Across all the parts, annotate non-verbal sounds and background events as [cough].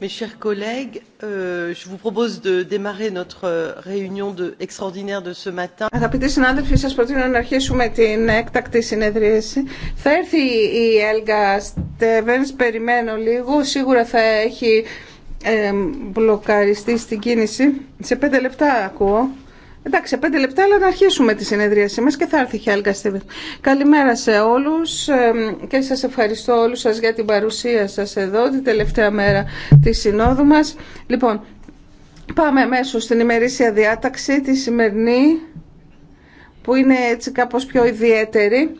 Mes chers collègues, euh, je vous propose de démarrer notre euh, réunion extraordinaire de ce matin. Αγαπητοί συνάδελφοι, σα προτείνω να αρχίσουμε την έκτακτη συνεδρίαση. Θα έρθει η Έλγα Στέβεν, περιμένω λίγο. Σίγουρα θα έχει ε, μπλοκαριστεί στην κίνηση. Σε πέντε λεπτά ακούω. Εντάξει, πέντε λεπτά, αλλά να αρχίσουμε τη συνεδρίασή μας και θα έρθει η Καστίβερ. Καλημέρα σε όλους και σας ευχαριστώ όλους σας για την παρουσία σας εδώ την τελευταία μέρα της συνόδου μας. Λοιπόν, πάμε μέσω στην ημερήσια διάταξη τη σημερινή που είναι έτσι κάπως πιο ιδιαίτερη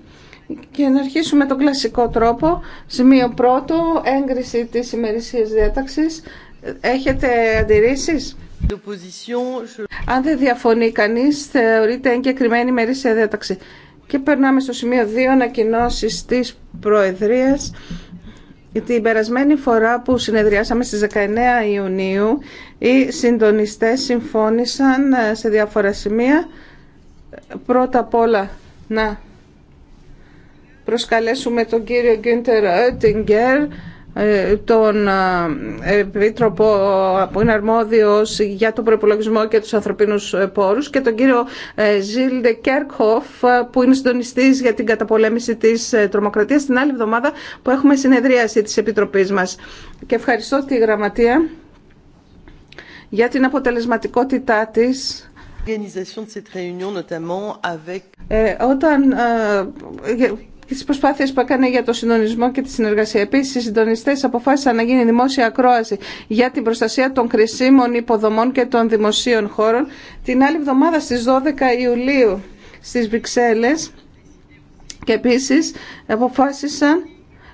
και να αρχίσουμε τον κλασικό τρόπο. Σημείο πρώτο, έγκριση της ημερησίας διάταξης. Έχετε αντιρρήσεις? Αν δεν διαφωνεί κανεί, θεωρείται εγκεκριμένη ημερήσια διάταξη. Και περνάμε στο σημείο 2, ανακοινώσει τη Προεδρία. Την περασμένη φορά που συνεδριάσαμε στις 19 Ιουνίου, οι συντονιστές συμφώνησαν ε, σε διάφορα σημεία. Πρώτα απ' όλα να προσκαλέσουμε τον κύριο Γκίντερ Ότιγκερ, ε, τον ε, Επίτροπο που είναι αρμόδιος για τον προπολογισμό και τους ανθρωπίνους ε, πόρους και τον κύριο Ζίλντε Κέρκοφ που είναι συντονιστής για την καταπολέμηση της τρομοκρατίας την άλλη εβδομάδα που έχουμε συνεδρίαση της Επιτροπής μας. Και ευχαριστώ τη Γραμματεία για την αποτελεσματικότητά της όταν και τι προσπάθειε που έκανε για το συντονισμό και τη συνεργασία. Επίση, οι συντονιστέ αποφάσισαν να γίνει δημόσια ακρόαση για την προστασία των κρισίμων υποδομών και των δημοσίων χώρων την άλλη εβδομάδα στι 12 Ιουλίου στι Βρυξέλλε. Και επίση αποφάσισαν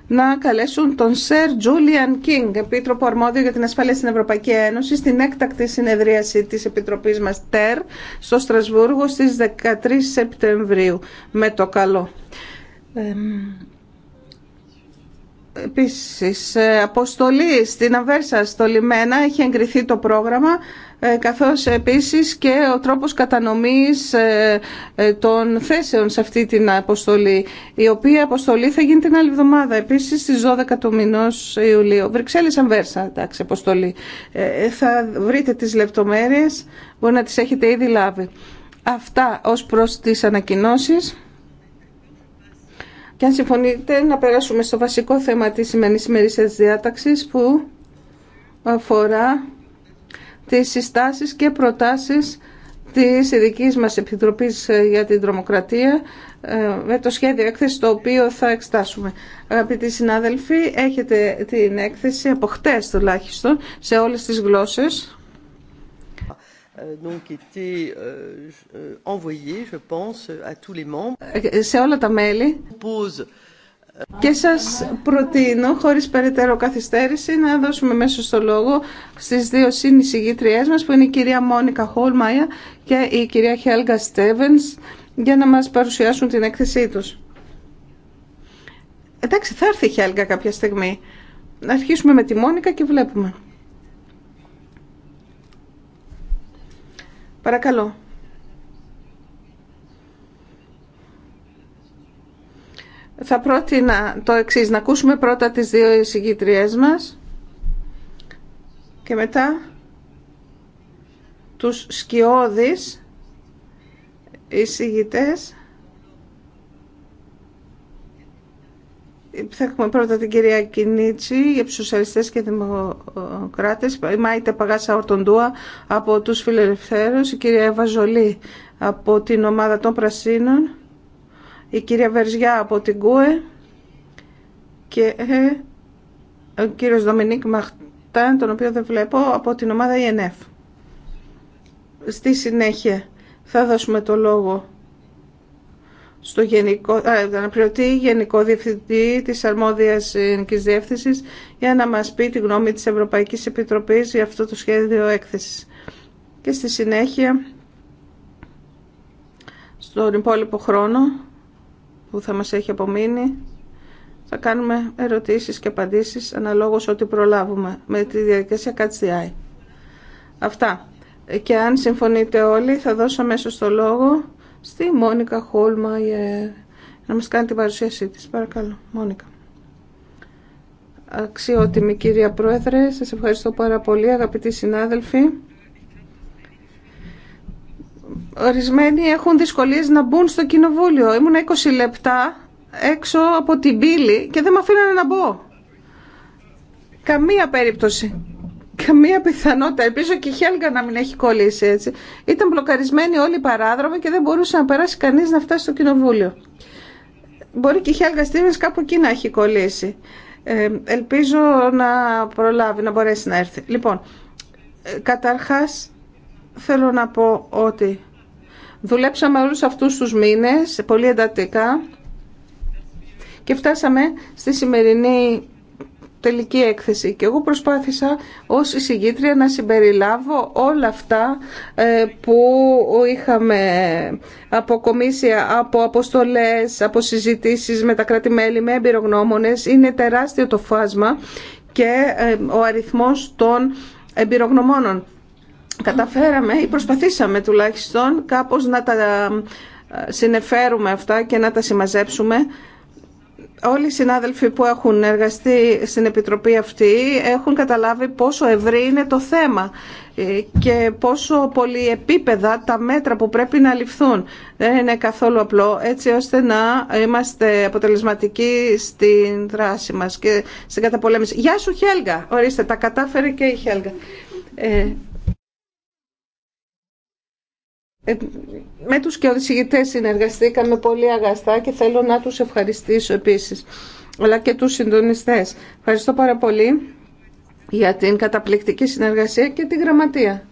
να καλέσουν τον Σερ Τζούλιαν Κίνγκ, Επίτροπο Αρμόδιο για την Ασφάλεια στην Ευρωπαϊκή Ένωση, στην έκτακτη συνεδρίαση τη Επιτροπή μα ΤΕΡ στο Στρασβούργο στι 13 Σεπτεμβρίου. Με το καλό. Επίσης, ε, αποστολή στην Αβέρσα στο Λιμένα έχει εγκριθεί το πρόγραμμα ε, καθώς επίσης και ο τρόπος κατανομής ε, των θέσεων σε αυτή την αποστολή η οποία αποστολή θα γίνει την άλλη εβδομάδα επίσης στις 12 του μηνός Ιουλίου Βρυξέλλες Αμβέρσα εντάξει αποστολή θα βρείτε τις λεπτομέρειες μπορεί να τις έχετε ήδη λάβει αυτά ως προς τις ανακοινώσεις και αν συμφωνείτε να περάσουμε στο βασικό θέμα της σημερινής διάταξης που αφορά τις συστάσεις και προτάσεις της ειδική μας Επιτροπής για την Τρομοκρατία ε, με το σχέδιο έκθεση το οποίο θα εξτάσουμε. Αγαπητοί συνάδελφοι, έχετε την έκθεση από χτες τουλάχιστον σε όλες τις γλώσσες. Euh, donc été euh, euh, envoyé, je pense, à tous les membres. Ε, σε όλα τα μέλη. Και σας προτείνω, χωρίς περαιτέρω καθυστέρηση, να δώσουμε μέσω στο λόγο στις δύο συνεισηγήτριές μας, που είναι η κυρία Μόνικα Χόλμαια και η κυρία Χέλγα Στέβενς, για να μας παρουσιάσουν την έκθεσή τους. Εντάξει, θα έρθει η Χέλγα κάποια στιγμή. Να αρχίσουμε με τη Μόνικα και βλέπουμε. Παρακαλώ. Θα πρότεινα το εξή να ακούσουμε πρώτα τις δύο εισηγήτριές μας και μετά τους σκιώδεις εισηγητές Θα έχουμε πρώτα την κυρία Κινίτσι για τους σοσιαλιστές και δημοκράτες, η Μάιτα Παγάσα Ορτοντούα από τους φιλελευθέρους, η κυρία Εύα από την ομάδα των Πρασίνων, η κυρία Βερζιά από την ΚΟΕ και ε, ο κύριος Δομινίκ Μαχτάν, τον οποίο δεν βλέπω, από την ομάδα ΙΕΝΕΦ. Στη συνέχεια θα δώσουμε το λόγο στο γενικό, αναπληρωτή Γενικό Διευθυντή της Αρμόδιας Ελληνικής Διεύθυνσης για να μας πει τη γνώμη της Ευρωπαϊκής Επιτροπής για αυτό το σχέδιο έκθεσης. Και στη συνέχεια, στον υπόλοιπο χρόνο που θα μας έχει απομείνει, θα κάνουμε ερωτήσεις και απαντήσεις αναλόγως ό,τι προλάβουμε με τη διαδικασία CATS Αυτά. Και αν συμφωνείτε όλοι, θα δώσω αμέσως το λόγο στη Μόνικα Χόλμα ε, να μας κάνει την παρουσίασή της. Παρακαλώ, Μόνικα. Αξιότιμη κυρία Πρόεδρε, σας ευχαριστώ πάρα πολύ αγαπητοί συνάδελφοι. Ορισμένοι έχουν δυσκολίες να μπουν στο κοινοβούλιο. Ήμουν 20 λεπτά έξω από την πύλη και δεν με αφήνανε να μπω. Καμία περίπτωση καμία πιθανότητα. Ελπίζω και η Χέλγα να μην έχει κολλήσει έτσι. Ήταν μπλοκαρισμένη όλη η παράδρομη και δεν μπορούσε να περάσει κανείς να φτάσει στο κοινοβούλιο. Μπορεί και η Χέλγα Στίβενς κάπου εκεί να έχει κολλήσει. Ε, ελπίζω να προλάβει, να μπορέσει να έρθει. Λοιπόν, ε, καταρχάς θέλω να πω ότι δουλέψαμε όλους αυτούς τους μήνες πολύ εντατικά και φτάσαμε στη σημερινή τελική έκθεση. Και εγώ προσπάθησα ως εισηγήτρια να συμπεριλάβω όλα αυτά ε, που είχαμε αποκομίσει από αποστολές, από συζητήσεις με τα κρατη με εμπειρογνώμονες. Είναι τεράστιο το φάσμα και ε, ο αριθμός των εμπειρογνωμόνων. Καταφέραμε ή προσπαθήσαμε τουλάχιστον κάπως να τα ε, συνεφέρουμε αυτά και να τα συμμαζέψουμε όλοι οι συνάδελφοι που έχουν εργαστεί στην Επιτροπή αυτή έχουν καταλάβει πόσο ευρύ είναι το θέμα ε, και πόσο πολυεπίπεδα τα μέτρα που πρέπει να ληφθούν. Δεν είναι καθόλου απλό έτσι ώστε να είμαστε αποτελεσματικοί στην δράση μας και στην καταπολέμηση. Γεια σου Χέλγα! Ορίστε, τα κατάφερε και η Χέλγα. Ε, ε, με τους και οδησηγητές συνεργαστήκαμε πολύ αγαστά και θέλω να τους ευχαριστήσω επίσης, αλλά και τους συντονιστές. Ευχαριστώ πάρα πολύ για την καταπληκτική συνεργασία και τη γραμματεία.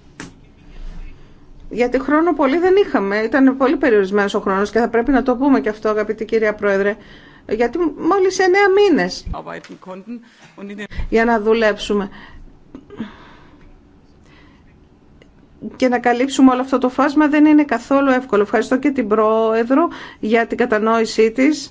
Γιατί χρόνο πολύ δεν είχαμε, ήταν πολύ περιορισμένος ο χρόνος και θα πρέπει να το πούμε και αυτό αγαπητή κυρία Πρόεδρε, γιατί μόλις εννέα μήνες για να δουλέψουμε. και να καλύψουμε όλο αυτό το φάσμα δεν είναι καθόλου εύκολο. Ευχαριστώ και την Πρόεδρο για την κατανόησή της.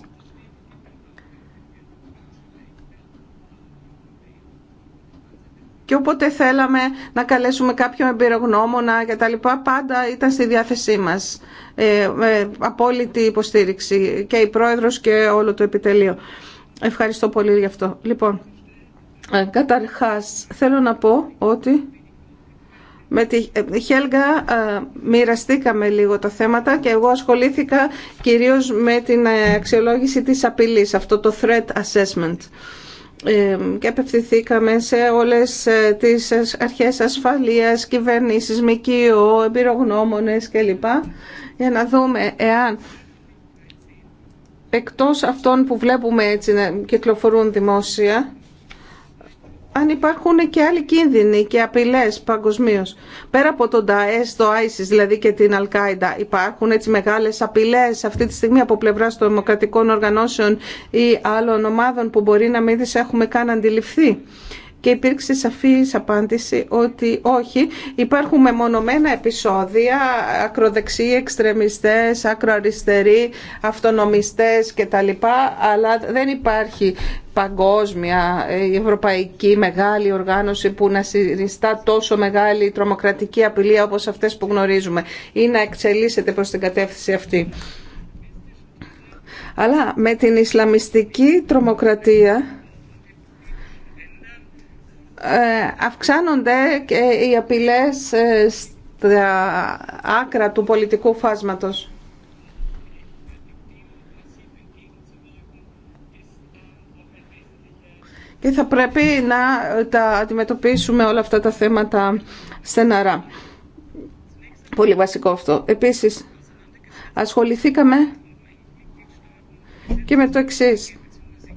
Και όποτε θέλαμε να καλέσουμε κάποιον εμπειρογνώμονα και τα λοιπά, πάντα ήταν στη διάθεσή μας. Ε, απόλυτη υποστήριξη και η Πρόεδρος και όλο το επιτελείο. Ευχαριστώ πολύ γι' αυτό. Λοιπόν, καταρχάς θέλω να πω ότι με τη Χέλγα ε, μοιραστήκαμε λίγο τα θέματα και εγώ ασχολήθηκα κυρίως με την ε, αξιολόγηση της απειλής, αυτό το threat assessment ε, και απευθυνθήκαμε σε όλες τις αρχές ασφαλείας, κυβερνήσεις, ΜΚΟ, εμπειρογνώμονες κλπ. Για να δούμε εάν εκτός αυτών που βλέπουμε έτσι να κυκλοφορούν δημόσια, αν υπάρχουν και άλλοι κίνδυνοι και απειλές παγκοσμίω. Πέρα από τον ΤΑΕΣ, το ISIS δηλαδή και την Αλκάιντα, υπάρχουν έτσι μεγάλες απειλές αυτή τη στιγμή από πλευρά των δημοκρατικών οργανώσεων ή άλλων ομάδων που μπορεί να μην έχουμε καν αντιληφθεί και υπήρξε σαφής απάντηση ότι όχι, υπάρχουν μεμονωμένα επεισόδια, ακροδεξιοί, εξτρεμιστές, ακροαριστεροί, αυτονομιστές κτλ. Αλλά δεν υπάρχει παγκόσμια, ε, ευρωπαϊκή μεγάλη οργάνωση που να συνιστά τόσο μεγάλη τρομοκρατική απειλή όπως αυτές που γνωρίζουμε ή να εξελίσσεται προς την κατεύθυνση αυτή. Αλλά με την Ισλαμιστική τρομοκρατία ε, αυξάνονται και οι απειλές ε, στα άκρα του πολιτικού φάσματος. Και θα πρέπει να τα αντιμετωπίσουμε όλα αυτά τα θέματα στεναρά. Πολύ βασικό αυτό. Επίσης, ασχοληθήκαμε και με το εξής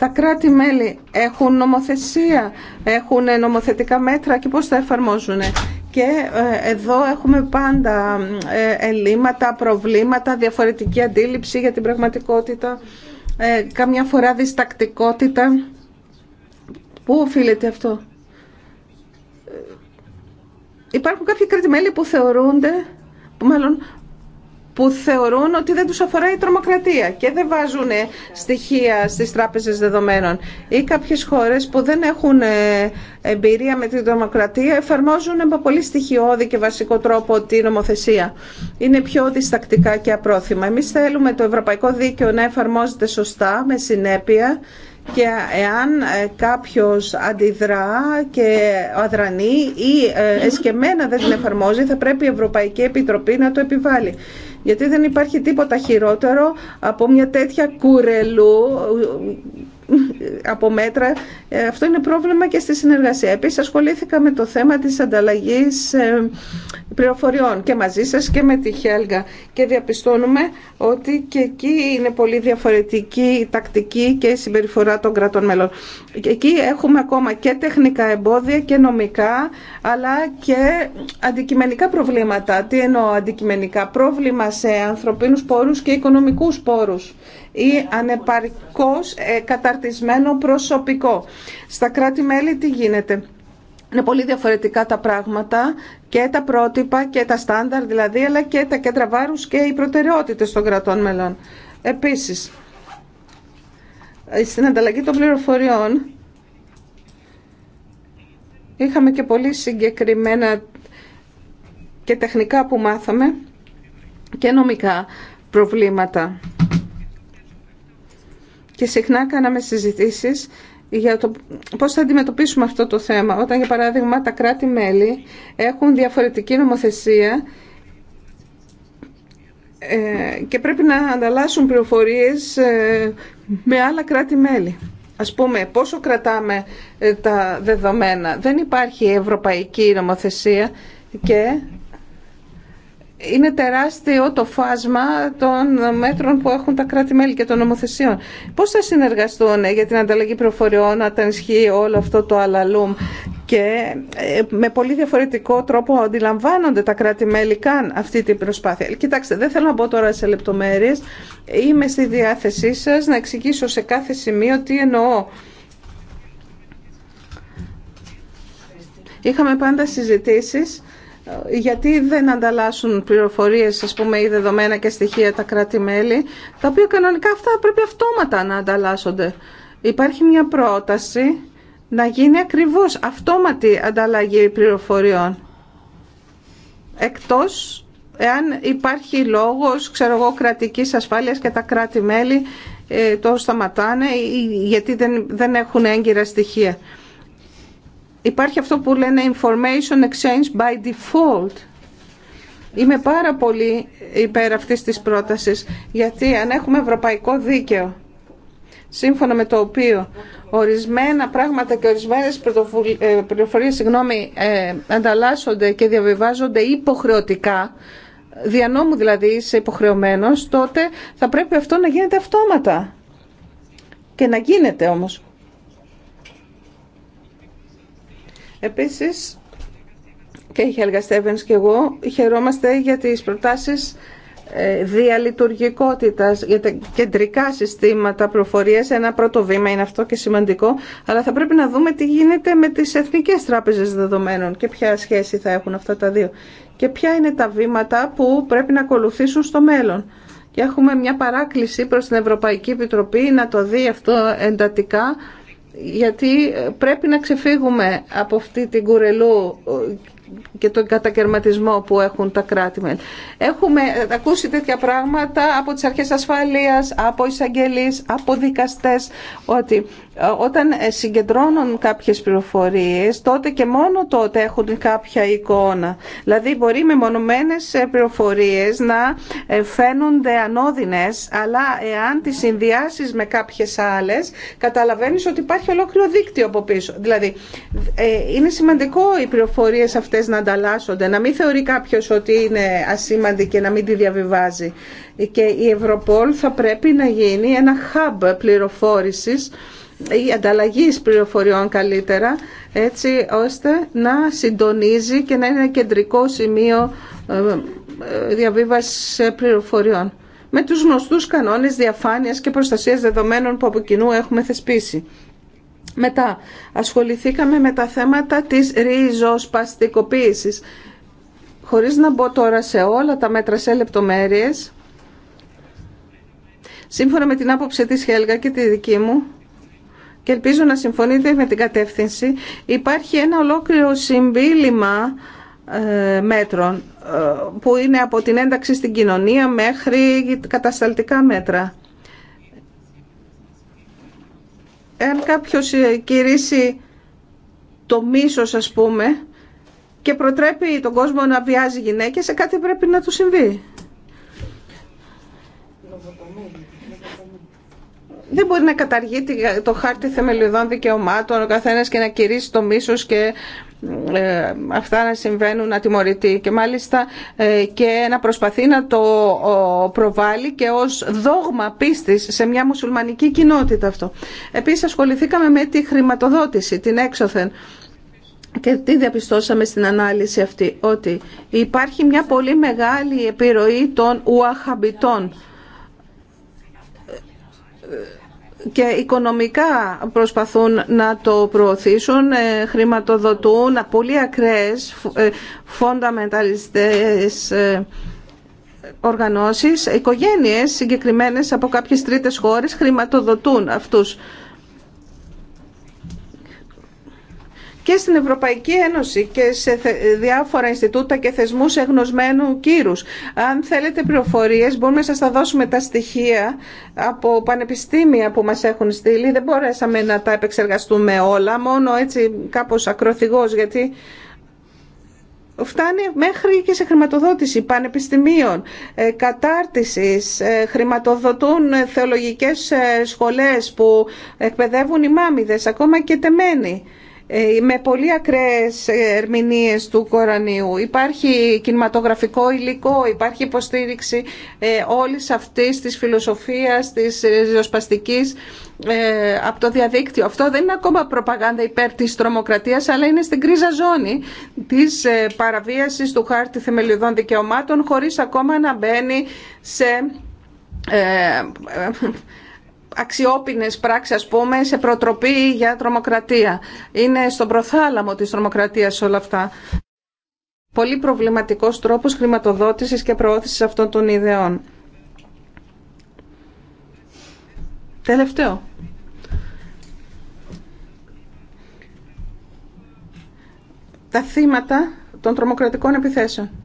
τα κράτη-μέλη έχουν νομοθεσία, έχουν νομοθετικά μέτρα και πώς τα εφαρμόζουν. Και ε, εδώ έχουμε πάντα ε, ελλείμματα, προβλήματα, διαφορετική αντίληψη για την πραγματικότητα, ε, καμιά φορά διστακτικότητα. Πού οφείλεται αυτό. Υπάρχουν κάποιοι κρατημέλη που οφειλεται αυτο υπαρχουν καποιοι μελη που μάλλον που θεωρούν ότι δεν τους αφορά η τρομοκρατία και δεν βάζουν ε, στοιχεία στις τράπεζες δεδομένων. Ή κάποιες χώρες που δεν έχουν ε, εμπειρία με την τρομοκρατία εφαρμόζουν με πολύ στοιχειώδη και βασικό τρόπο την νομοθεσία. Είναι πιο διστακτικά και απρόθυμα. Εμείς θέλουμε το ευρωπαϊκό δίκαιο να εφαρμόζεται σωστά, με συνέπεια και εάν ε, κάποιος αντιδρά και αδρανεί ή εσκεμμένα δεν την εφαρμόζει θα πρέπει η Ευρωπαϊκή Επιτροπή να το επιβάλλει γιατί δεν υπάρχει τίποτα χειρότερο από μια τέτοια κουρελού από μέτρα. Ε, αυτό είναι πρόβλημα και στη συνεργασία. Επίσης ασχολήθηκα με το θέμα της ανταλλαγής ε, πληροφοριών και μαζί σας και με τη Χέλγα και διαπιστώνουμε ότι και εκεί είναι πολύ διαφορετική η τακτική και η συμπεριφορά των κρατών μέλων. εκεί έχουμε ακόμα και τεχνικά εμπόδια και νομικά αλλά και αντικειμενικά προβλήματα. Τι εννοώ αντικειμενικά πρόβλημα σε ανθρωπίνους πόρους και οικονομικούς πόρους ή ανεπαρκώς ε, καταρτισμένο προσωπικό. Στα κράτη-μέλη τι γίνεται. Είναι πολύ διαφορετικά τα πράγματα και τα πρότυπα και τα στάνταρ δηλαδή, αλλά και τα κέντρα βάρους και οι προτεραιότητες των κρατών μελών. Επίσης, στην ανταλλαγή των πληροφοριών είχαμε και πολύ συγκεκριμένα και τεχνικά που μάθαμε και νομικά προβλήματα. Και συχνά κάναμε συζητήσεις για το πώς θα αντιμετωπίσουμε αυτό το θέμα. Όταν, για παράδειγμα, τα κράτη-μέλη έχουν διαφορετική νομοθεσία ε, και πρέπει να ανταλλάσσουν πληροφορίες ε, με άλλα κράτη-μέλη. Ας πούμε, πόσο κρατάμε ε, τα δεδομένα. Δεν υπάρχει ευρωπαϊκή νομοθεσία και είναι τεράστιο το φάσμα των μέτρων που έχουν τα κράτη-μέλη και των νομοθεσιών. Πώς θα συνεργαστούν για την ανταλλαγή προφοριών όταν ισχύει όλο αυτό το αλαλούμ και ε, με πολύ διαφορετικό τρόπο αντιλαμβάνονται τα κράτη-μέλη καν αυτή την προσπάθεια. Κοιτάξτε, δεν θέλω να μπω τώρα σε λεπτομέρειες. Είμαι στη διάθεσή σας να εξηγήσω σε κάθε σημείο τι εννοώ. Είχαμε πάντα συζητήσεις γιατί δεν ανταλλάσσουν πληροφορίες ας πούμε ή δεδομένα και στοιχεία τα κράτη-μέλη τα οποία κανονικά αυτά πρέπει αυτόματα να ανταλλάσσονται. Υπάρχει μια πρόταση να γίνει ακριβώς αυτόματη ανταλλαγή πληροφοριών εκτός εάν υπάρχει λόγος ξέρω εγώ, κρατικής ασφάλειας και τα κράτη-μέλη ε, το σταματάνε γιατί δεν, δεν έχουν έγκυρα στοιχεία υπάρχει αυτό που λένε information exchange by default. Είμαι πάρα πολύ υπέρ αυτής της πρότασης, γιατί αν έχουμε ευρωπαϊκό δίκαιο, σύμφωνα με το οποίο ορισμένα πράγματα και ορισμένες ε, πληροφορίες συγγνώμη, ε, ανταλλάσσονται και διαβιβάζονται υποχρεωτικά, δια νόμου δηλαδή είσαι υποχρεωμένος, τότε θα πρέπει αυτό να γίνεται αυτόματα. Και να γίνεται όμως. Επίσης, και η Χέλγα Στέβενς και εγώ χαιρόμαστε για τις προτάσεις ε, διαλειτουργικότητας για τα κεντρικά συστήματα προφορίας ένα πρώτο βήμα είναι αυτό και σημαντικό αλλά θα πρέπει να δούμε τι γίνεται με τις εθνικές τράπεζες δεδομένων και ποια σχέση θα έχουν αυτά τα δύο και ποια είναι τα βήματα που πρέπει να ακολουθήσουν στο μέλλον και έχουμε μια παράκληση προς την Ευρωπαϊκή Επιτροπή να το δει αυτό εντατικά γιατί πρέπει να ξεφύγουμε από αυτή την κουρελού και τον κατακαιρματισμό που έχουν τα κρατη Έχουμε ακούσει τέτοια πράγματα από τις αρχές ασφαλείας, από εισαγγελείς, από δικαστές, ότι ε, όταν ε, συγκεντρώνουν κάποιες πληροφορίες, τότε και μόνο τότε έχουν κάποια εικόνα. Δηλαδή μπορεί με μονομένες ε, πληροφορίες να φαίνονται ανώδυνες, αλλά εάν τις συνδυάσεις με κάποιες άλλες, καταλαβαίνεις ότι υπάρχει ολόκληρο δίκτυο από πίσω. Δηλαδή είναι σημαντικό οι πληροφορίες αυτές αυτές να ανταλλάσσονται, να μην θεωρεί κάποιος ότι είναι ασήμαντη και να μην τη διαβιβάζει. Και η Ευρωπόλ θα πρέπει να γίνει ένα hub πληροφόρησης ή ανταλλαγής πληροφοριών καλύτερα, έτσι ώστε να συντονίζει και να είναι ένα κεντρικό σημείο ε, ε, διαβίβασης πληροφοριών με τους γνωστούς κανόνες διαφάνειας και προστασίας δεδομένων που από κοινού έχουμε θεσπίσει. Μετά ασχοληθήκαμε με τα θέματα της ριζοσπαστικοποίησης. Χωρίς να μπω τώρα σε όλα τα μέτρα σε λεπτομέρειες, σύμφωνα με την άποψη της Χέλγα και τη δική μου, και ελπίζω να συμφωνείτε με την κατεύθυνση, υπάρχει ένα ολόκληρο συμβίλημα ε, μέτρων ε, που είναι από την ένταξη στην κοινωνία μέχρι κατασταλτικά μέτρα. εάν κάποιος ε, κηρύσει το μίσος ας πούμε και προτρέπει τον κόσμο να βιάζει γυναίκες, σε κάτι πρέπει να του συμβεί. Δεν μπορεί να καταργεί το χάρτη θεμελιωδών δικαιωμάτων ο καθένας και να κηρύσει το μίσος και ε, αυτά να συμβαίνουν ατιμωρητή και μάλιστα ε, και να προσπαθεί να το προβάλλει και ως δόγμα πίστης σε μια μουσουλμανική κοινότητα αυτό. Επίσης ασχοληθήκαμε με τη χρηματοδότηση, την έξωθεν και τι διαπιστώσαμε στην ανάλυση αυτή, ότι υπάρχει μια πολύ μεγάλη επιρροή των ουαχαμπιτών και οικονομικά προσπαθούν να το προωθήσουν, ε, χρηματοδοτούν πολύ ακραίες ε, φονταμενταλιστές ε, οργανώσεις, οικογένειες συγκεκριμένες από κάποιες τρίτες χώρες χρηματοδοτούν αυτούς και στην Ευρωπαϊκή Ένωση και σε διάφορα Ινστιτούτα και θεσμούς εγνωσμένου κύρους. Αν θέλετε πληροφορίε μπορούμε να σας τα δώσουμε τα στοιχεία από πανεπιστήμια που μας έχουν στείλει. Δεν μπορέσαμε να τα επεξεργαστούμε όλα, μόνο έτσι κάπως ακροθυγός γιατί φτάνει μέχρι και σε χρηματοδότηση πανεπιστημίων, ε, κατάρτισης, ε, χρηματοδοτούν ε, θεολογικές σχολές που εκπαιδεύουν οι μάμιδε, ακόμα και τεμένοι. Ε, με πολύ ακραίες ερμηνείες του Κορανίου. Υπάρχει κινηματογραφικό υλικό, υπάρχει υποστήριξη ε, όλης αυτής της φιλοσοφίας, της ριζοσπαστικής ε, από το διαδίκτυο. Αυτό δεν είναι ακόμα προπαγάνδα υπέρ της τρομοκρατίας, αλλά είναι στην κρίζα ζώνη της παραβίασης του χάρτη θεμελιωδών δικαιωμάτων, χωρίς ακόμα να μπαίνει σε αξιόπινες πράξεις, ας πούμε, σε προτροπή για τρομοκρατία. Είναι στον προθάλαμο της τρομοκρατίας όλα αυτά. Πολύ προβληματικός τρόπος χρηματοδότησης και προώθησης αυτών των ιδεών. Τελευταίο. Τα θύματα των τρομοκρατικών επιθέσεων.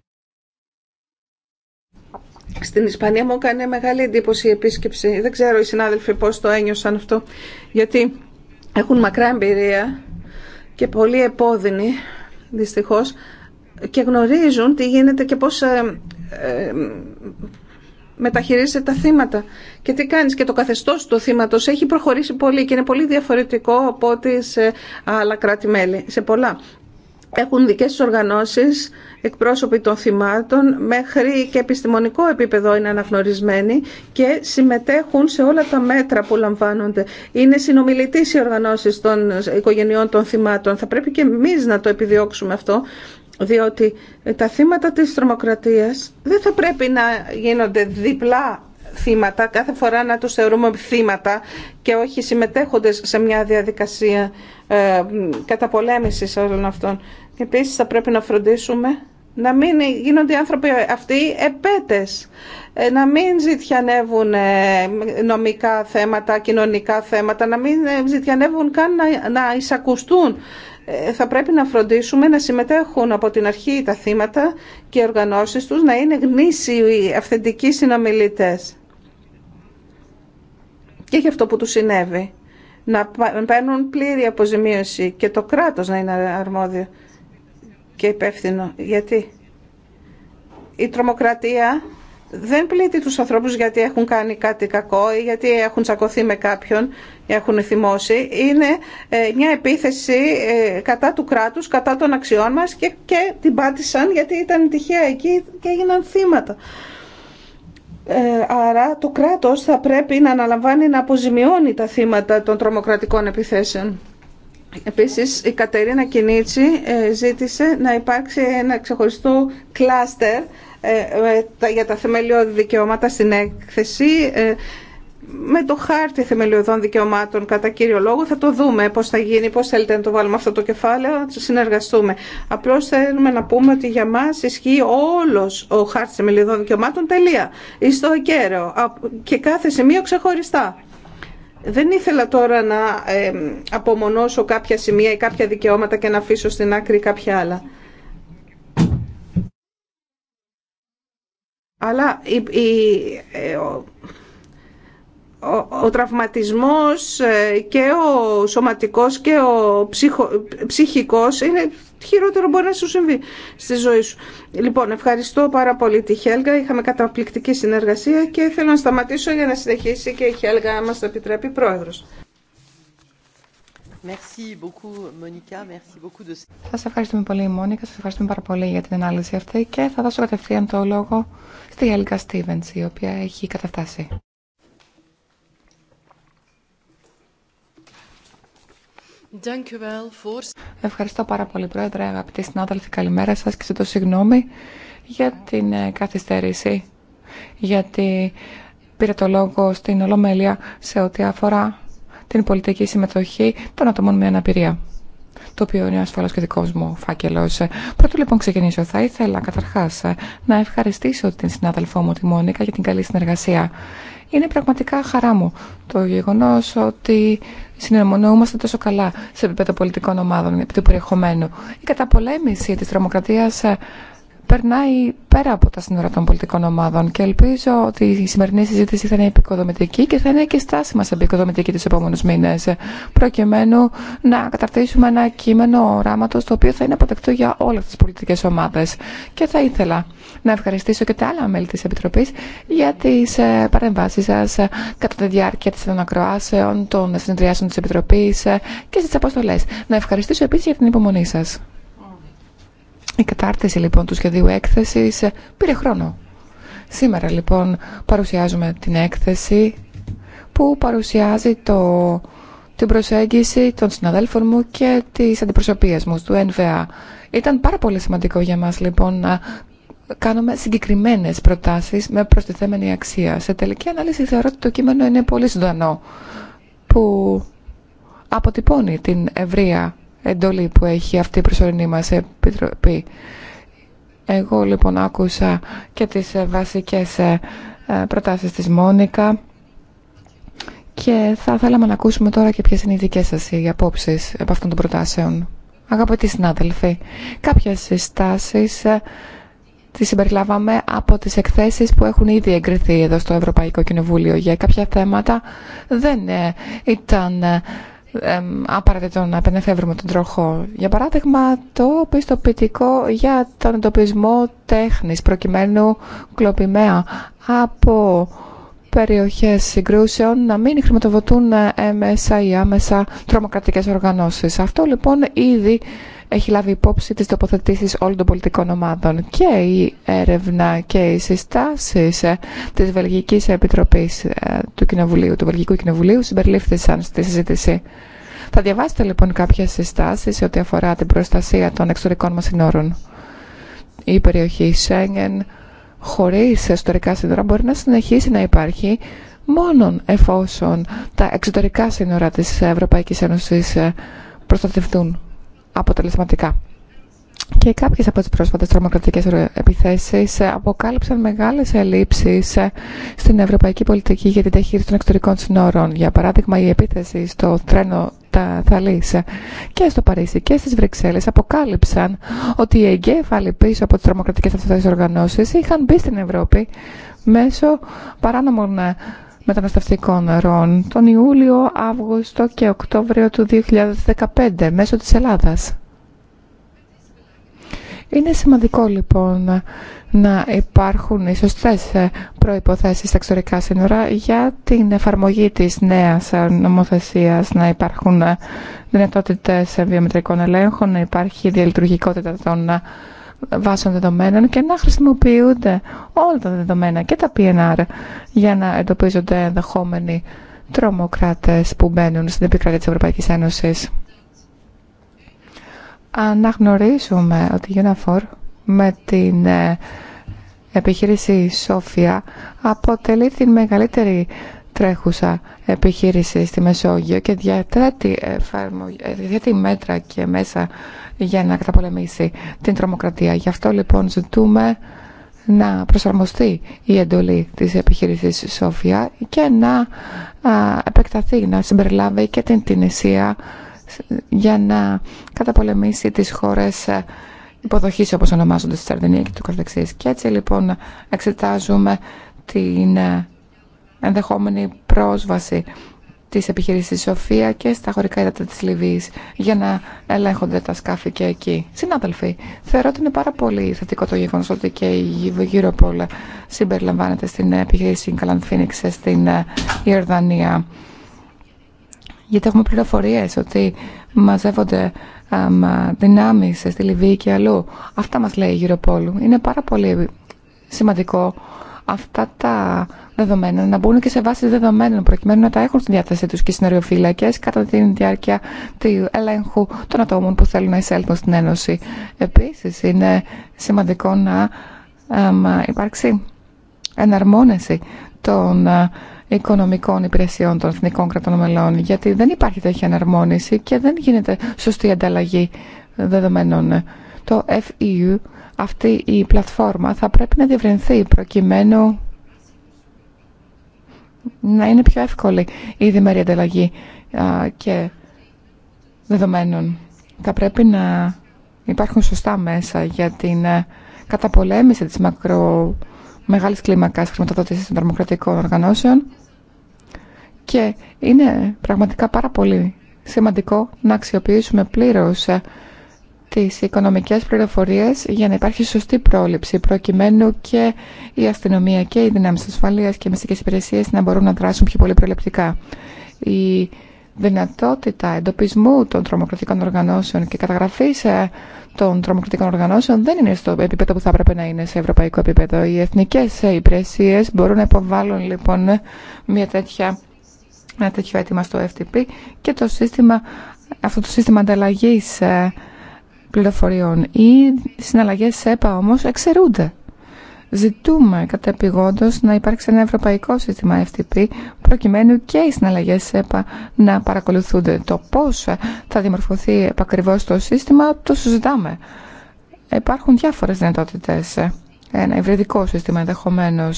Στην Ισπανία μου έκανε μεγάλη εντύπωση η επίσκεψη. Δεν ξέρω οι συνάδελφοι πώς το ένιωσαν αυτό, γιατί έχουν μακρά εμπειρία και πολύ επώδυνη δυστυχώς, και γνωρίζουν τι γίνεται και πώς ε, ε, μεταχειρίζεται τα θύματα και τι κάνεις και το καθεστώς του θύματος έχει προχωρήσει πολύ και είναι πολύ διαφορετικό από ό,τι σε άλλα κράτη-μέλη, σε πολλά έχουν δικές τους οργανώσεις, εκπρόσωποι των θυμάτων, μέχρι και επιστημονικό επίπεδο είναι αναγνωρισμένοι και συμμετέχουν σε όλα τα μέτρα που λαμβάνονται. Είναι συνομιλητής οι οργανώσεις των οικογενειών των θυμάτων. Θα πρέπει και εμείς να το επιδιώξουμε αυτό, διότι τα θύματα της τρομοκρατίας δεν θα πρέπει να γίνονται διπλά θύματα, κάθε φορά να τους θεωρούμε θύματα και όχι συμμετέχοντες σε μια διαδικασία ε, καταπολέμησης όλων αυτών. Επίσης θα πρέπει να φροντίσουμε να μην γίνονται οι άνθρωποι αυτοί επέτες, ε, να μην ζητιανεύουν ε, νομικά θέματα, κοινωνικά θέματα, να μην ε, ζητιανεύουν καν να εισακουστούν. Θα πρέπει να φροντίσουμε να συμμετέχουν από την αρχή τα θύματα και οι οργανώσεις τους να είναι γνήσιοι αυθεντικοί συνομιλητές και για αυτό που του συνέβη. Να παίρνουν πλήρη αποζημίωση και το κράτος να είναι αρμόδιο και υπεύθυνο. Γιατί η τρομοκρατία δεν πλήττει τους ανθρώπους γιατί έχουν κάνει κάτι κακό ή γιατί έχουν τσακωθεί με κάποιον ή έχουν θυμώσει. Είναι ε, μια επίθεση ε, κατά του κράτους, κατά των αξιών μας και, και την πάτησαν γιατί ήταν τυχαία εκεί και έγιναν θύματα. Ε, άρα το κράτος θα πρέπει να αναλαμβάνει να αποζημιώνει τα θύματα των τρομοκρατικών επιθέσεων. Επίσης, η Κατερίνα Κινίτσι ε, ζήτησε να υπάρξει ένα ξεχωριστό κλάστερ ε, για τα θεμελιώδη δικαιώματα στην έκθεση με το χάρτη θεμελιωδών δικαιωμάτων κατά κύριο λόγο θα το δούμε πώς θα γίνει, πώς θέλετε να το βάλουμε αυτό το κεφάλαιο, να συνεργαστούμε. Απλώς θέλουμε να πούμε ότι για μας ισχύει όλος ο χάρτης θεμελιωδών δικαιωμάτων τελεία, στο εκαίρεο. και κάθε σημείο ξεχωριστά. Δεν ήθελα τώρα να απομονώσω κάποια σημεία ή κάποια δικαιώματα και να αφήσω στην άκρη κάποια άλλα. Αλλά ε, ο τραυματισμός ε, και ο σωματικός και ο ψυχο, ψυχικός είναι χειρότερο μπορεί να σου συμβεί στη ζωή σου. Λοιπόν, ευχαριστώ πάρα πολύ τη Χέλγα. Είχαμε καταπληκτική συνεργασία και θέλω να σταματήσω για να συνεχίσει και η Χέλγα, αν μας το επιτρέπει, πρόεδρος. Σα ευχαριστούμε πολύ, Μόνικα. σας ευχαριστούμε πάρα πολύ για την ανάλυση αυτή και θα δώσω κατευθείαν το λόγο στη Έλγα Στίβεν, η οποία έχει καταφτάσει. Ευχαριστώ πάρα πολύ, Πρόεδρε, αγαπητοί συνάδελφοι. Καλημέρα σας και το συγγνώμη για την ε, καθυστέρηση, γιατί πήρε το λόγο στην Ολομέλεια σε ό,τι αφορά την πολιτική συμμετοχή των ατομών με αναπηρία το οποίο είναι ασφαλώς και δικό μου φάκελος. Πρώτο λοιπόν ξεκινήσω, θα ήθελα καταρχά να ευχαριστήσω την συνάδελφό μου τη Μόνικα για την καλή συνεργασία. Είναι πραγματικά χαρά μου το γεγονό ότι συνεμονούμαστε τόσο καλά σε επίπεδο πολιτικών ομάδων επί του περιεχομένου. Η καταπολέμηση τη τρομοκρατία ε, περνάει πέρα από τα σύνορα των πολιτικών ομάδων και ελπίζω ότι η σημερινή συζήτηση θα είναι επικοδομητική και θα είναι και στάση μας επικοδομητική του επόμενους μήνες προκειμένου να καταρτήσουμε ένα κείμενο οράματος το οποίο θα είναι αποδεκτό για όλες τις πολιτικές ομάδες και θα ήθελα να ευχαριστήσω και τα άλλα μέλη της Επιτροπής για τις ε, παρεμβάσεις σας ε, κατά τη διάρκεια της ανακροάσεων των συνεδριάσεων της Επιτροπής ε, και στις αποστολές. Να ευχαριστήσω επίσης για την υπομονή σας. Η κατάρτιση λοιπόν του σχεδίου έκθεσης ε, πήρε χρόνο. Σήμερα λοιπόν παρουσιάζουμε την έκθεση που παρουσιάζει το, την προσέγγιση των συναδέλφων μου και της αντιπροσωπείας μου του ΕΝΒΑ. Ήταν πάρα πολύ σημαντικό για μας λοιπόν να κάνουμε συγκεκριμένες προτάσεις με προστιθέμενη αξία. Σε τελική ανάλυση θεωρώ ότι το κείμενο είναι πολύ ζωντανό που αποτυπώνει την ευρεία εντολή που έχει αυτή η προσωρινή μας επιτροπή. Εγώ λοιπόν άκουσα και τις ε, βασικές ε, ε, προτάσεις της Μόνικα και θα θέλαμε να ακούσουμε τώρα και ποιες είναι οι δικές σας οι απόψεις από αυτών των προτάσεων. Αγαπητοί συνάδελφοι, κάποιες συστάσεις τις συμπεριλάβαμε από τις εκθέσεις που έχουν ήδη εγκριθεί εδώ στο Ευρωπαϊκό Κοινοβούλιο για κάποια θέματα δεν ήταν απαραίτητο να επενεφεύρουμε τον τροχό. Για παράδειγμα, το πιστοποιητικό για τον εντοπισμό τέχνης προκειμένου κλοπημαία από περιοχές συγκρούσεων να μην χρηματοδοτούν έμεσα ή άμεσα τρομοκρατικές οργανώσεις. Αυτό λοιπόν ήδη έχει λάβει υπόψη τις τοποθετήσεις όλων των πολιτικών ομάδων και η έρευνα και οι συστάσεις ε, της Βελγικής Επιτροπής ε, του Κοινοβουλίου, του Βελγικού Κοινοβουλίου συμπεριλήφθησαν στη συζήτηση. Θα διαβάσετε λοιπόν κάποια συστάσεις σε ό,τι αφορά την προστασία των εξωτερικών μας συνόρων. Η περιοχή Σέγγεν χωρίς εσωτερικά σύνορα μπορεί να συνεχίσει να υπάρχει μόνον εφόσον τα εξωτερικά σύνορα της Ευρωπαϊκής Ένωσης ε, προστατευτούν αποτελεσματικά. Και κάποιες από τις πρόσφατες τρομοκρατικές επιθέσεις ε, αποκάλυψαν μεγάλες ελλείψεις ε, στην ευρωπαϊκή πολιτική για την ταχύτητα των εξωτερικών συνόρων. Για παράδειγμα, η επίθεση στο τρένο τα Θαλής ε, και στο Παρίσι και στις Βρυξέλλες αποκάλυψαν ότι οι εγκέφαλοι πίσω από τις τρομοκρατικές αυτές οργανώσεις είχαν μπει στην Ευρώπη μέσω παράνομων μεταναστευτικών νερών, τον Ιούλιο, Αύγουστο και Οκτώβριο του 2015 μέσω της Ελλάδας. Είναι σημαντικό λοιπόν να υπάρχουν οι σωστές ε, προϋποθέσεις στα εξωτερικά σύνορα για την εφαρμογή της νέας νομοθεσίας, να υπάρχουν ε, δυνατότητες ε, βιομετρικών ελέγχων, να υπάρχει διαλειτουργικότητα των βάσεων δεδομένων και να χρησιμοποιούνται όλα τα δεδομένα και τα PNR για να εντοπίζονται ενδεχόμενοι τρομοκράτες που μπαίνουν στην επικράτεια της Ευρωπαϊκής Ένωσης. Αναγνωρίζουμε ότι η UNAFOR με την ε, επιχείρηση Σόφια αποτελεί την μεγαλύτερη τρέχουσα επιχείρηση στη Μεσόγειο και διαθέτει, ε, διαθέτει μέτρα και μέσα για να καταπολεμήσει την τρομοκρατία. Γι' αυτό λοιπόν ζητούμε να προσαρμοστεί η εντολή της επιχείρησης Σόφια και να επεκταθεί, να συμπεριλάβει και την Τινησία για να καταπολεμήσει τις χώρες ε, υποδοχής όπως ονομάζονται στη Σαρδινία και το καθεξής. Και έτσι λοιπόν εξετάζουμε την ε, ενδεχόμενη πρόσβαση της Σοφία και στα χωρικά ύδατα της Λιβύης για να ελέγχονται τα σκάφη και εκεί. Συνάδελφοι, θεωρώ ότι είναι πάρα πολύ θετικό το γεγονό ότι και η Γυροπόλ συμπεριλαμβάνεται στην επιχειρήση Καλάν Φίνιξ στην ε, Ιορδανία. Γιατί έχουμε πληροφορίες ότι μαζεύονται δυνάμει στη Λιβύη και αλλού. Αυτά μα λέει η Γυροπόλ. Είναι πάρα πολύ σημαντικό αυτά τα δεδομένα να μπουν και σε βάση δεδομένων προκειμένου να τα έχουν στη διάθεσή τους και οι συνεργοφύλακε κατά τη διάρκεια του ελέγχου των ατόμων που θέλουν να εισέλθουν στην Ένωση. Επίση, είναι σημαντικό να υπάρξει εναρμόνεση των ε, οικονομικών υπηρεσιών των εθνικών κρατών μελών, γιατί δεν υπάρχει τέτοια εναρμόνεση και δεν γίνεται σωστή ανταλλαγή δεδομένων. Το FEU αυτή η πλατφόρμα θα πρέπει να διευρυνθεί προκειμένου να είναι πιο εύκολη η διμερή ανταλλαγή και δεδομένων. Θα πρέπει να υπάρχουν σωστά μέσα για την ε, καταπολέμηση της μακρο μεγάλης κλίμακας χρηματοδότησης των δημοκρατικών οργανώσεων και είναι πραγματικά πάρα πολύ σημαντικό να αξιοποιήσουμε πλήρως ε, τις οικονομικές πληροφορίες για να υπάρχει σωστή πρόληψη προκειμένου και η αστυνομία και οι δυνάμεις ασφαλείας και οι μυστικές υπηρεσίες να μπορούν να δράσουν πιο πολύ προληπτικά. Η δυνατότητα εντοπισμού των τρομοκρατικών οργανώσεων και καταγραφής ε, των τρομοκρατικών οργανώσεων δεν είναι στο επίπεδο που θα έπρεπε να είναι σε ευρωπαϊκό επίπεδο. Οι εθνικές ε, υπηρεσίες μπορούν να υποβάλουν λοιπόν μια τέτοια ένα τέτοιο αίτημα στο FTP και το σύστημα, αυτό το σύστημα ανταλλαγής ε, πληροφοριών. Οι συναλλαγές ΕΠΑ όμως εξαιρούνται. Ζητούμε κατεπηγόντω να υπάρξει ένα ευρωπαϊκό σύστημα FTP προκειμένου και οι συναλλαγέ ΕΠΑ να παρακολουθούνται. Το πώ θα δημορφωθεί ακριβώ το σύστημα το συζητάμε. Υπάρχουν διάφορε δυνατότητε. Ένα υβριδικό σύστημα ενδεχομένω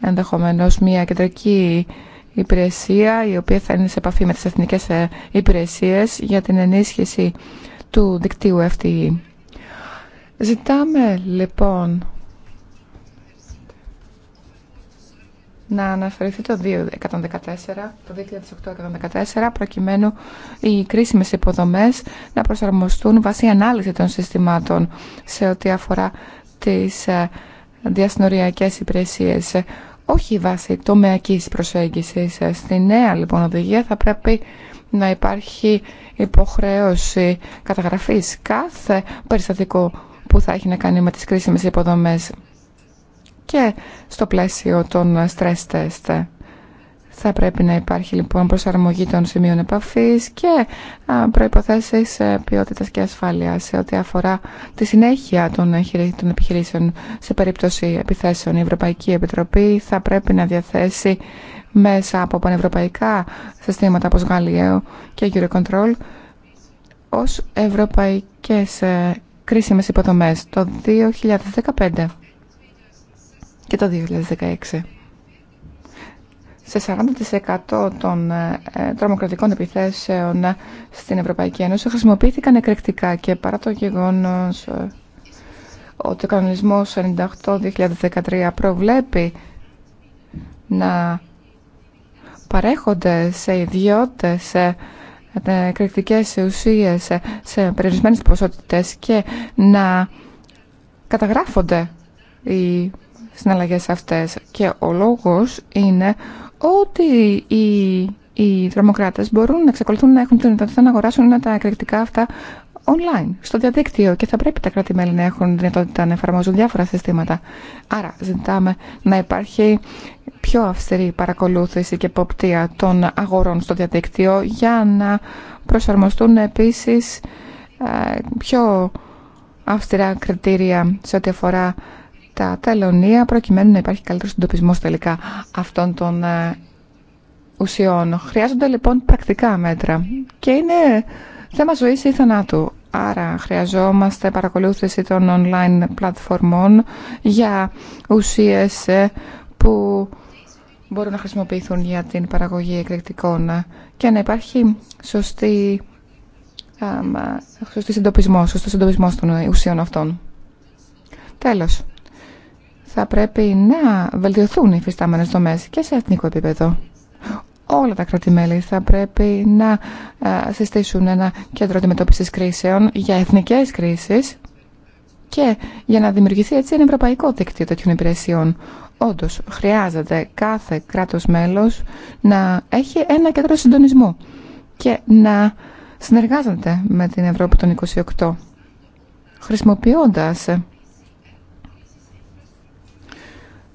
ενδεχομένω μια κεντρική υπηρεσία η οποία θα είναι σε επαφή με τι εθνικέ ε, υπηρεσίε για την ενίσχυση του δικτύου FTE. Ζητάμε λοιπόν να αναφερθεί το 214, το 2014 προκειμένου οι κρίσιμες υποδομές να προσαρμοστούν βάσει ανάλυση των συστημάτων σε ό,τι αφορά τις ε, διασυνοριακές υπηρεσίες, όχι βάσει τομεακής προσέγγισης. Ε, στη νέα λοιπόν οδηγία θα πρέπει να υπάρχει υποχρέωση καταγραφής κάθε περιστατικό που θα έχει να κάνει με τις κρίσιμες υποδομές και στο πλαίσιο των stress test. Θα πρέπει να υπάρχει λοιπόν προσαρμογή των σημείων επαφής και προϋποθέσεις ε, ποιότητας και ασφάλειας σε ό,τι αφορά τη συνέχεια των επιχειρήσεων σε περίπτωση επιθέσεων. Η Ευρωπαϊκή Επιτροπή θα πρέπει να διαθέσει μέσα από πανευρωπαϊκά συστήματα όπως Γαλλιαίο και Eurocontrol ως ευρωπαϊκές ε, κρίσιμες υποδομές το 2015 και το 2016. Σε 40% των ε, ε, τρομοκρατικών επιθέσεων στην Ευρωπαϊκή Ένωση χρησιμοποιήθηκαν εκρηκτικά και παρά το γεγονός ότι ο κανονισμός 98-2013 προβλέπει να παρέχονται σε ιδιώτε, σε ουσίε σε περιορισμένες ποσότητες και να καταγράφονται οι συναλλαγές αυτές. Και ο λόγος είναι ότι οι οι τρομοκράτε μπορούν να εξακολουθούν να έχουν την δυνατότητα να αγοράσουν τα εκρηκτικά αυτά online, στο διαδίκτυο και θα πρέπει τα κράτη-μέλη να έχουν δυνατότητα να εφαρμόζουν διάφορα συστήματα. Άρα ζητάμε να υπάρχει πιο αυστηρή παρακολούθηση και εποπτεία των αγορών στο διαδίκτυο για να προσαρμοστούν επίσης ε, πιο αυστηρά κριτήρια σε ό,τι αφορά τα τελωνία προκειμένου να υπάρχει καλύτερο συντοπισμό τελικά αυτών των ε, ουσιών. Χρειάζονται λοιπόν πρακτικά μέτρα και είναι θέμα ζωή ή θανάτου. Άρα χρειαζόμαστε παρακολούθηση των online πλατφορμών για ουσίες ε, που μπορούν να χρησιμοποιηθούν για την παραγωγή εκρηκτικών ε, και να υπάρχει σωστή, σωστή συντοπισμό, σωστό συντοπισμό των ουσίων αυτών. Τέλος, θα πρέπει να βελτιωθούν οι φυστάμενες δομές και σε εθνικό επίπεδο όλα τα κράτη-μέλη θα πρέπει να ε, συστήσουν ένα κέντρο αντιμετώπιση κρίσεων για εθνικέ κρίσει και για να δημιουργηθεί έτσι ένα ευρωπαϊκό δίκτυο τέτοιων υπηρεσιών. Όντω, χρειάζεται κάθε κράτο μέλο να έχει ένα κέντρο συντονισμού και να συνεργάζονται με την Ευρώπη των 28 χρησιμοποιώντας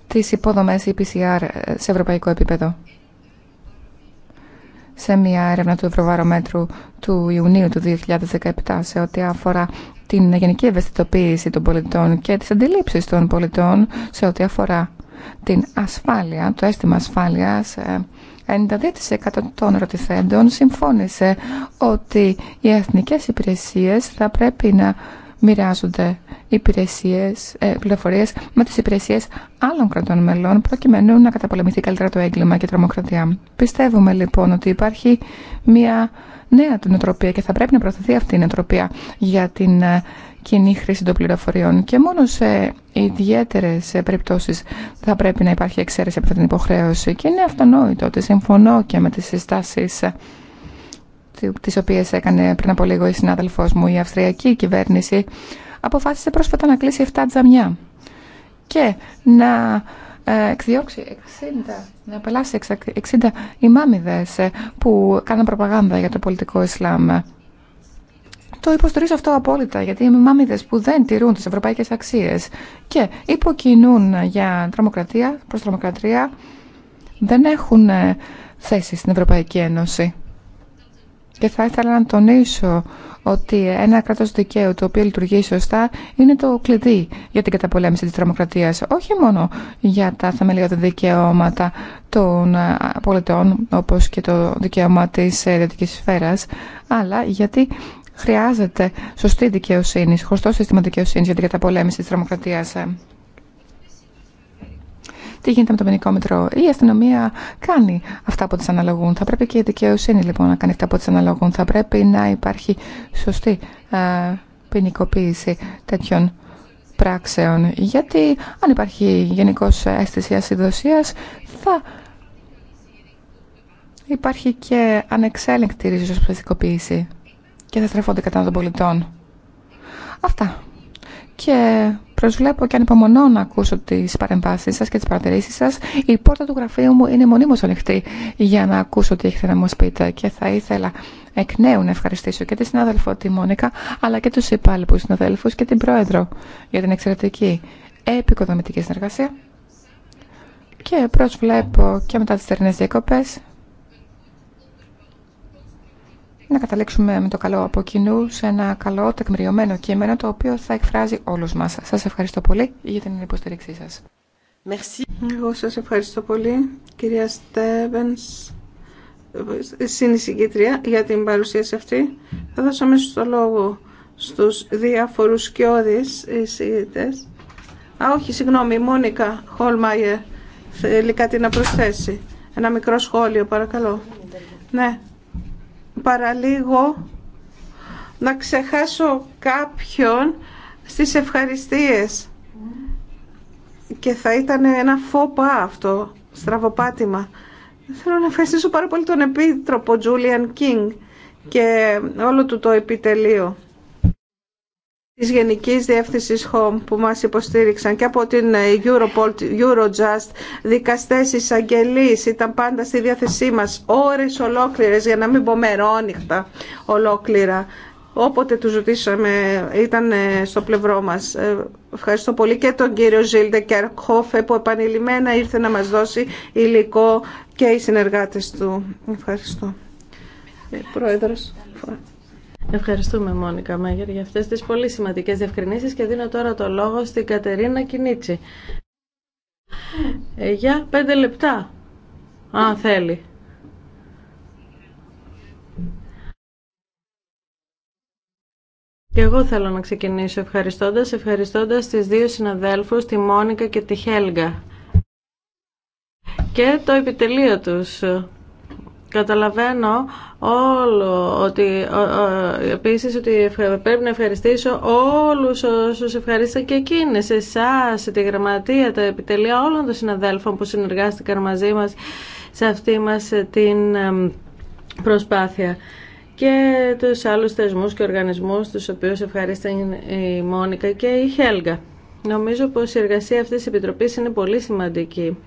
τις υποδομές EPCR σε ευρωπαϊκό επίπεδο σε μια έρευνα του Ευρωβαρομέτρου του Ιουνίου του 2017 σε ό,τι αφορά την γενική ευαισθητοποίηση των πολιτών και τις αντιλήψεις των πολιτών σε ό,τι αφορά την ασφάλεια, το αίσθημα ασφάλειας, 92% ε, των ερωτηθέντων συμφώνησε ότι οι εθνικές υπηρεσίες θα πρέπει να μοιράζονται υπηρεσίες, ε, πληροφορίες με τις υπηρεσίες άλλων κρατών μελών προκειμένου να καταπολεμηθεί καλύτερα το έγκλημα και η τρομοκρατία. Πιστεύουμε λοιπόν ότι υπάρχει μια νέα νοοτροπία και θα πρέπει να προωθηθεί αυτή η νοοτροπία για την ε, κοινή χρήση των πληροφοριών και μόνο σε ιδιαίτερε περιπτώσει θα πρέπει να υπάρχει εξαίρεση από την υποχρέωση και είναι αυτονόητο ότι συμφωνώ και με τι συστάσει τις οποίες έκανε πριν από λίγο η συνάδελφός μου η Αυστριακή κυβέρνηση αποφάσισε πρόσφατα να κλείσει 7 τζαμιά και να ε, εκδιώξει 60, να απελάσει 60 ημάμιδες ε, που κάναν προπαγάνδα για το πολιτικό Ισλάμ. Το υποστηρίζω αυτό απόλυτα, γιατί οι ημάμιδες που δεν τηρούν τις ευρωπαϊκές αξίες και υποκινούν για τρομοκρατία, προς τρομοκρατία, δεν έχουν ε, θέση στην Ευρωπαϊκή Ένωση. Και θα ήθελα να τονίσω ότι ένα κράτο δικαίου το οποίο λειτουργεί σωστά είναι το κλειδί για την καταπολέμηση της τρομοκρατία. Όχι μόνο για τα θεμελιώδη δικαιώματα των πολιτών, όπως και το δικαίωμα τη ιδιωτική σφαίρας, αλλά γιατί χρειάζεται σωστή δικαιοσύνη, χωστό σύστημα δικαιοσύνη για την καταπολέμηση τη τρομοκρατία τι γίνεται με το ποινικό μητρό. Η αστυνομία κάνει αυτά που τη αναλογούν. Θα πρέπει και η δικαιοσύνη λοιπόν να κάνει αυτά που τη αναλογούν. Θα πρέπει να υπάρχει σωστή ε, ποινικοποίηση τέτοιων πράξεων. Γιατί αν υπάρχει γενικώ αίσθηση ασυνδοσία, θα υπάρχει και ανεξέλεγκτη ριζοσπαστικοποίηση και θα στρεφόνται κατά των πολιτών. Αυτά. Και Προσβλέπω και ανυπομονώ να ακούσω τι παρεμβάσει σα και τι παρατηρήσει σα. Η πόρτα του γραφείου μου είναι μονίμω ανοιχτή για να ακούσω τι έχετε να μου πείτε και θα ήθελα εκ νέου να ευχαριστήσω και τη συνάδελφο τη Μόνικα αλλά και του υπάλληλου συναδέλφου και την πρόεδρο για την εξαιρετική επικοδομητική συνεργασία. Και προσβλέπω και μετά τι τερνέ διακοπέ να καταλήξουμε με το καλό από κοινού σε ένα καλό τεκμηριωμένο κείμενο το οποίο θα εκφράζει όλους μας. Σας ευχαριστώ πολύ για την υποστήριξή σας. Merci. Εγώ σας ευχαριστώ πολύ, κυρία Στέβεν, συνεισηγήτρια, για την παρουσίαση αυτή. Θα δώσω αμέσω το λόγο στους διάφορους σκιώδεις εισηγητές. Α, όχι, συγγνώμη, η Μόνικα Χολμάιερ θέλει κάτι να προσθέσει. Ένα μικρό σχόλιο, παρακαλώ. Ναι, παραλίγο να ξεχάσω κάποιον στις ευχαριστίες και θα ήταν ένα φόπα αυτό, στραβοπάτημα. Θέλω να ευχαριστήσω πάρα πολύ τον Επίτροπο Τζούλιαν Κίνγκ και όλο του το επιτελείο της Γενικής Διεύθυνσης Home που μας υποστήριξαν και από την ε, Europol, Eurojust, δικαστές εισαγγελείς ήταν πάντα στη διάθεσή μας ώρες ολόκληρες για να μην πω μερόνυχτα ολόκληρα. Όποτε του ζητήσαμε ήταν ε, στο πλευρό μας. Ε, ευχαριστώ πολύ και τον κύριο Ζίλντε Κέρκοφε που επανειλημμένα ήρθε να μας δώσει υλικό και οι συνεργάτες του. Ευχαριστώ. Πρόεδρος. Ευχαριστούμε Μόνικα Μέγερ για αυτές τις πολύ σημαντικές διευκρινήσεις και δίνω τώρα το λόγο στην Κατερίνα Κινίτσι. Ε, για πέντε λεπτά, αν θέλει. Και εγώ θέλω να ξεκινήσω ευχαριστώντας, ευχαριστώντας τις δύο συναδέλφους, τη Μόνικα και τη Χέλγα. Και το επιτελείο τους. Καταλαβαίνω όλο ότι επίσης ότι πρέπει να ευχαριστήσω όλους όσους ευχαρίστησα και εκείνε, εσά, τη γραμματεία, τα επιτελεία όλων των συναδέλφων που συνεργάστηκαν μαζί μας σε αυτή μα ε, την προσπάθεια και τους άλλους θεσμού και οργανισμούς τους οποίους ευχαρίστησαν η Μόνικα και η Χέλγα. Νομίζω πως η εργασία αυτής της Επιτροπής είναι πολύ σημαντική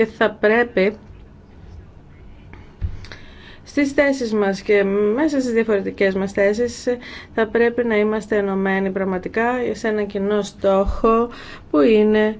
και θα πρέπει στις θέσεις μας και μέσα στις διαφορετικές μας θέσεις θα πρέπει να είμαστε ενωμένοι πραγματικά σε ένα κοινό στόχο που είναι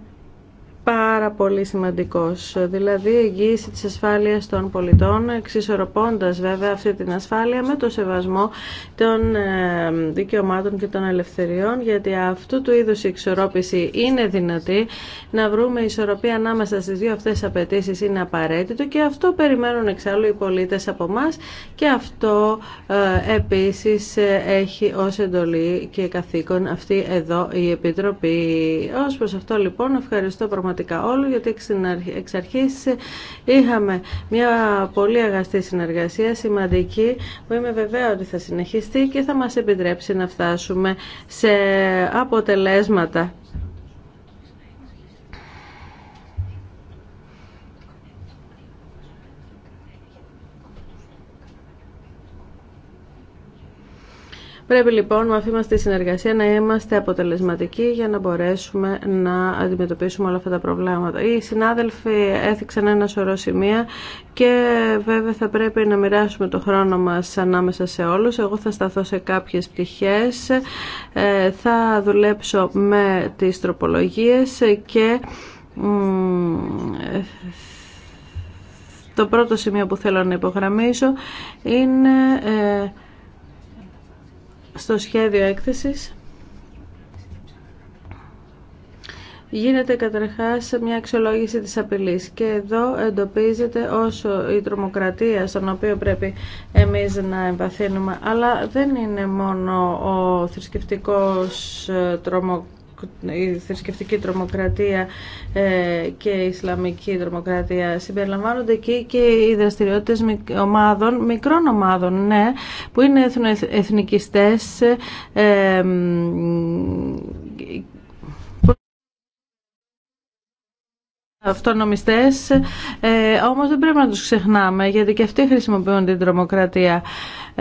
πάρα πολύ σημαντικός, δηλαδή η εγγύηση της ασφάλειας των πολιτών, εξισορροπώντας βέβαια αυτή την ασφάλεια με το σεβασμό των ε, δικαιωμάτων και των ελευθεριών, γιατί αυτού του είδους η εξορρόπηση είναι δυνατή. Να βρούμε ισορροπία ανάμεσα στις δύο αυτές απαιτήσει είναι απαραίτητο και αυτό περιμένουν εξάλλου οι πολίτες από εμά και αυτό ε, επίσης ε, έχει ως εντολή και καθήκον αυτή εδώ η Επιτροπή. Ως προς αυτό λοιπόν ευχαριστώ πραγματικά πραγματικά γιατί εξ αρχής είχαμε μια πολύ αγαστή συνεργασία, σημαντική, που είμαι βεβαία ότι θα συνεχιστεί και θα μας επιτρέψει να φτάσουμε σε αποτελέσματα Πρέπει λοιπόν με αυτή μας τη συνεργασία να είμαστε αποτελεσματικοί για να μπορέσουμε να αντιμετωπίσουμε όλα αυτά τα προβλήματα. Οι συνάδελφοι έθιξαν ένα σωρό σημεία και βέβαια θα πρέπει να μοιράσουμε το χρόνο μας ανάμεσα σε όλους. Εγώ θα σταθώ σε κάποιες πτυχές, ε, θα δουλέψω με τις τροπολογίες και το πρώτο σημείο που θέλω να υπογραμμίσω είναι ε, στο σχέδιο έκθεσης γίνεται καταρχάς μια αξιολόγηση της απειλής και εδώ εντοπίζεται όσο η τρομοκρατία στον οποίο πρέπει εμείς να εμπαθύνουμε. αλλά δεν είναι μόνο ο θρησκευτικός ε, τρομοκρατής η θρησκευτική τρομοκρατία ε, και η Ισλαμική τρομοκρατία. Συμπεριλαμβάνονται εκεί και οι δραστηριότητες ομάδων, μικρών ομάδων, ναι, που είναι εθνικιστές ε, αυτονομιστές, ε, όμως δεν πρέπει να τους ξεχνάμε γιατί και αυτοί χρησιμοποιούν την τρομοκρατία.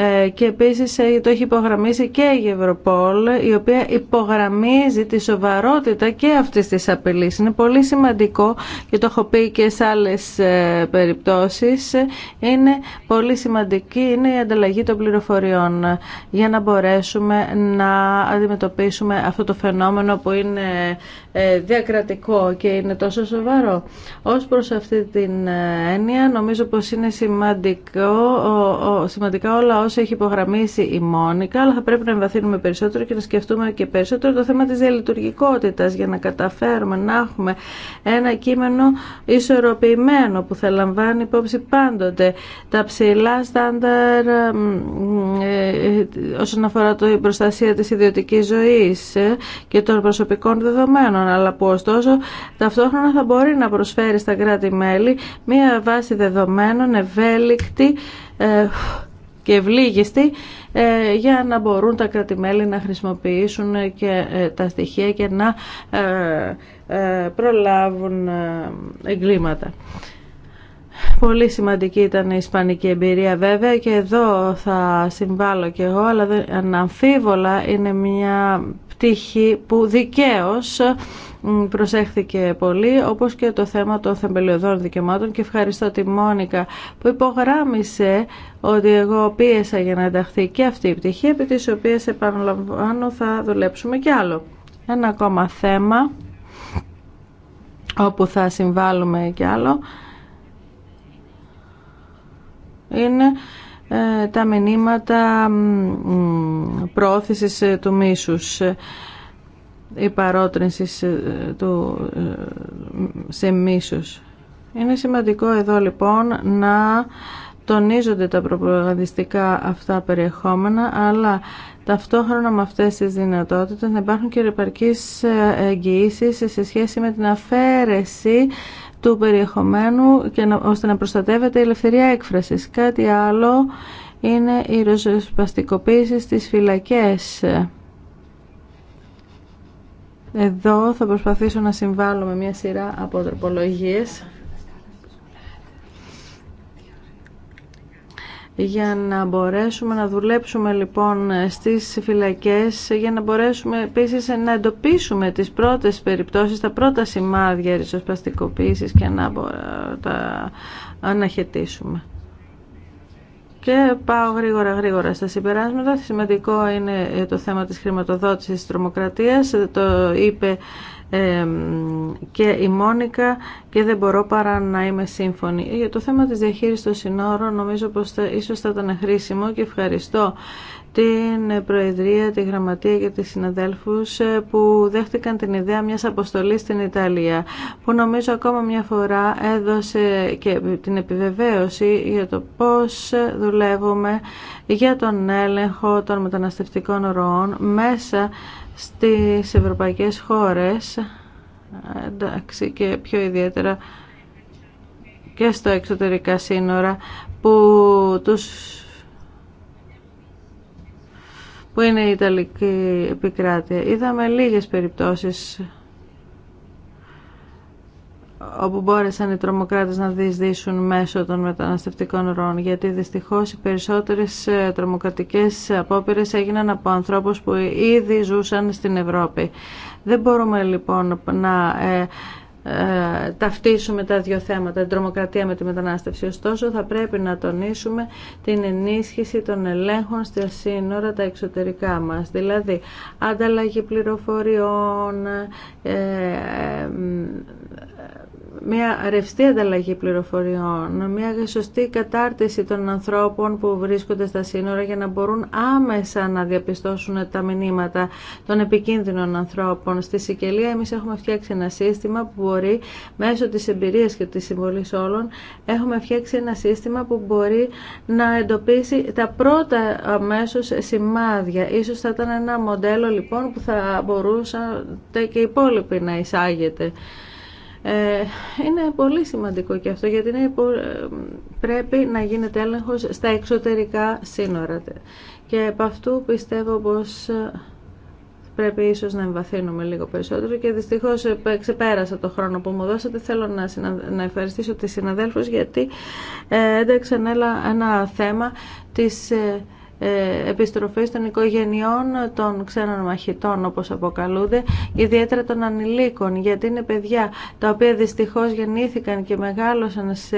Ε, και επίσης ε, το έχει υπογραμμίσει και η Ευρωπόλ η οποία υπογραμμίζει τη σοβαρότητα και αυτής της απειλής. Είναι πολύ σημαντικό και το έχω πει και σε άλλες ε, περιπτώσεις είναι πολύ σημαντική είναι η ανταλλαγή των πληροφοριών για να μπορέσουμε να αντιμετωπίσουμε αυτό το φαινόμενο που είναι διακρατικό και είναι τόσο σοβαρό. Ως προς αυτή την έννοια νομίζω πως είναι σημαντικά όλα όσα έχει υπογραμμίσει η Μόνικα, αλλά θα πρέπει να εμβαθύνουμε περισσότερο και να σκεφτούμε και περισσότερο το θέμα της διαλειτουργικότητας για να καταφέρουμε να έχουμε ένα κείμενο ισορροπημένο που θα λαμβάνει υπόψη πάντοτε τα ψηλά στάνταρ ε, ε, όσον αφορά την προστασία της ιδιωτικής ζωής και των προσωπικών δεδομένων, αλλά που ωστόσο ταυτόχρονα θα μπορεί να προσφέρει στα κράτη-μέλη μία βάση δεδομένων ευέλικτη ε, και ευλίγιστη ε, για να μπορούν τα κρατημέλη να χρησιμοποιήσουν και ε, τα στοιχεία και να ε, προλάβουν εγκλήματα. Πολύ σημαντική ήταν η ισπανική εμπειρία βέβαια και εδώ θα συμβάλλω και εγώ, αλλά αναμφίβολα είναι μια πτυχή που δικαίως προσέχθηκε πολύ, όπως και το θέμα των θεμελιωδών δικαιωμάτων και ευχαριστώ τη Μόνικα που υπογράμμισε ότι εγώ πίεσα για να ενταχθεί και αυτή η πτυχή, επί της οποίας επαναλαμβάνω θα δουλέψουμε κι άλλο. Ένα ακόμα θέμα όπου θα συμβάλλουμε κι άλλο είναι ε, τα μηνύματα πρόθεσης ε, του μίσους η ε, του ε, σε μίσους. Είναι σημαντικό εδώ λοιπόν να τονίζονται τα προπαγανδιστικά αυτά περιεχόμενα, αλλά ταυτόχρονα με αυτές τις δυνατότητες να υπάρχουν και ρεπαρκείς ε, εγγυήσεις σε σχέση με την αφαίρεση του περιεχομένου και να, ώστε να προστατεύεται η ελευθερία έκφρασης. Κάτι άλλο είναι η ροζοσπαστικοποίηση στις φυλακές. Εδώ θα προσπαθήσω να συμβάλλω με μια σειρά από τροπολογίες για να μπορέσουμε να δουλέψουμε λοιπόν στις φυλακές για να μπορέσουμε επίσης να εντοπίσουμε τις πρώτες περιπτώσεις τα πρώτα σημάδια ριζοσπαστικοποίηση και να τα αναχαιτήσουμε. Και πάω γρήγορα γρήγορα στα συμπεράσματα. Σημαντικό είναι ε, το θέμα της χρηματοδότησης της τρομοκρατίας. Ε, το είπε και η Μόνικα και δεν μπορώ παρά να είμαι σύμφωνη. Ε, για το θέμα της διαχείρισης των συνόρων νομίζω πως θα, ίσως θα ήταν χρήσιμο και ευχαριστώ την Προεδρία, τη Γραμματεία και τις συναδέλφους ε, που δέχτηκαν την ιδέα μιας αποστολής στην Ιταλία που νομίζω ακόμα μια φορά έδωσε και την επιβεβαίωση για το πώς δουλεύουμε για τον έλεγχο των μεταναστευτικών ροών μέσα στις ευρωπαϊκές χώρες εντάξει, και πιο ιδιαίτερα και στο εξωτερικά σύνορα που τους που είναι η Ιταλική επικράτεια. Είδαμε λίγες περιπτώσεις όπου μπόρεσαν οι τρομοκράτες να διεισδύσουν μέσω των μεταναστευτικών ροών, γιατί δυστυχώς οι περισσότερες ε, τρομοκρατικές απόπειρες έγιναν από ανθρώπους που ήδη ζούσαν στην Ευρώπη. Δεν μπορούμε λοιπόν να ε, ε, ταυτίσουμε τα δύο θέματα, την τρομοκρατία με τη μετανάστευση. Ωστόσο, θα πρέπει να τονίσουμε την ενίσχυση των ελέγχων στα σύνορα τα εξωτερικά μας. Δηλαδή, ανταλλαγή πληροφοριών, ε, ε, μια ρευστή ανταλλαγή πληροφοριών, μια σωστή κατάρτιση των ανθρώπων που βρίσκονται στα σύνορα για να μπορούν άμεσα να διαπιστώσουν τα μηνύματα των επικίνδυνων ανθρώπων. Στη Σικελία εμείς έχουμε φτιάξει ένα σύστημα που μπορεί μέσω της εμπειρίας και της συμβολής όλων έχουμε φτιάξει ένα σύστημα που μπορεί να εντοπίσει τα πρώτα αμέσως σημάδια. Ίσως θα ήταν ένα μοντέλο λοιπόν που θα μπορούσατε και οι υπόλοιποι να εισάγετε. Ε, είναι πολύ σημαντικό και αυτό γιατί είναι, ε, πρέπει να γίνεται έλεγχος στα εξωτερικά σύνορα. Και από αυτού πιστεύω πως ε, πρέπει ίσως να εμβαθύνουμε λίγο περισσότερο και δυστυχώς ξεπέρασα το χρόνο που μου δώσατε. Θέλω να, να ευχαριστήσω τις συναδέλφους γιατί ένταξαν ένα θέμα της ε, επιστροφές των οικογενειών των ξένων μαχητών όπως αποκαλούνται, ιδιαίτερα των ανηλίκων γιατί είναι παιδιά τα οποία δυστυχώς γεννήθηκαν και μεγάλωσαν σε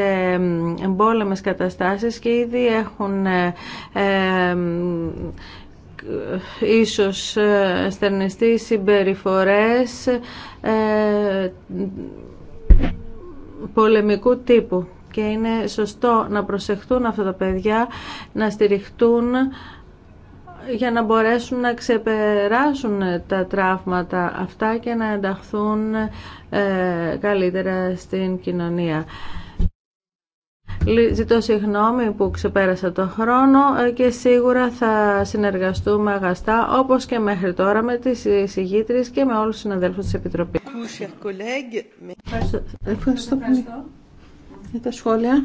εμπόλεμες καταστάσεις και ήδη έχουν ε, ε, ε ίσως στερνιστεί συμπεριφορές πολεμικού τύπου και είναι σωστό να προσεχτούν αυτά τα παιδιά, να στηριχτούν για να μπορέσουν να ξεπεράσουν τα τραύματα αυτά και να ενταχθούν ε, καλύτερα στην κοινωνία. Ζητώ συγγνώμη που ξεπέρασα το χρόνο ε, και σίγουρα θα συνεργαστούμε αγαστά όπως και μέχρι τώρα με τις συγγήτρες και με όλους τους συναδέλφους της Επιτροπής. Ευχαριστώ για τα σχόλια.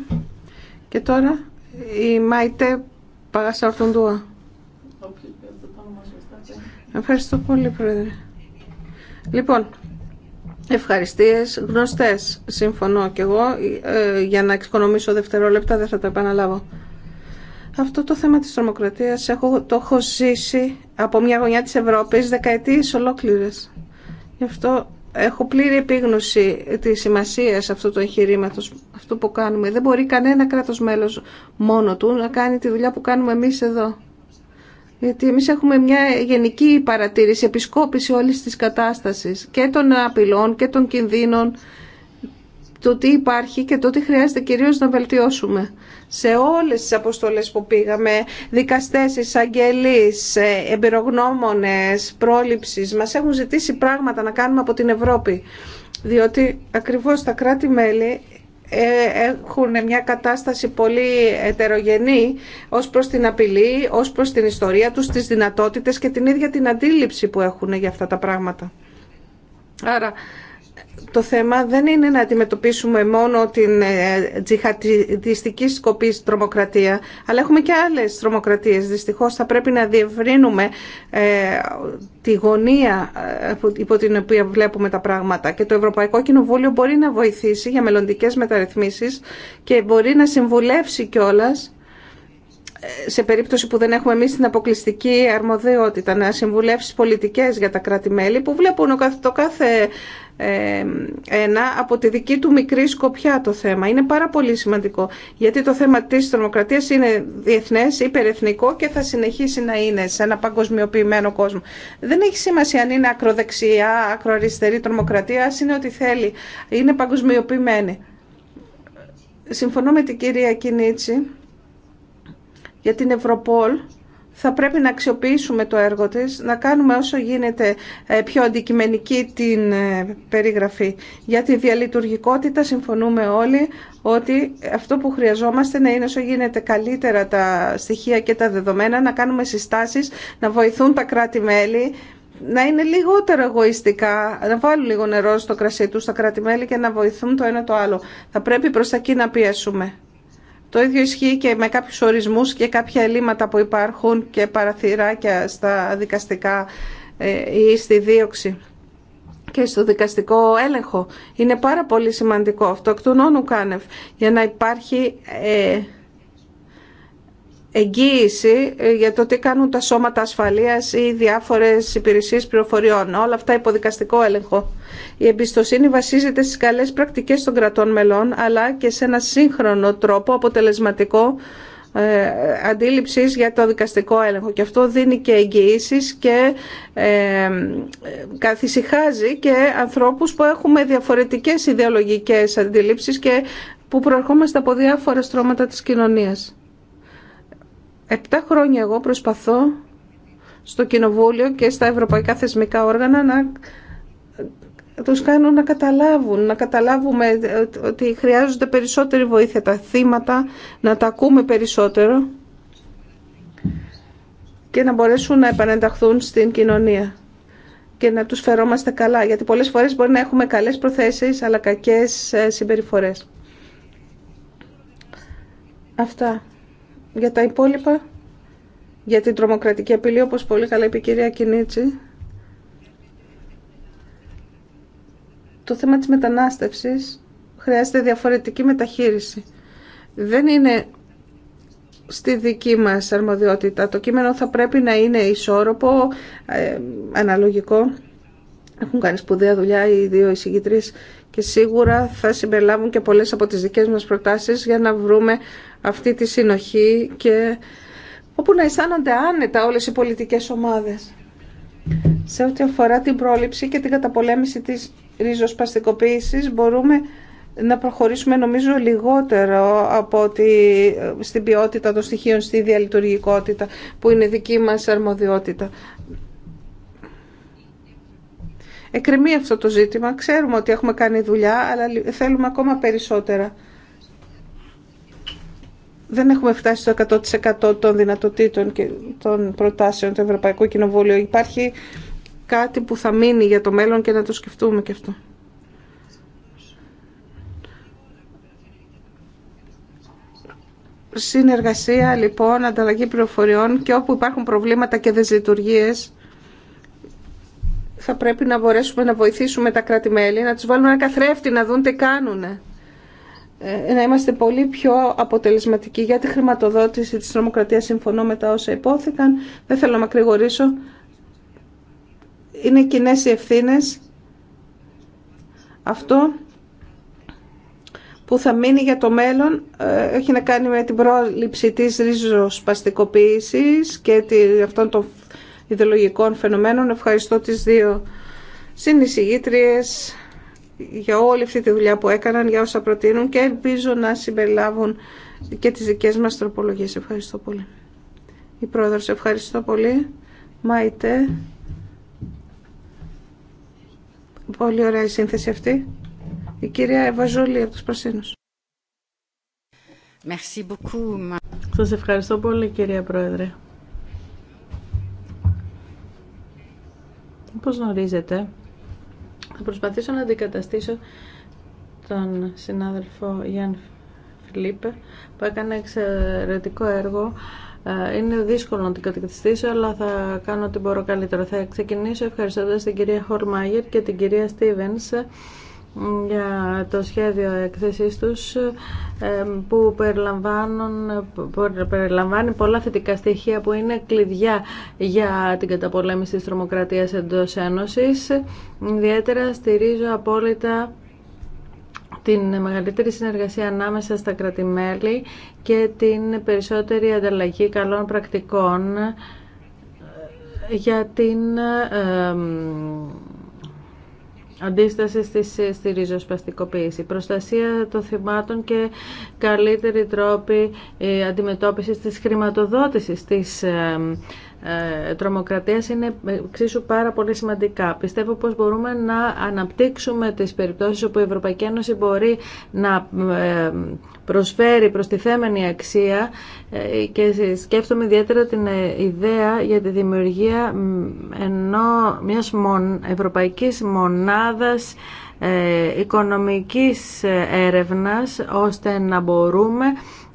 Και τώρα η Μάιτε Παγασαρτοντούα. Ευχαριστώ πολύ, Πρόεδρε. Λοιπόν, ευχαριστίες γνωστές, συμφωνώ και εγώ, ε, για να εξοικονομήσω δευτερόλεπτα, δεν θα τα επαναλάβω. Αυτό το θέμα της τρομοκρατίας έχω, το έχω ζήσει από μια γωνιά της Ευρώπης δεκαετίες ολόκληρες. Γι' αυτό έχω πλήρη επίγνωση τη σημασίας αυτού του εγχειρήματο, αυτού που κάνουμε. Δεν μπορεί κανένα κράτο μέλος μόνο του να κάνει τη δουλειά που κάνουμε εμείς εδώ. Γιατί εμείς έχουμε μια γενική παρατήρηση, επισκόπηση όλη της κατάστασης και των απειλών και των κινδύνων το τι υπάρχει και το τι χρειάζεται κυρίως να βελτιώσουμε. Σε όλες τις αποστολές που πήγαμε, δικαστές, εισαγγελείς, ε, εμπειρογνώμονες, πρόληψεις μας έχουν ζητήσει πράγματα να κάνουμε από την Ευρώπη. Διότι ακριβώς τα κράτη-μέλη ε, έχουν μια κατάσταση πολύ ετερογενή ως προς την απειλή, ως προς την ιστορία τους, τις δυνατότητες και την ίδια την αντίληψη που έχουν για αυτά τα πράγματα. Άρα το θέμα δεν είναι να αντιμετωπίσουμε μόνο την ε, τζιχατιστική σκοπή τρομοκρατία, αλλά έχουμε και άλλες τρομοκρατίες. Δυστυχώς θα πρέπει να διευρύνουμε ε, τη γωνία ε, υπό την οποία βλέπουμε τα πράγματα και το Ευρωπαϊκό Κοινοβούλιο μπορεί να βοηθήσει για μελλοντικές μεταρρυθμίσεις και μπορεί να συμβουλεύσει κιόλα, σε περίπτωση που δεν έχουμε εμεί την αποκλειστική αρμοδιότητα να συμβουλεύσει πολιτικές για τα κράτη-μέλη που βλέπουν το κάθε ε, ένα από τη δική του μικρή σκοπιά το θέμα. Είναι πάρα πολύ σημαντικό γιατί το θέμα της τρομοκρατίας είναι διεθνές, υπερεθνικό και θα συνεχίσει να είναι σε ένα παγκοσμιοποιημένο κόσμο. Δεν έχει σημασία αν είναι ακροδεξιά, ακροαριστερή τρομοκρατία, ας είναι ό,τι θέλει. Είναι παγκοσμιοποιημένη. Συμφωνώ με την κυρία Κινίτσι για την Ευρωπόλ θα πρέπει να αξιοποιήσουμε το έργο της, να κάνουμε όσο γίνεται ε, πιο αντικειμενική την ε, περιγραφή. Για τη διαλειτουργικότητα συμφωνούμε όλοι ότι αυτό που χρειαζόμαστε να είναι όσο γίνεται καλύτερα τα στοιχεία και τα δεδομένα, να κάνουμε συστάσεις, να βοηθούν τα κράτη-μέλη, να είναι λιγότερο εγωιστικά, να βάλουν λίγο νερό στο κρασί του τα κράτη-μέλη και να βοηθούν το ένα το άλλο. Θα πρέπει προς τα εκεί να πιέσουμε. Το ίδιο ισχύει και με κάποιους ορισμούς και κάποια ελλείμματα που υπάρχουν και παραθυράκια στα δικαστικά ε, ή στη δίωξη και στο δικαστικό έλεγχο. Είναι πάρα πολύ σημαντικό αυτό, εκ του νόνου κάνευ, για να υπάρχει ε, εγγύηση ε, για το τι κάνουν τα σώματα ασφαλείας ή διάφορες υπηρεσίες πληροφοριών. Όλα αυτά υποδικαστικό έλεγχο. Η εμπιστοσύνη βασίζεται στις καλές πρακτικές των κρατών μελών, αλλά και σε ένα σύγχρονο τρόπο αποτελεσματικό ε, αντίληψης για το δικαστικό έλεγχο. Και αυτό δίνει και εγγυήσεις και ε, καθησυχάζει και ανθρώπους που έχουμε διαφορετικές ιδεολογικές αντίληψεις και που προερχόμαστε από διάφορα στρώματα της κοινωνίας. Επτά χρόνια εγώ προσπαθώ στο Κοινοβούλιο και στα ευρωπαϊκά θεσμικά όργανα να τους κάνουν να καταλάβουν, να καταλάβουμε ε, ότι χρειάζονται περισσότερη βοήθεια τα θύματα, να τα ακούμε περισσότερο και να μπορέσουν να επανενταχθούν στην κοινωνία και να τους φερόμαστε καλά, γιατί πολλές φορές μπορεί να έχουμε καλές προθέσεις αλλά κακές ε, συμπεριφορές. Αυτά. Για τα υπόλοιπα, για την τρομοκρατική απειλή, όπως πολύ καλά είπε η κυρία Κινίτση, το θέμα της μετανάστευσης χρειάζεται διαφορετική μεταχείριση. Δεν είναι στη δική μας αρμοδιότητα. Το κείμενο θα πρέπει να είναι ισόρροπο, ε, αναλογικό. Έχουν κάνει σπουδαία δουλειά οι δύο εισηγητρίες και σίγουρα θα συμπεριλάβουν και πολλές από τις δικές μας προτάσεις για να βρούμε αυτή τη συνοχή και όπου να αισθάνονται άνετα όλες οι πολιτικές ομάδες. Σε ό,τι αφορά την πρόληψη και την καταπολέμηση της ριζοσπαστικοποίησης μπορούμε να προχωρήσουμε νομίζω λιγότερο από τη ε, στην ποιότητα των στοιχείων στη διαλειτουργικότητα που είναι δική μας αρμοδιότητα εκκρεμεί αυτό το ζήτημα. Ξέρουμε ότι έχουμε κάνει δουλειά, αλλά θέλουμε ακόμα περισσότερα. Δεν έχουμε φτάσει στο 100% των δυνατοτήτων και των προτάσεων του Ευρωπαϊκού Κοινοβούλιο. Υπάρχει κάτι που θα μείνει για το μέλλον και να το σκεφτούμε και αυτό. Συνεργασία, λοιπόν, ανταλλαγή πληροφοριών και όπου υπάρχουν προβλήματα και δεσλειτουργίες θα πρέπει να μπορέσουμε να βοηθήσουμε τα κράτη-μέλη, να τους βάλουμε ένα καθρέφτη, να δουν τι κάνουν. Ε, να είμαστε πολύ πιο αποτελεσματικοί για τη χρηματοδότηση της νομοκρατίας. Συμφωνώ με τα όσα υπόθηκαν. Δεν θέλω να μακρηγορήσω. Είναι κοινέ οι ευθύνε. Αυτό που θα μείνει για το μέλλον ε, έχει να κάνει με την πρόληψη της ριζοσπαστικοποίησης και αυτών των ιδεολογικών φαινομένων. Ευχαριστώ τις δύο συνεισηγήτριες για όλη αυτή τη δουλειά που έκαναν, για όσα προτείνουν και ελπίζω να συμπεριλάβουν και τις δικές μας τροπολογίες. Ευχαριστώ πολύ. Η Πρόεδρος, ευχαριστώ πολύ. Μάιτε. Πολύ ωραία η σύνθεση αυτή. Η κυρία Ευαζούλη από τους Πρασίνους. Merci Σας ευχαριστώ πολύ κυρία Πρόεδρε. Όπως γνωρίζετε, θα προσπαθήσω να αντικαταστήσω τον συνάδελφο Γιάννη Φιλίπε που έκανε εξαιρετικό έργο. Ε, είναι δύσκολο να την κατακτηστήσω, αλλά θα κάνω ό,τι μπορώ καλύτερο. Θα ξεκινήσω ευχαριστώντας την κυρία Χορμάγερ και την κυρία Στίβενς για το σχέδιο έκθεσής τους που περιλαμβάνουν, περιλαμβάνει πολλά θετικά στοιχεία που είναι κλειδιά για την καταπολέμηση της τρομοκρατίας εντός Ένωσης. Ιδιαίτερα στηρίζω απόλυτα την μεγαλύτερη συνεργασία ανάμεσα στα κρατημέλη και την περισσότερη ανταλλαγή καλών πρακτικών ε, για την αντίσταση στη, στη ριζοσπαστικοποίηση, προστασία των θυμάτων και καλύτερη τρόπη ε, αντιμετώπισης της χρηματοδότησης της ε, ε, τρομοκρατίας είναι εξίσου πάρα πολύ σημαντικά. Πιστεύω πως μπορούμε να αναπτύξουμε τις περιπτώσεις όπου η Ευρωπαϊκή Ένωση μπορεί να ε, προσφέρει προστιθέμενη αξία ε, και σκέφτομαι ιδιαίτερα την ιδέα για τη δημιουργία ενώ μιας ευρωπαϊκής μονάδας οικονομικής έρευνας ώστε να μπορούμε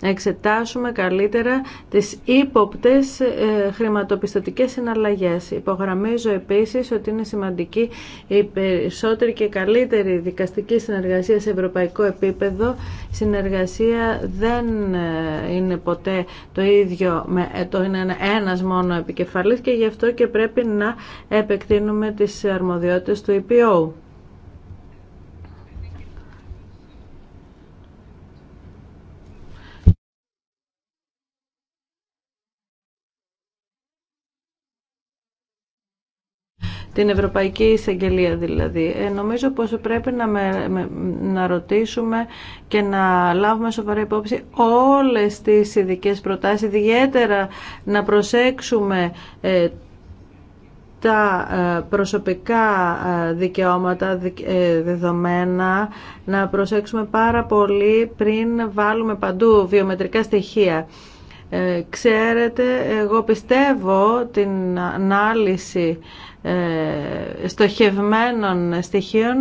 να εξετάσουμε καλύτερα τις ύποπτες ε, χρηματοπιστωτικές συναλλαγές. Υπογραμμίζω επίσης ότι είναι σημαντική η περισσότερη και καλύτερη δικαστική συνεργασία σε ευρωπαϊκό επίπεδο. Συνεργασία δεν ε, είναι ποτέ το ίδιο, με, ε, το είναι ένας μόνο επικεφαλής και γι' αυτό και πρέπει να επεκτείνουμε τις αρμοδιότητες του EPO. την Ευρωπαϊκή Εισαγγελία δηλαδή. Ε, νομίζω πως πρέπει να, με, να ρωτήσουμε και να λάβουμε σοβαρά υπόψη όλες τις ειδικέ προτάσεις, ιδιαίτερα να προσέξουμε ε, τα ε, προσωπικά ε, δικαιώματα, δεδομένα, να προσέξουμε πάρα πολύ πριν βάλουμε παντού βιομετρικά στοιχεία. Ξέρετε, εγώ πιστεύω την ανάλυση ε, στοχευμένων στοιχείων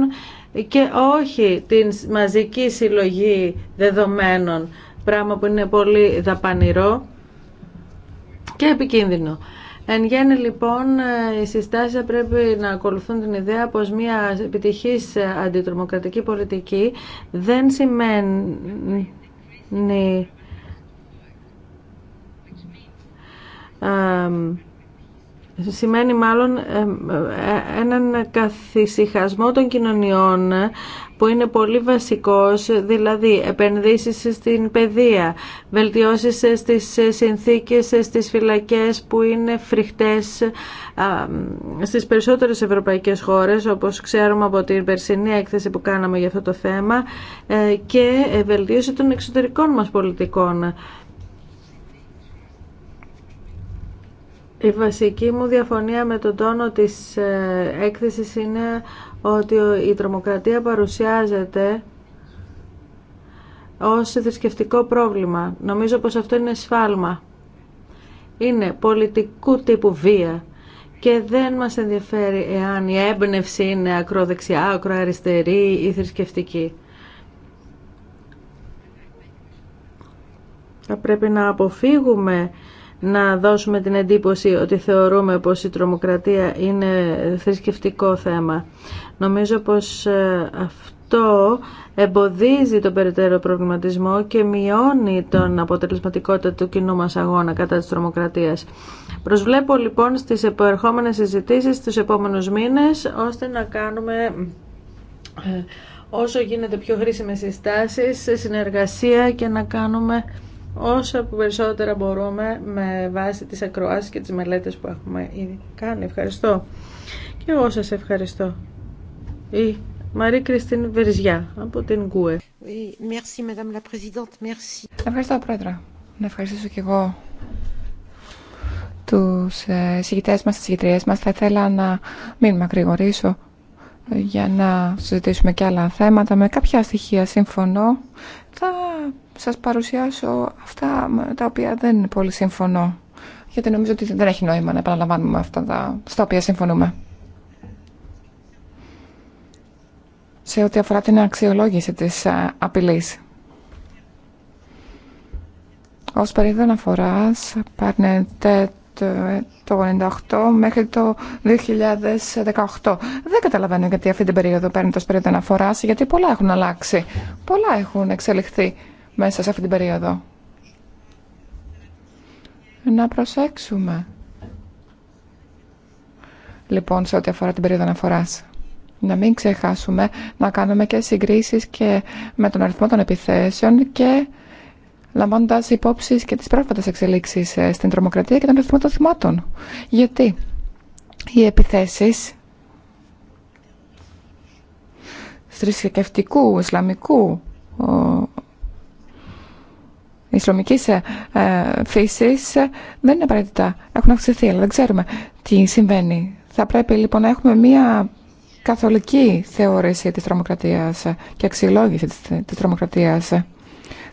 και όχι την μαζική συλλογή δεδομένων, πράγμα που είναι πολύ δαπανηρό και επικίνδυνο. Εν γέννη λοιπόν οι συστάσεις πρέπει να ακολουθούν την ιδέα πως μια επιτυχής αντιτρομοκρατική πολιτική δεν σημαίνει ε, σημαίνει μάλλον ε, έναν καθησυχασμό των κοινωνιών που είναι πολύ βασικός, δηλαδή επενδύσεις στην παιδεία, βελτιώσεις στις συνθήκες, στις φυλακές που είναι φρικτές στις περισσότερες ευρωπαϊκές χώρες, όπως ξέρουμε από την περσινή έκθεση που κάναμε για αυτό το θέμα, ε, και βελτίωση των εξωτερικών μας πολιτικών. Η βασική μου διαφωνία με τον τόνο της ε, έκθεσης είναι ότι η τρομοκρατία παρουσιάζεται ως θρησκευτικό πρόβλημα. Νομίζω πως αυτό είναι σφάλμα. Είναι πολιτικού τύπου βία και δεν μας ενδιαφέρει εάν η έμπνευση είναι ακροδεξιά, ακροαριστερή ή θρησκευτική. Θα πρέπει να αποφύγουμε να δώσουμε την εντύπωση ότι θεωρούμε πως η τρομοκρατία είναι θρησκευτικό θέμα. Νομίζω πως ε, αυτό εμποδίζει τον περαιτέρω προβληματισμό και μειώνει τον αποτελεσματικότητα του κοινού μας αγώνα κατά της τρομοκρατίας. Προσβλέπω λοιπόν στις επερχόμενες συζητήσεις τους επόμενους μήνες ώστε να κάνουμε ε, όσο γίνεται πιο χρήσιμες συστάσεις, συνεργασία και να κάνουμε όσα που περισσότερα μπορούμε με βάση τις ακροάσεις και τις μελέτες που έχουμε ήδη κάνει. Ευχαριστώ. Και εγώ σας ευχαριστώ. Η Μαρή Κριστίν Βεριζιά από την ΚΟΕ. Ευχαριστώ, Πρόεδρε. Να ευχαριστήσω και εγώ τους ε, συγκητές μας, τις συγκητριές μας. Θα ήθελα να μην μακρηγορήσω για να συζητήσουμε και άλλα θέματα. Με κάποια στοιχεία συμφωνώ. Θα σας παρουσιάσω αυτά τα οποία δεν πολύ συμφωνώ. Γιατί νομίζω ότι δεν έχει νόημα να επαναλαμβάνουμε αυτά τα, στα οποία συμφωνούμε. Σε ό,τι αφορά την αξιολόγηση της ε, απειλής. Ως περίοδο αναφορά παίρνετε το 1998 μέχρι το 2018. Δεν καταλαβαίνω γιατί αυτή την περίοδο παίρνετε ως περίοδο αναφορά, γιατί πολλά έχουν αλλάξει, πολλά έχουν εξελιχθεί μέσα σε αυτή την περίοδο. Να προσέξουμε. Λοιπόν, σε ό,τι αφορά την περίοδο αναφοράς. Να μην ξεχάσουμε να κάνουμε και συγκρίσεις και με τον αριθμό των επιθέσεων και λαμβάνοντα υπόψη και τι πρόσφατες εξελίξει ε, στην τρομοκρατία και τον αριθμό των θυμάτων. Γιατί οι επιθέσεις θρησκευτικού, ισλαμικού Ισλαμικής ε, ε, φύσης ε, δεν είναι απαραίτητα. Έχουν αυξηθεί, αλλά δεν ξέρουμε τι συμβαίνει. Θα πρέπει λοιπόν να έχουμε μία καθολική θεώρηση της τρομοκρατίας και αξιολόγηση της τρομοκρατίας.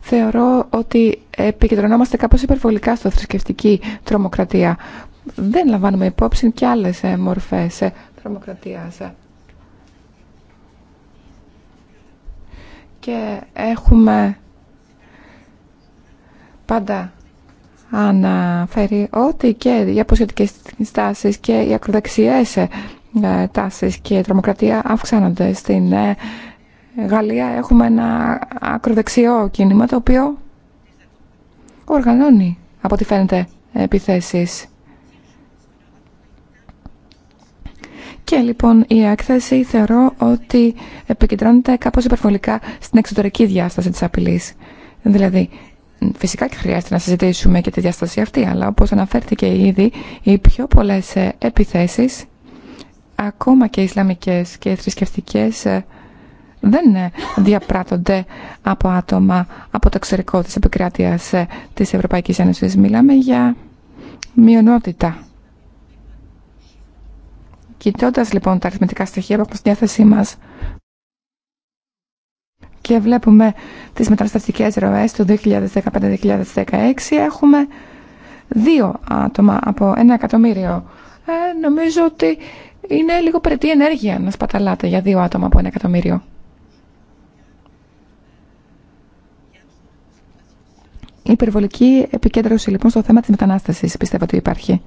Θεωρώ ότι επικεντρωνόμαστε κάπως υπερβολικά στο θρησκευτική τρομοκρατία. Δεν λαμβάνουμε υπόψη και άλλες μορφές τρομοκρατίας. Και έχουμε πάντα αναφέρει ότι και οι αποσχετικές στάσεις και οι ακροδεξιές ε, τάσεις και η τρομοκρατία αυξάνονται. Στην ε, Γαλλία έχουμε ένα ακροδεξιό κίνημα το οποίο οργανώνει από ό,τι φαίνεται επιθέσεις. Και λοιπόν η έκθεση θεωρώ ότι επικεντρώνεται κάπως υπερβολικά στην εξωτερική διάσταση της απειλής. Δηλαδή Φυσικά και χρειάζεται να συζητήσουμε και τη διαστασία αυτή, αλλά όπως αναφέρθηκε ήδη, οι πιο πολλές ε, επιθέσεις, ακόμα και ισλαμικές και θρησκευτικέ, ε, δεν ε, διαπράττονται από άτομα από το εξωτερικό της επικράτειας της Ευρωπαϊκής Ένωσης. Μιλάμε για μειονότητα. Κοιτώντα λοιπόν τα αριθμητικά στοιχεία που τη διάθεσή μας, και βλέπουμε τις μεταναστευτικές ροές του 2015-2016 έχουμε δύο άτομα από ένα εκατομμύριο. Ε, νομίζω ότι είναι λίγο περαιτή ενέργεια να σπαταλάτε για δύο άτομα από ένα εκατομμύριο. Η υπερβολική επικέντρωση λοιπόν στο θέμα της μετανάστασης πιστεύω ότι υπάρχει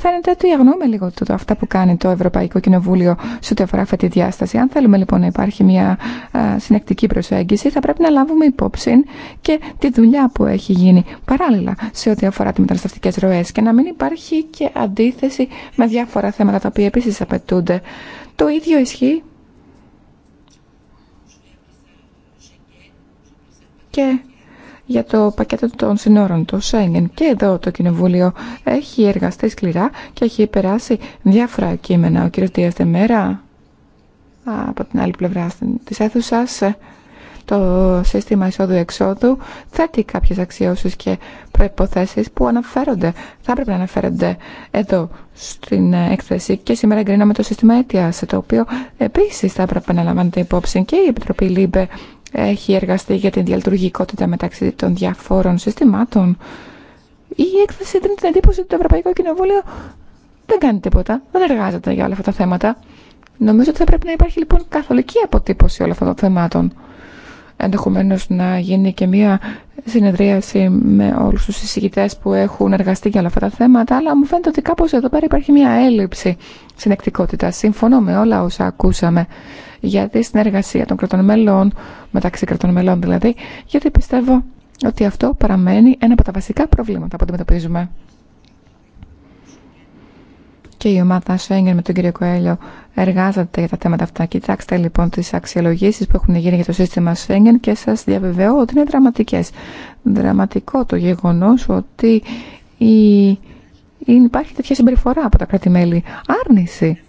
φαίνεται ότι αγνοούμε λίγο το, αυτά που κάνει το Ευρωπαϊκό Κοινοβούλιο σε ό,τι αφορά αυτή τη διάσταση. Αν θέλουμε λοιπόν να υπάρχει μια συνεκτική προσέγγιση, θα πρέπει να λάβουμε υπόψη και τη δουλειά που έχει γίνει παράλληλα σε ό,τι αφορά τι μεταναστευτικέ ροέ και να μην υπάρχει και αντίθεση με διάφορα θέματα τα οποία επίση απαιτούνται. Το ίδιο ισχύει και για το πακέτο των συνόρων, το Σέγγεν. Και εδώ το Κοινοβούλιο έχει εργαστεί σκληρά και έχει περάσει διάφορα κείμενα. Ο κ. Δεμέρα, από την άλλη πλευρά της αίθουσα, ε, το σύστημα εισόδου-εξόδου θέτει κάποιες αξιώσεις και προϋποθέσεις που αναφέρονται, θα έπρεπε να αναφέρονται εδώ στην ε, έκθεση και σήμερα εγκρίναμε το σύστημα αίτιας, το οποίο επίσης θα έπρεπε να λαμβάνεται υπόψη και η Επιτροπή ΛΥΜΠΕ έχει εργαστεί για την διαλειτουργικότητα μεταξύ των διαφόρων συστημάτων. Η έκθεση δίνει την εντύπωση ότι το Ευρωπαϊκό Κοινοβούλιο δεν κάνει τίποτα, δεν εργάζεται για όλα αυτά τα θέματα. Νομίζω ότι θα πρέπει να υπάρχει λοιπόν καθολική αποτύπωση όλων αυτών των θεμάτων. Ενδεχομένω να γίνει και μία συνεδρίαση με όλου του συζητητέ που έχουν εργαστεί για όλα αυτά τα θέματα, αλλά μου φαίνεται ότι κάπω εδώ πέρα υπάρχει μία έλλειψη συνεκτικότητα. Συμφωνώ με όλα όσα ακούσαμε για τη συνεργασία των κρατών μελών, μεταξύ κρατών μελών δηλαδή, γιατί πιστεύω ότι αυτό παραμένει ένα από τα βασικά προβλήματα που αντιμετωπίζουμε. Και η ομάδα Σέγγεν με τον κύριο Κοέλιο εργάζεται για τα θέματα αυτά. Κοιτάξτε λοιπόν τι αξιολογήσει που έχουν γίνει για το σύστημα Σέγγεν και σα διαβεβαιώ ότι είναι δραματικέ. Δραματικό το γεγονό ότι η... υπάρχει τέτοια συμπεριφορά από τα κράτη-μέλη. Άρνηση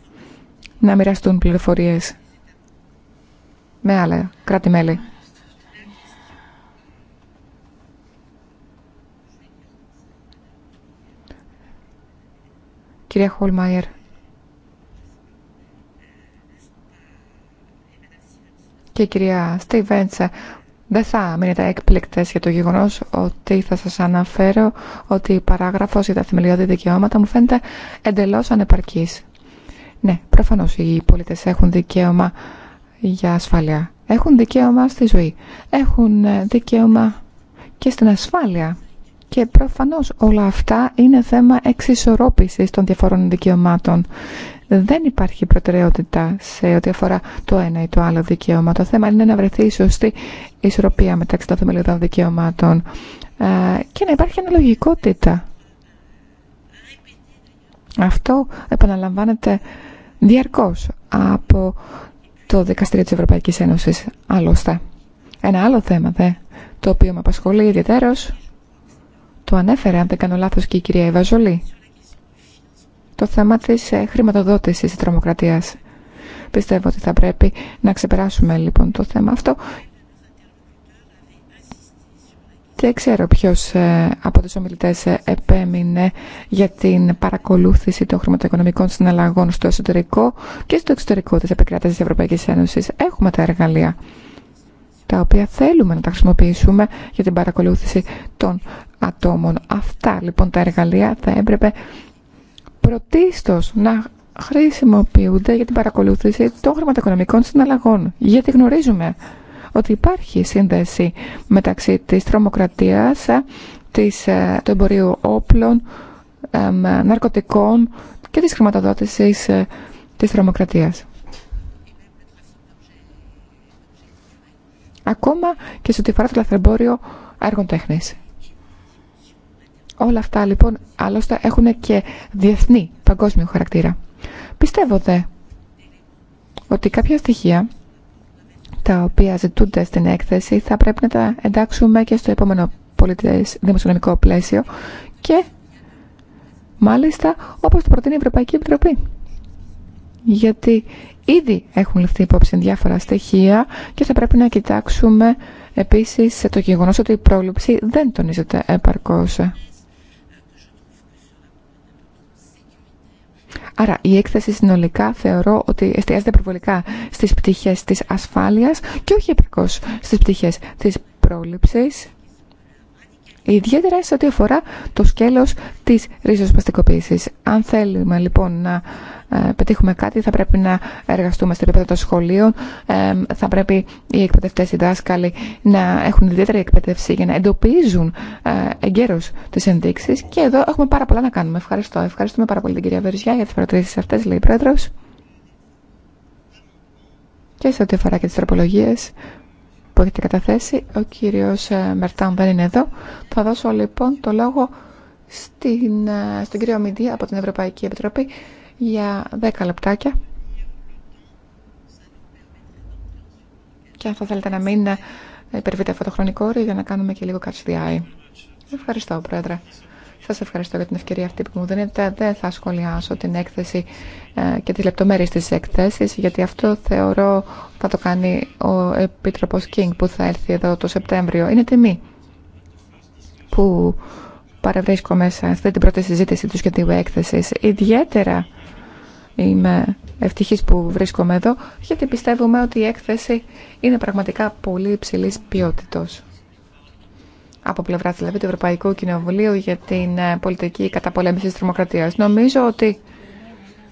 να μοιραστούν πληροφορίες με άλλα κράτη-μέλη. Κυρία Χολμάιερ. Και κυρία Στίβεντς, δεν θα μείνετε έκπληκτες για το γεγονός ότι θα σας αναφέρω ότι η παράγραφος για τα θεμελιώδη δικαιώματα μου φαίνεται εντελώς ανεπαρκής. Ναι, προφανώς οι πολίτες έχουν δικαίωμα για ασφάλεια. Έχουν δικαίωμα στη ζωή. Έχουν ε, δικαίωμα και στην ασφάλεια. Και προφανώς όλα αυτά είναι θέμα εξισορρόπησης των διαφορών δικαιωμάτων. Δεν υπάρχει προτεραιότητα σε ό,τι αφορά το ένα ή το άλλο δικαίωμα. Το θέμα είναι να βρεθεί η σωστή ισορροπία μεταξύ των θεμελιωδών δικαιωμάτων ε, και να υπάρχει αναλογικότητα. Αυτό επαναλαμβάνεται διαρκώς από το Δικαστήριο της Ευρωπαϊκής Ένωσης άλλωστε. Ένα άλλο θέμα δε, το οποίο με απασχολεί ιδιαίτερος, το ανέφερε αν δεν κάνω λάθος και η κυρία Ευαζολή, το θέμα της ε, χρηματοδότησης της τρομοκρατίας. Πιστεύω ότι θα πρέπει να ξεπεράσουμε λοιπόν το θέμα αυτό δεν ξέρω ποιος ε, από τους ομιλητές ε, επέμεινε για την παρακολούθηση των χρηματοοικονομικών συναλλαγών στο εσωτερικό και στο εξωτερικό της επικράτηση της Ευρωπαϊκής Ένωσης. Έχουμε τα εργαλεία τα οποία θέλουμε να τα χρησιμοποιήσουμε για την παρακολούθηση των ατόμων. Αυτά λοιπόν τα εργαλεία θα έπρεπε πρωτίστως να χρησιμοποιούνται για την παρακολούθηση των χρηματοοικονομικών συναλλαγών. Γιατί γνωρίζουμε ότι υπάρχει σύνδεση μεταξύ της τρομοκρατίας, της, ε, του εμπορίου όπλων, ναρκωτικών και της χρηματοδότησης ε, της τρομοκρατίας. Ακόμα και στο ό,τι αφορά το λαθρεμπόριο έργων τέχνης. Όλα αυτά λοιπόν άλλωστε έχουν και διεθνή παγκόσμιο χαρακτήρα. Πιστεύω δε ότι κάποια στοιχεία τα οποία ζητούνται στην έκθεση θα πρέπει να τα εντάξουμε και στο επόμενο πολιτές δημοσιονομικό πλαίσιο και μάλιστα όπως το προτείνει η Ευρωπαϊκή Επιτροπή. Γιατί ήδη έχουν ληφθεί υπόψη διάφορα στοιχεία και θα πρέπει να κοιτάξουμε επίσης το γεγονός ότι η πρόληψη δεν τονίζεται επαρκώς. Άρα η έκθεση συνολικά θεωρώ ότι εστιάζεται προβολικά στις πτυχές της ασφάλειας και όχι επικώς στις πτυχές της πρόληψης, ιδιαίτερα σε ό,τι αφορά το σκέλος της ριζοσπαστικοποίησης. Αν θέλουμε λοιπόν να ε, πετύχουμε κάτι θα πρέπει να εργαστούμε στο επίπεδο των σχολείων, ε, θα πρέπει οι εκπαιδευτές, οι δάσκαλοι να έχουν ιδιαίτερη εκπαίδευση για να εντοπίζουν ε, εγκαίρως τις ενδείξεις και εδώ έχουμε πάρα πολλά να κάνουμε. Ευχαριστώ. Ευχαριστούμε πάρα πολύ την κυρία Βεριζιά για τις παρατηρήσει αυτές, λέει η Πρόεδρος. Και σε ό,τι αφορά και τις τροπολογίες που έχετε καταθέσει, ο κύριος Μερτάν δεν είναι εδώ. Θα δώσω λοιπόν το λόγο στην, στον κύριο Μιντή από την Ευρωπαϊκή Επιτροπή για 10 λεπτάκια. Και αν θα θέλετε να μην υπερβείτε αυτό το χρονικό όριο για να κάνουμε και λίγο καρσιδιάι. Ευχαριστώ, Πρόεδρε. Σας ευχαριστώ για την ευκαιρία αυτή που μου δίνετε. Δεν θα σχολιάσω την έκθεση ε, και τις λεπτομέρειες της έκθεσης, γιατί αυτό θεωρώ θα το κάνει ο Επίτροπος Κίνγκ που θα έρθει εδώ το Σεπτέμβριο. Είναι τιμή που παρευρίσκομαι σε αυτή την πρώτη συζήτηση του σχεδίου έκθεση. Ιδιαίτερα Είμαι ευτυχής που βρίσκομαι εδώ, γιατί πιστεύουμε ότι η έκθεση είναι πραγματικά πολύ υψηλή ποιότητα. Από πλευρά δηλαδή του Ευρωπαϊκού Κοινοβουλίου για την ε, πολιτική καταπολέμηση της τρομοκρατία. Νομίζω ότι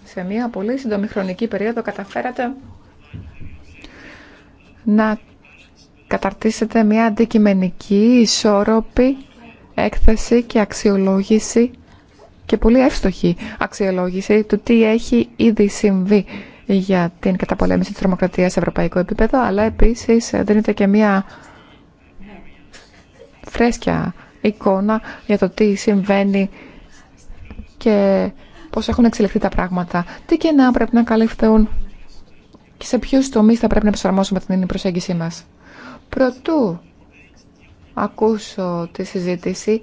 σε μια πολύ σύντομη χρονική περίοδο καταφέρατε να καταρτήσετε μια αντικειμενική, ισόρροπη έκθεση και αξιολόγηση και πολύ εύστοχη αξιολόγηση του τι έχει ήδη συμβεί για την καταπολέμηση της τρομοκρατίας σε ευρωπαϊκό επίπεδο, αλλά επίσης δίνεται και μια φρέσκια εικόνα για το τι συμβαίνει και πώς έχουν εξελιχθεί τα πράγματα. Τι να πρέπει να καλυφθούν και σε ποιους τομείς θα πρέπει να προσαρμόσουμε την προσέγγιση μας. Προτού ακούσω τη συζήτηση,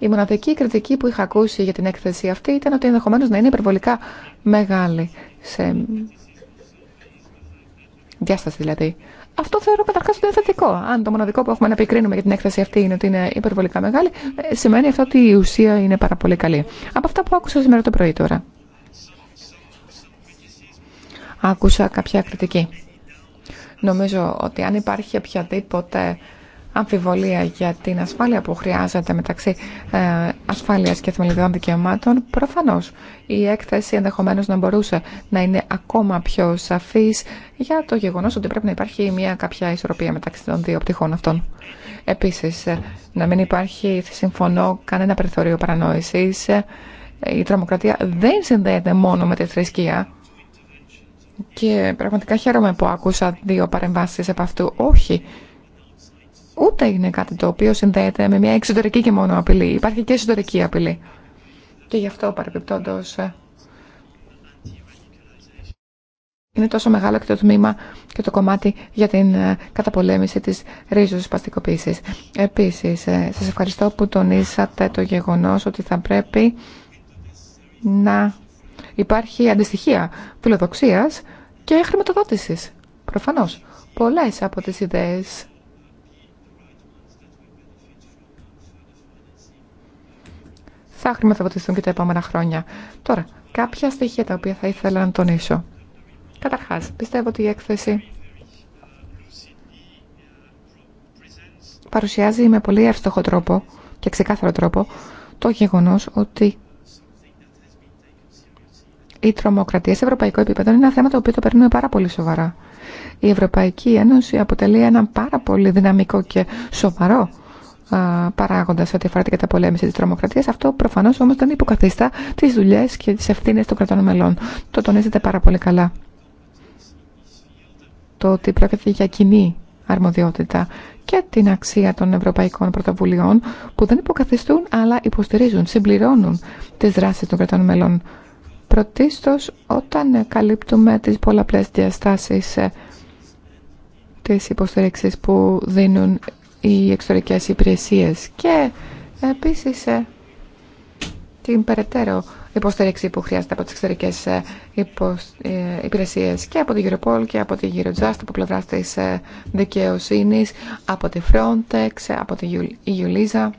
η μοναδική κριτική που είχα ακούσει για την έκθεση αυτή ήταν ότι ενδεχομένω να είναι υπερβολικά μεγάλη σε διάσταση δηλαδή. Αυτό θεωρώ καταρχά ότι είναι θετικό. Αν το μοναδικό που έχουμε να επικρίνουμε για την έκθεση αυτή είναι ότι είναι υπερβολικά μεγάλη, ε, σημαίνει αυτό ότι η ουσία είναι πάρα πολύ καλή. Από αυτά που άκουσα σήμερα το πρωί τώρα. Άκουσα κάποια κριτική. Νομίζω ότι αν υπάρχει οποιαδήποτε αμφιβολία για την ασφάλεια που χρειάζεται μεταξύ ε, ασφάλειας και θεμελιδών δικαιωμάτων, προφανώς η έκθεση ενδεχομένως να μπορούσε να είναι ακόμα πιο σαφής για το γεγονός ότι πρέπει να υπάρχει μια κάποια ισορροπία μεταξύ των δύο πτυχών αυτών. Επίσης, ε, να μην υπάρχει, συμφωνώ, κανένα περιθώριο παρανόησης. Ε, η τρομοκρατία δεν συνδέεται μόνο με τη θρησκεία. Και πραγματικά χαίρομαι που άκουσα δύο παρεμβάσεις από αυτού. Όχι, ούτε είναι κάτι το οποίο συνδέεται με μια εξωτερική και μόνο απειλή. Υπάρχει και εσωτερική απειλή. Και γι' αυτό παρεπιπτόντως ε, είναι τόσο μεγάλο και το τμήμα και το κομμάτι για την ε, καταπολέμηση της ρίζος παστικοποίησης. Επίσης, ε, σας ευχαριστώ που τονίσατε το γεγονός ότι θα πρέπει να υπάρχει αντιστοιχεία φιλοδοξίας και χρηματοδότησης. Προφανώς, πολλές από τις ιδέες θα χρηματοδοτηθούν και τα επόμενα χρόνια. Τώρα, κάποια στοιχεία τα οποία θα ήθελα να τονίσω. Καταρχά, πιστεύω ότι η έκθεση παρουσιάζει με πολύ εύστοχο τρόπο και ξεκάθαρο τρόπο το γεγονός ότι η τρομοκρατία σε ευρωπαϊκό επίπεδο είναι ένα θέμα το οποίο το παίρνουμε πάρα πολύ σοβαρά. Η Ευρωπαϊκή Ένωση αποτελεί ένα πάρα πολύ δυναμικό και σοβαρό παράγοντα ό,τι αφορά την καταπολέμηση τη τρομοκρατία. Αυτό προφανώ όμω δεν υποκαθιστά τι δουλειέ και τι ευθύνε των κρατών μελών. Το τονίζετε πάρα πολύ καλά. Το ότι πρόκειται για κοινή αρμοδιότητα και την αξία των ευρωπαϊκών πρωτοβουλειών που δεν υποκαθιστούν αλλά υποστηρίζουν, συμπληρώνουν τις δράσεις των κρατών μελών. Πρωτίστως όταν καλύπτουμε τις πολλαπλές διαστάσεις ε, της υποστήριξης που δίνουν οι εξωτερικές υπηρεσίες και επίσης ε, την περαιτέρω υποστήριξη που χρειάζεται από τις εξωτερικές ε, ε, υπηρεσίες και από την Europol και από την Eurojust από πλευρά της δικαιοσύνης, από τη Frontex, από τη EULISA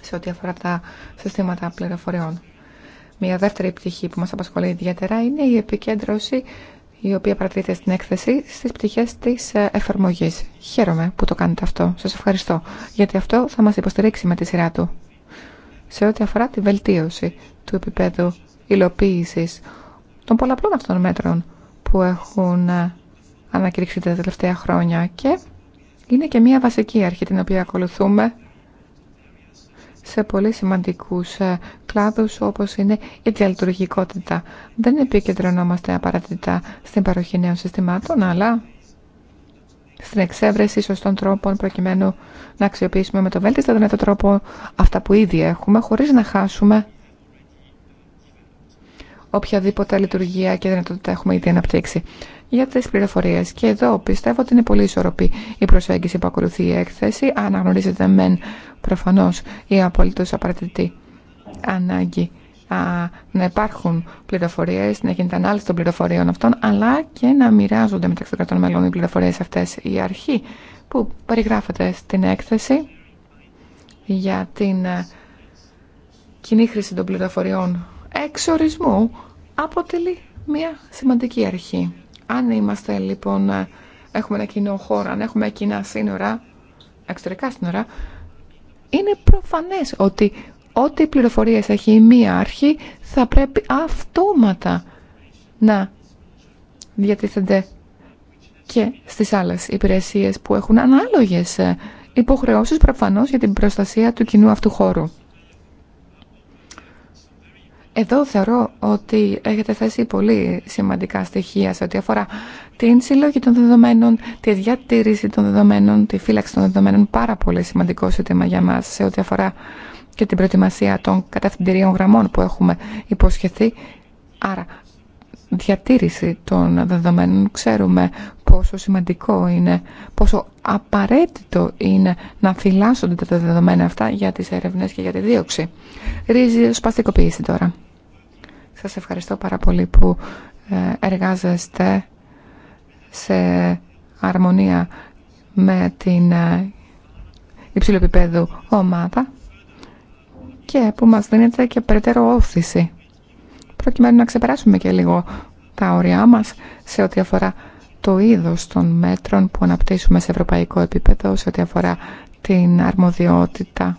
σε ό,τι αφορά τα συστήματα πληροφοριών. Μια δεύτερη πτυχή που μας απασχολεί ιδιαίτερα είναι η επικέντρωση η οποία παρατηρείται στην έκθεση στις πτυχές της ε, εφαρμογής. Χαίρομαι που το κάνετε αυτό. Σας ευχαριστώ, γιατί αυτό θα μας υποστηρίξει με τη σειρά του. Σε ό,τι αφορά τη βελτίωση του επίπεδου υλοποίηση των πολλαπλών αυτών μέτρων που έχουν ε, ανακηρύξει τα τελευταία χρόνια και είναι και μια βασική αρχή την οποία ακολουθούμε σε πολύ σημαντικούς ε, κλάδους όπως είναι η διαλειτουργικότητα. Δεν επικεντρωνόμαστε απαραίτητα στην παροχή νέων συστημάτων, αλλά στην εξέβρεση σωστών τρόπων προκειμένου να αξιοποιήσουμε με το βέλτιστο δυνατό τρόπο αυτά που ήδη έχουμε, χωρίς να χάσουμε οποιαδήποτε λειτουργία και δυνατότητα έχουμε ήδη αναπτύξει. Για τι πληροφορίε. Και εδώ πιστεύω ότι είναι πολύ ισορροπή η προσέγγιση που ακολουθεί η έκθεση. Αναγνωρίζεται μεν προφανώς η απολύτως απαραίτητη ανάγκη α, να υπάρχουν πληροφορίες, να γίνεται ανάλυση των πληροφοριών αυτών, αλλά και να μοιράζονται μεταξύ των κρατών μελών οι πληροφορίες αυτές. Η αρχή που περιγράφεται στην έκθεση για την κοινή χρήση των πληροφοριών εξορισμού αποτελεί μια σημαντική αρχή. Αν είμαστε λοιπόν, έχουμε ένα κοινό χώρο, αν έχουμε κοινά σύνορα, εξωτερικά σύνορα, είναι προφανές ότι ό,τι πληροφορίες έχει η μία αρχή θα πρέπει αυτόματα να διατίθενται και στις άλλες υπηρεσίες που έχουν ανάλογες ε, υποχρεώσεις προφανώς για την προστασία του κοινού αυτού χώρου. Εδώ θεωρώ ότι έχετε θέσει πολύ σημαντικά στοιχεία σε ό,τι αφορά την συλλογή των δεδομένων, τη διατήρηση των δεδομένων, τη φύλαξη των δεδομένων. Πάρα πολύ σημαντικό ζήτημα για μα σε ό,τι αφορά και την προετοιμασία των κατευθυντηρίων γραμμών που έχουμε υποσχεθεί. Άρα, διατήρηση των δεδομένων. Ξέρουμε πόσο σημαντικό είναι, πόσο απαραίτητο είναι να φυλάσσονται τα δεδομένα αυτά για τις έρευνες και για τη δίωξη. Ρίζει σπαστικοποίηση τώρα. Σας ευχαριστώ πάρα πολύ που ε, εργάζεστε σε αρμονία με την ε, υψηλοπιπέδου ομάδα και που μας δίνεται και περαιτέρω όθηση προκειμένου να ξεπεράσουμε και λίγο τα όρια μας σε ό,τι αφορά το είδος των μέτρων που αναπτύσσουμε σε ευρωπαϊκό επίπεδο, σε ό,τι αφορά την αρμοδιότητα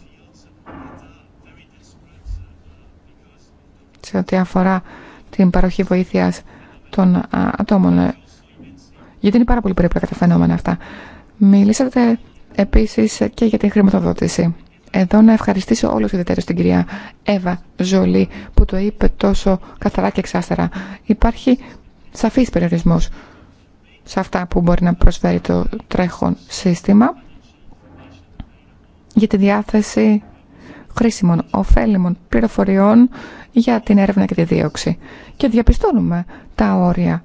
σε ό,τι αφορά την παροχή βοήθειας των ατόμων. Γιατί είναι πάρα πολύ περίπλοκα τα φαινόμενα αυτά. Μιλήσατε επίσης και για την χρηματοδότηση. Εδώ να ευχαριστήσω όλους ιδιαίτερα την κυρία Εύα Ζολή που το είπε τόσο καθαρά και εξάστερα. Υπάρχει σαφής περιορισμός σε αυτά που μπορεί να προσφέρει το τρέχον σύστημα για τη διάθεση χρήσιμων, ωφέλιμων πληροφοριών για την έρευνα και τη δίωξη. Και διαπιστώνουμε τα όρια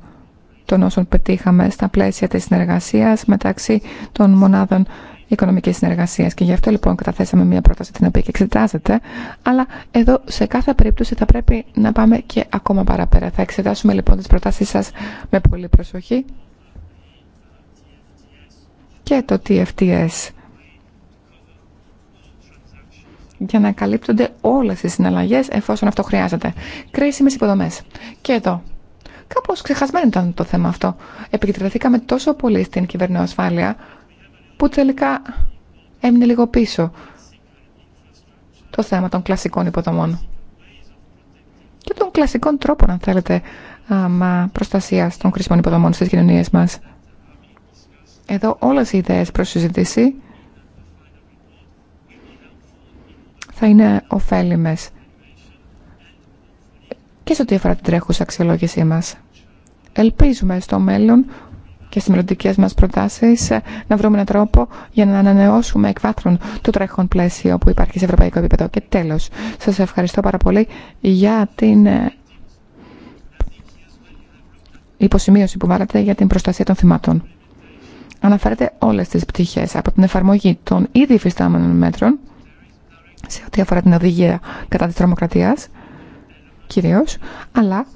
των όσων πετύχαμε στα πλαίσια της συνεργασίας μεταξύ των μονάδων οικονομικής συνεργασία. Και γι' αυτό λοιπόν καταθέσαμε μια πρόταση την οποία και εξετάζεται. Αλλά εδώ σε κάθε περίπτωση θα πρέπει να πάμε και ακόμα παραπέρα. Θα εξετάσουμε λοιπόν τις προτάσεις σα με πολύ προσοχή. Και το TFTS για να καλύπτονται όλες οι συναλλαγές εφόσον αυτό χρειάζεται. Κρίσιμες υποδομές. Και εδώ. Κάπως ξεχασμένο ήταν το θέμα αυτό. Επικεντρωθήκαμε τόσο πολύ στην κυβερνοασφάλεια που τελικά έμεινε λίγο πίσω το θέμα των κλασικών υποδομών και των κλασικών τρόπων, αν θέλετε, προστασίας των χρήσιμων υποδομών στις κοινωνίες μας. Εδώ όλες οι ιδέες προς συζήτηση θα είναι ωφέλιμες και σε ό,τι αφορά την τρέχουσα αξιολόγησή μας. Ελπίζουμε στο μέλλον και στις μελλοντικέ μας προτάσεις να βρούμε έναν τρόπο για να ανανεώσουμε εκ το τρέχον πλαίσιο που υπάρχει σε ευρωπαϊκό επίπεδο. Και τέλος, σας ευχαριστώ πάρα πολύ για την ε, υποσημείωση που βάλατε για την προστασία των θυμάτων. Αναφέρετε όλες τις πτυχές από την εφαρμογή των ήδη υφιστάμενων μέτρων σε ό,τι αφορά την οδηγία κατά τη τρομοκρατίας, κυρίως, αλλά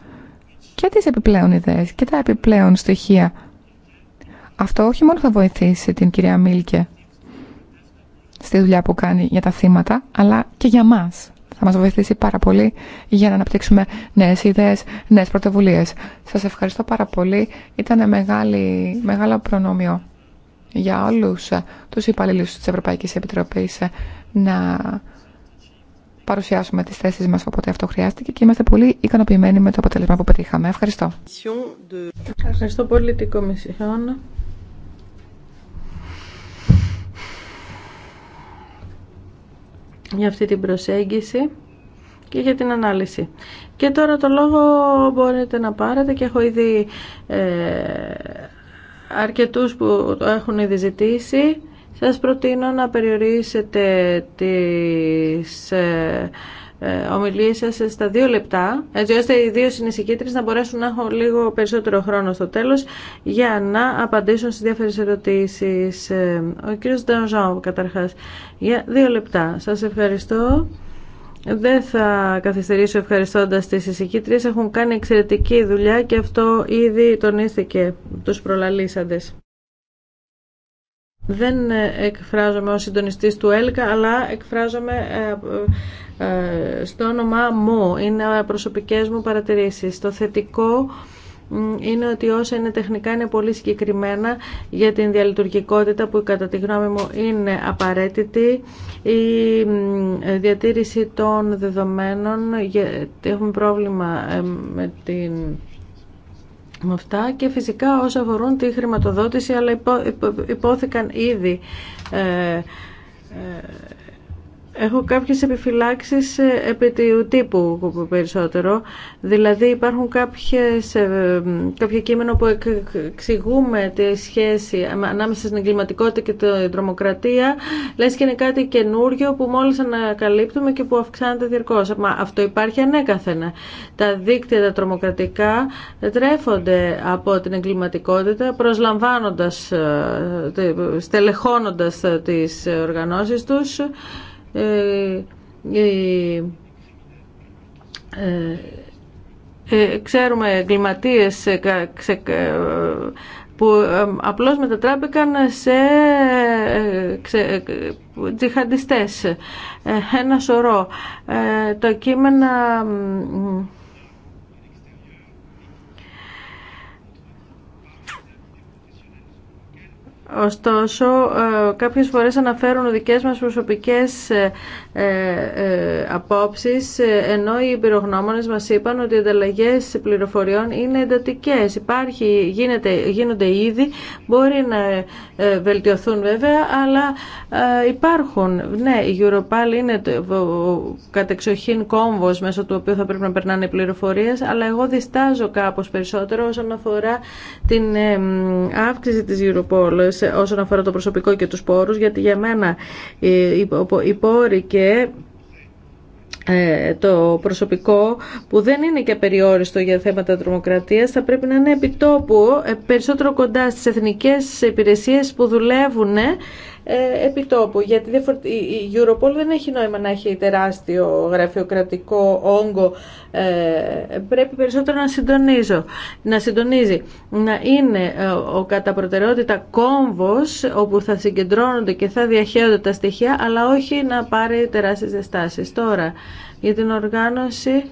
και τις επιπλέον ιδέες και τα επιπλέον στοιχεία. Αυτό όχι μόνο θα βοηθήσει την κυρία Μίλκε στη δουλειά που κάνει για τα θύματα, αλλά και για μας. Θα μας βοηθήσει πάρα πολύ για να αναπτύξουμε νέες ιδέες, νέες πρωτοβουλίε. Σας ευχαριστώ πάρα πολύ. Ήταν μεγάλο προνόμιο για όλους τους υπαλλήλους της Ευρωπαϊκής Επιτροπής να παρουσιάσουμε τις θέσεις μας όποτε αυτό χρειάστηκε και είμαστε πολύ ικανοποιημένοι με το αποτέλεσμα που πετύχαμε. Ευχαριστώ. Ευχαριστώ πολύ την Κομισιόν. για αυτή την προσέγγιση και για την ανάλυση. Και τώρα το λόγο μπορείτε να πάρετε και έχω ήδη ε, αρκετούς που το έχουν ήδη ζητήσει. Σας προτείνω να περιορίσετε τις ε, ε, ομιλίες σας στα δύο λεπτά, έτσι ώστε οι δύο συνεισηγήτρες να μπορέσουν να έχουν λίγο περισσότερο χρόνο στο τέλος για να απαντήσουν στις διάφορες ερωτήσεις. Ε, ο κύριος Ντανζόν, καταρχάς, για δύο λεπτά. Σας ευχαριστώ. Δεν θα καθυστερήσω ευχαριστώντα τι εισηγήτριε. Έχουν κάνει εξαιρετική δουλειά και αυτό ήδη τονίστηκε τους προλαλήσαντες δεν ε, εκφράζομαι ως συντονιστής του ΕΛΚΑ, αλλά εκφράζομαι ε, ε, στο όνομά μου. Είναι προσωπικές μου παρατηρήσεις. Το θετικό είναι ότι όσα είναι τεχνικά είναι πολύ συγκεκριμένα για την διαλειτουργικότητα που κατά τη γνώμη μου είναι απαραίτητη η διατήρηση των δεδομένων γιατί έχουμε πρόβλημα με την με αυτά και φυσικά όσα αφορούν τη χρηματοδότηση αλλά υπόθηκαν ήδη ε, ε, Έχω κάποιες επιφυλάξεις ε, επί του τύπου περισσότερο. Δηλαδή υπάρχουν κάποιες, ε, κάποια κείμενα που εξηγούμε τη σχέση ανάμεσα στην εγκληματικότητα και την τρομοκρατία. Λες και είναι κάτι καινούριο που μόλις ανακαλύπτουμε και που αυξάνεται διαρκώς. αυτό υπάρχει ανέκαθεν. Τα δίκτυα τα τρομοκρατικά τρέφονται από την εγκληματικότητα προσλαμβάνοντας, ε, στελεχώνοντας τις οργανώσεις τους ε, ε, ε, ξέρουμε εγκληματίες που απλώς μετατράπηκαν σε τζιχαντιστές. Ένα σωρό. Το κείμενα Ωστόσο, ε, κάποιες φορές αναφέρουν δικές μας προσωπικές ε, ε, απόψεις, ενώ οι πυρογνώμονες μας είπαν ότι οι ανταλλαγέ πληροφοριών είναι εντατικές. Υπάρχει, γίνεται, γίνονται ήδη, μπορεί να βελτιωθούν βέβαια, αλλά υπάρχουν. Ναι, η Europal είναι το κατεξοχήν κόμβος μέσω του οποίου θα πρέπει να περνάνε οι πληροφορίες, αλλά εγώ διστάζω κάπως περισσότερο όσον αφορά την αύξηση της Europol σε, όσον αφορά το προσωπικό και τους πόρους, γιατί για μένα οι πόροι και ε, το προσωπικό που δεν είναι και περιόριστο για θέματα τρομοκρατίας θα πρέπει να είναι επιτόπου ε, περισσότερο κοντά στις εθνικές υπηρεσίες που δουλεύουν ε, επιτόπου. Γιατί η Europol δεν έχει νόημα να έχει τεράστιο γραφειοκρατικό όγκο. Ε, πρέπει περισσότερο να, συντονίζω, να συντονίζει. Να είναι ε, ο κατά προτεραιότητα κόμβος όπου θα συγκεντρώνονται και θα διαχέονται τα στοιχεία αλλά όχι να πάρει τεράστιες διαστάσεις. Τώρα για την οργάνωση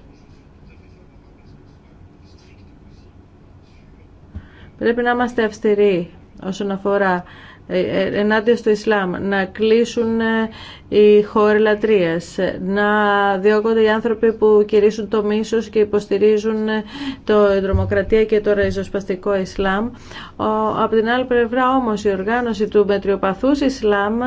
πρέπει να είμαστε αυστηροί όσον αφορά ε, ε, ενάντια στο Ισλάμ, να κλείσουν ε, η χώρα λατρείας, να διώκονται οι άνθρωποι που κηρύσουν το μίσος και υποστηρίζουν το δρομοκρατία και το ριζοσπαστικό Ισλάμ. Από την άλλη πλευρά όμως η οργάνωση του μετριοπαθούς Ισλάμ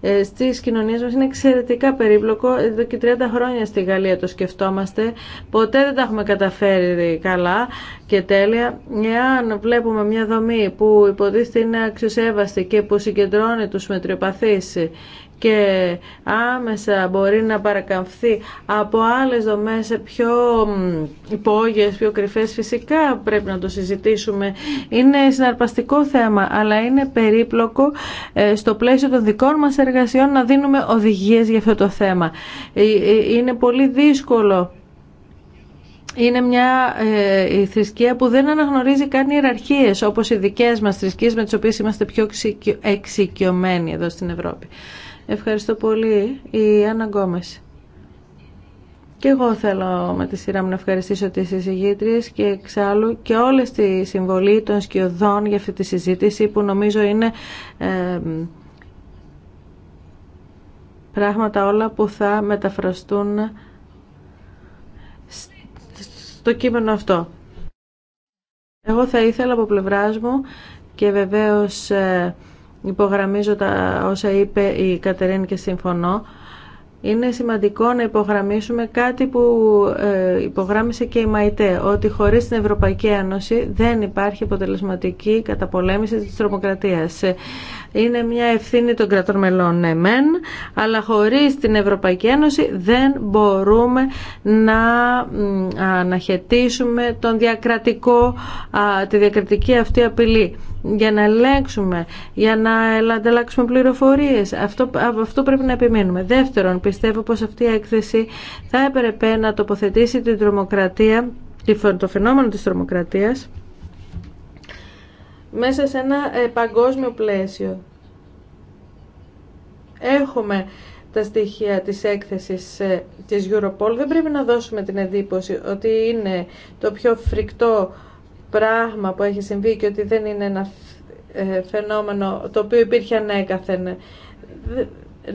ε, στις κοινωνίες μα είναι εξαιρετικά περίπλοκο. Εδώ και 30 χρόνια στη Γαλλία το σκεφτόμαστε. Ποτέ δεν τα έχουμε καταφέρει καλά και τέλεια. Εάν βλέπουμε μια δομή που υποτίθεται είναι αξιοσέβαστη και που συγκεντρώνει του μετριοπαθείς και άμεσα μπορεί να παρακαμφθεί από άλλες δομές πιο υπόγειες, πιο κρυφές φυσικά πρέπει να το συζητήσουμε. Είναι συναρπαστικό θέμα αλλά είναι περίπλοκο ε, στο πλαίσιο των δικών μας εργασιών να δίνουμε οδηγίες για αυτό το θέμα. Ε, ε, είναι πολύ δύσκολο είναι μια ε, θρησκεία που δεν αναγνωρίζει καν ιεραρχίες όπως οι δικές μας θρησκείες με τις οποίες είμαστε πιο εξοικειωμένοι εδώ στην Ευρώπη. Ευχαριστώ πολύ. Η Άννα Γκόμες. Και εγώ θέλω με τη σειρά μου να ευχαριστήσω τις συζητήτριες και εξάλλου και όλες τη συμβολή των σκιωδών για αυτή τη συζήτηση που νομίζω είναι ε, πράγματα όλα που θα μεταφραστούν στο κείμενο αυτό. Εγώ θα ήθελα από πλευράς μου και βεβαίως... Ε, υπογραμμίζω τα όσα είπε η Κατερίνη και συμφωνώ. Είναι σημαντικό να υπογραμμίσουμε κάτι που ε, υπογράμμισε και η ΜΑΙΤΕ, ότι χωρίς την Ευρωπαϊκή Ένωση δεν υπάρχει αποτελεσματική καταπολέμηση της τρομοκρατίας είναι μια ευθύνη των κρατών μελών, ναι, μεν, αλλά χωρίς την Ευρωπαϊκή Ένωση δεν μπορούμε να αναχαιτήσουμε τον διακρατικό, τη διακρατική αυτή απειλή για να ελέγξουμε, για να ανταλλάξουμε πληροφορίες. Αυτό, αυτό πρέπει να επιμείνουμε. Δεύτερον, πιστεύω πως αυτή η έκθεση θα έπρεπε να τοποθετήσει την τρομοκρατία, το φαινόμενο της τρομοκρατίας, μέσα σε ένα ε, παγκόσμιο πλαίσιο. Έχουμε τα στοιχεία της έκθεσης ε, της Europol. Δεν πρέπει να δώσουμε την εντύπωση ότι είναι το πιο φρικτό πράγμα που έχει συμβεί και ότι δεν είναι ένα ε, φαινόμενο το οποίο υπήρχε ανέκαθεν.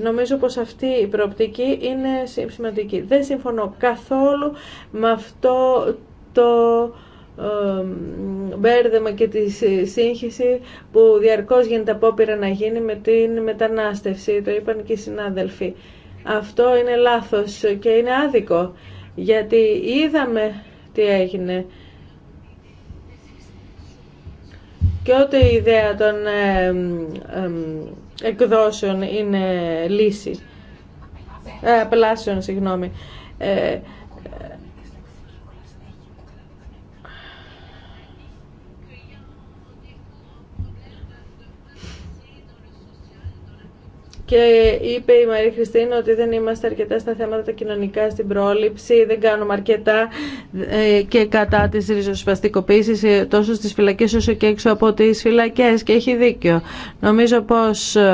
Νομίζω πως αυτή η προοπτική είναι σημαντική. Δεν συμφωνώ καθόλου με αυτό το μπέρδεμα και τη σύγχυση που διαρκώς γίνεται απόπειρα να γίνει με την μετανάστευση. Το είπαν και οι συνάδελφοι. Αυτό είναι λάθος και είναι άδικο γιατί είδαμε τι έγινε. Και ό,τι η ιδέα των εκδόσεων είναι λύση. Ε, απελάσεων, συγγνώμη. Ε, Και είπε η Μαρία Χριστίνα ότι δεν είμαστε αρκετά στα θέματα τα κοινωνικά, στην πρόληψη, δεν κάνουμε αρκετά ε, και κατά τη ριζοσπαστικοποίηση ε, τόσο στι φυλακέ όσο και έξω από τι φυλακέ. Και έχει δίκιο. Νομίζω πω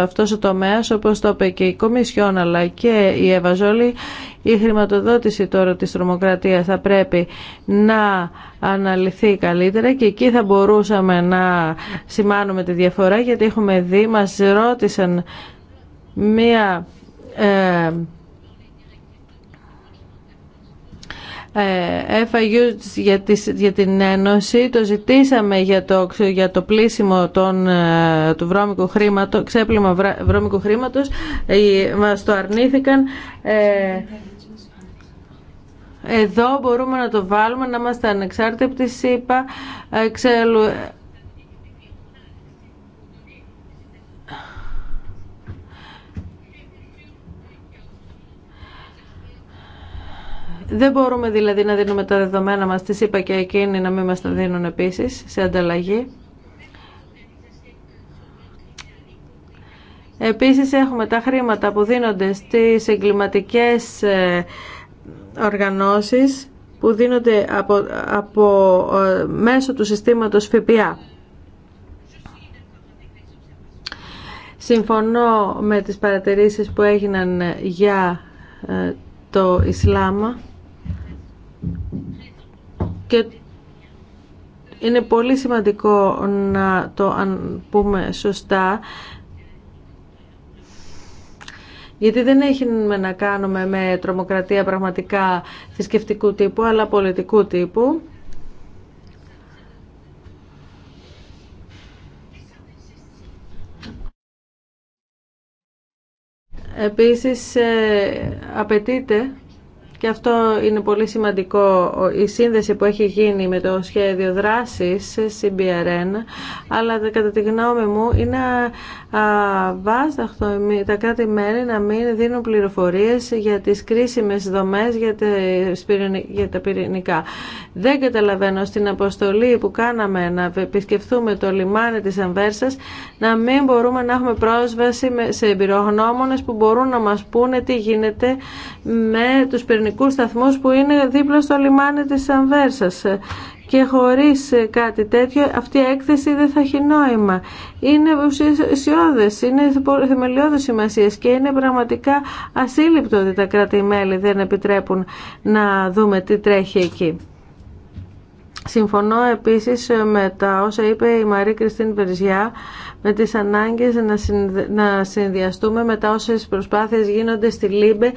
αυτό ο τομέα, όπω το είπε και η Κομισιόν αλλά και η Ευαζόλη, η χρηματοδότηση τώρα της τρομοκρατίας θα πρέπει να αναλυθεί καλύτερα και εκεί θα μπορούσαμε να σημάνουμε τη διαφορά γιατί έχουμε δει, μας ρώτησαν μία ε, ε FIU για, την Ένωση το ζητήσαμε για το, για το πλήσιμο ε, του βρώμικου χρήματος. ξέπλυμα βρώμικου χρήματος ε, μας το αρνήθηκαν εδώ μπορούμε να το βάλουμε να είμαστε ανεξάρτητοι από τη ΣΥΠΑ Δεν μπορούμε δηλαδή να δίνουμε τα δεδομένα μας, τις είπα και εκείνοι να μην μας τα δίνουν επίσης σε ανταλλαγή. Επίσης έχουμε τα χρήματα που δίνονται στις εγκληματικές ε, οργανώσεις που δίνονται από, από ε, μέσω του συστήματος ΦΠΑ. Συμφωνώ με τις παρατηρήσεις που έγιναν για ε, το Ισλάμα. Και είναι πολύ σημαντικό να το αν πούμε σωστά γιατί δεν έχει να κάνουμε με τρομοκρατία πραγματικά θρησκευτικού τύπου αλλά πολιτικού τύπου Επίσης ε, απαιτείται και αυτό είναι πολύ σημαντικό η σύνδεση που έχει γίνει με το σχέδιο δράσης CBRN αλλά κατά τη γνώμη μου είναι βάσταχτο τα κάτι μέρη να μην δίνουν πληροφορίες για τις κρίσιμες δομές για τα πυρηνικά. Δεν καταλαβαίνω στην αποστολή που κάναμε να επισκεφθούμε το λιμάνι της Ανβέρσας να μην μπορούμε να έχουμε πρόσβαση σε εμπειρογνώμονες που μπορούν να μας πούνε τι γίνεται με τους πυρηνικούς που είναι δίπλα στο λιμάνι της Ανβέρσας ε, και χωρίς ε, κάτι τέτοιο αυτή η έκθεση δεν θα έχει νόημα. Είναι ουσιώδες, είναι θεμελιώδες σημασία και είναι πραγματικά ασύλληπτο ότι τα κράτη-μέλη δεν επιτρέπουν να δούμε τι τρέχει εκεί. Συμφωνώ επίσης με τα όσα είπε η Μαρή Κριστίν Περζιά με τις ανάγκες να συνδυαστούμε με τα όσες προσπάθειες γίνονται στη ΛΥΜΠΕ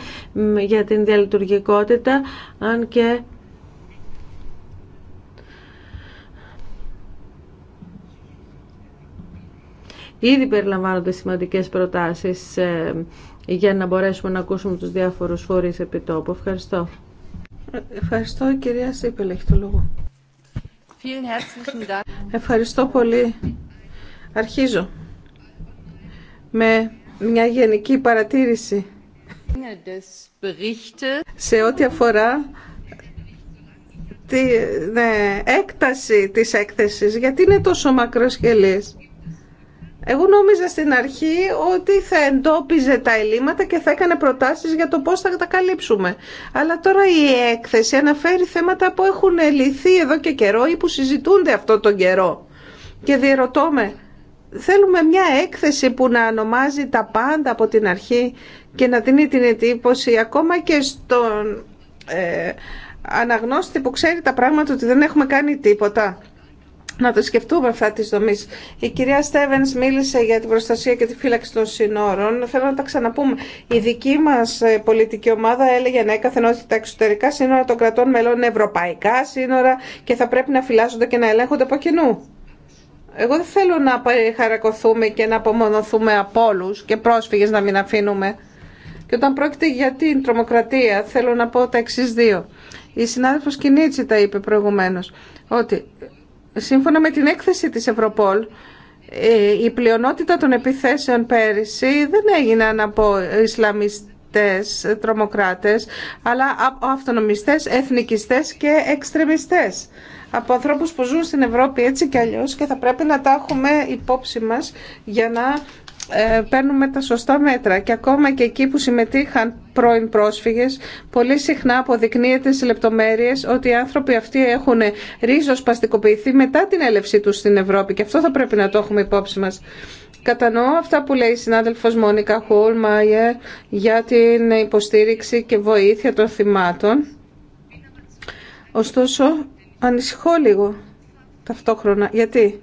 για την διαλειτουργικότητα αν και ήδη περιλαμβάνονται σημαντικές προτάσεις ε, για να μπορέσουμε να ακούσουμε τους διάφορους φορείς επιτόπου. Ευχαριστώ. Ε, ευχαριστώ κυρία Σίπελ, έχει το λόγο. Ευχαριστώ πολύ. Αρχίζω με μια γενική παρατήρηση σε ό,τι αφορά την ναι, έκταση της έκθεσης. Γιατί είναι τόσο μακροσκελής. Εγώ νόμιζα στην αρχή ότι θα εντόπιζε τα ελλείμματα και θα έκανε προτάσεις για το πώς θα τα καλύψουμε. Αλλά τώρα η έκθεση αναφέρει θέματα που έχουν λυθεί εδώ και καιρό ή που συζητούνται αυτό τον καιρό. Και διερωτώ με, θέλουμε μια έκθεση που να ονομάζει τα πάντα από την αρχή και να δίνει την εντύπωση ακόμα και στον ε, αναγνώστη που ξέρει τα πράγματα ότι δεν έχουμε κάνει τίποτα να το σκεφτούμε αυτά τις δομή. Η κυρία Στέβενς μίλησε για την προστασία και τη φύλαξη των συνόρων. Θέλω να τα ξαναπούμε. Η δική μας ε, πολιτική ομάδα έλεγε να έκαθεν ότι τα εξωτερικά σύνορα των κρατών μελών είναι ευρωπαϊκά σύνορα και θα πρέπει να φυλάσσονται και να ελέγχονται από κοινού. Εγώ δεν θέλω να χαρακωθούμε και να απομονωθούμε από όλου και πρόσφυγες να μην αφήνουμε. Και όταν πρόκειται για την τρομοκρατία θέλω να πω τα εξή δύο. Η συνάδελφος Κινίτσι τα είπε προηγουμένω ότι Σύμφωνα με την έκθεση της Ευρωπόλ, ε, η πλειονότητα των επιθέσεων πέρυσι δεν έγιναν από Ισλαμιστές, τρομοκράτες, αλλά από αυτονομιστές, εθνικιστές και εξτρεμιστές. Από ανθρώπους που ζουν στην Ευρώπη έτσι και αλλιώς και θα πρέπει να τα έχουμε υπόψη μας για να ε, παίρνουμε τα σωστά μέτρα και ακόμα και εκεί που συμμετείχαν πρώην πρόσφυγες πολύ συχνά αποδεικνύεται σε λεπτομέρειες ότι οι άνθρωποι αυτοί έχουν ρίζος παστικοποιηθεί μετά την έλευσή τους στην Ευρώπη και αυτό θα πρέπει να το έχουμε υπόψη μας. Κατανοώ αυτά που λέει η συνάδελφος Μόνικα Χούλμαγερ για την υποστήριξη και βοήθεια των θυμάτων. Ωστόσο, ανησυχώ λίγο ταυτόχρονα. Γιατί?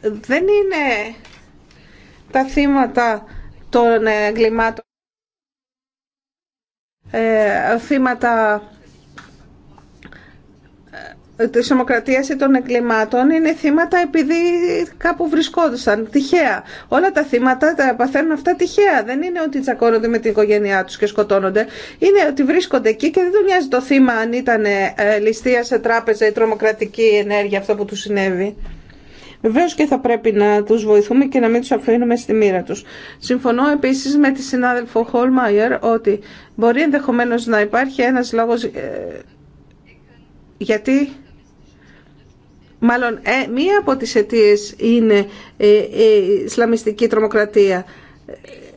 δεν είναι τα θύματα των ε, εγκλημάτων ε, θύματα ε, της ομοκρατίας ή των εγκλημάτων είναι θύματα επειδή κάπου βρισκόντουσαν τυχαία. Όλα τα θύματα τα παθαίνουν αυτά τυχαία. Δεν είναι ότι τσακώνονται με την οικογένειά τους και σκοτώνονται. Είναι ότι βρίσκονται εκεί και δεν του νοιάζει το θύμα αν ήταν ε, ληστεία σε τράπεζα ή τρομοκρατική ενέργεια αυτό που του συνέβη. Βεβαίω και θα πρέπει να τους βοηθούμε και να μην τους αφήνουμε στη μοίρα τους. Συμφωνώ επίσης με τη συνάδελφο Χολμάιερ ότι μπορεί ενδεχομένω να υπάρχει ένας λόγος ε, γιατί μάλλον ε, μία από τις αιτίες είναι ε, η Ισλαμιστική τρομοκρατία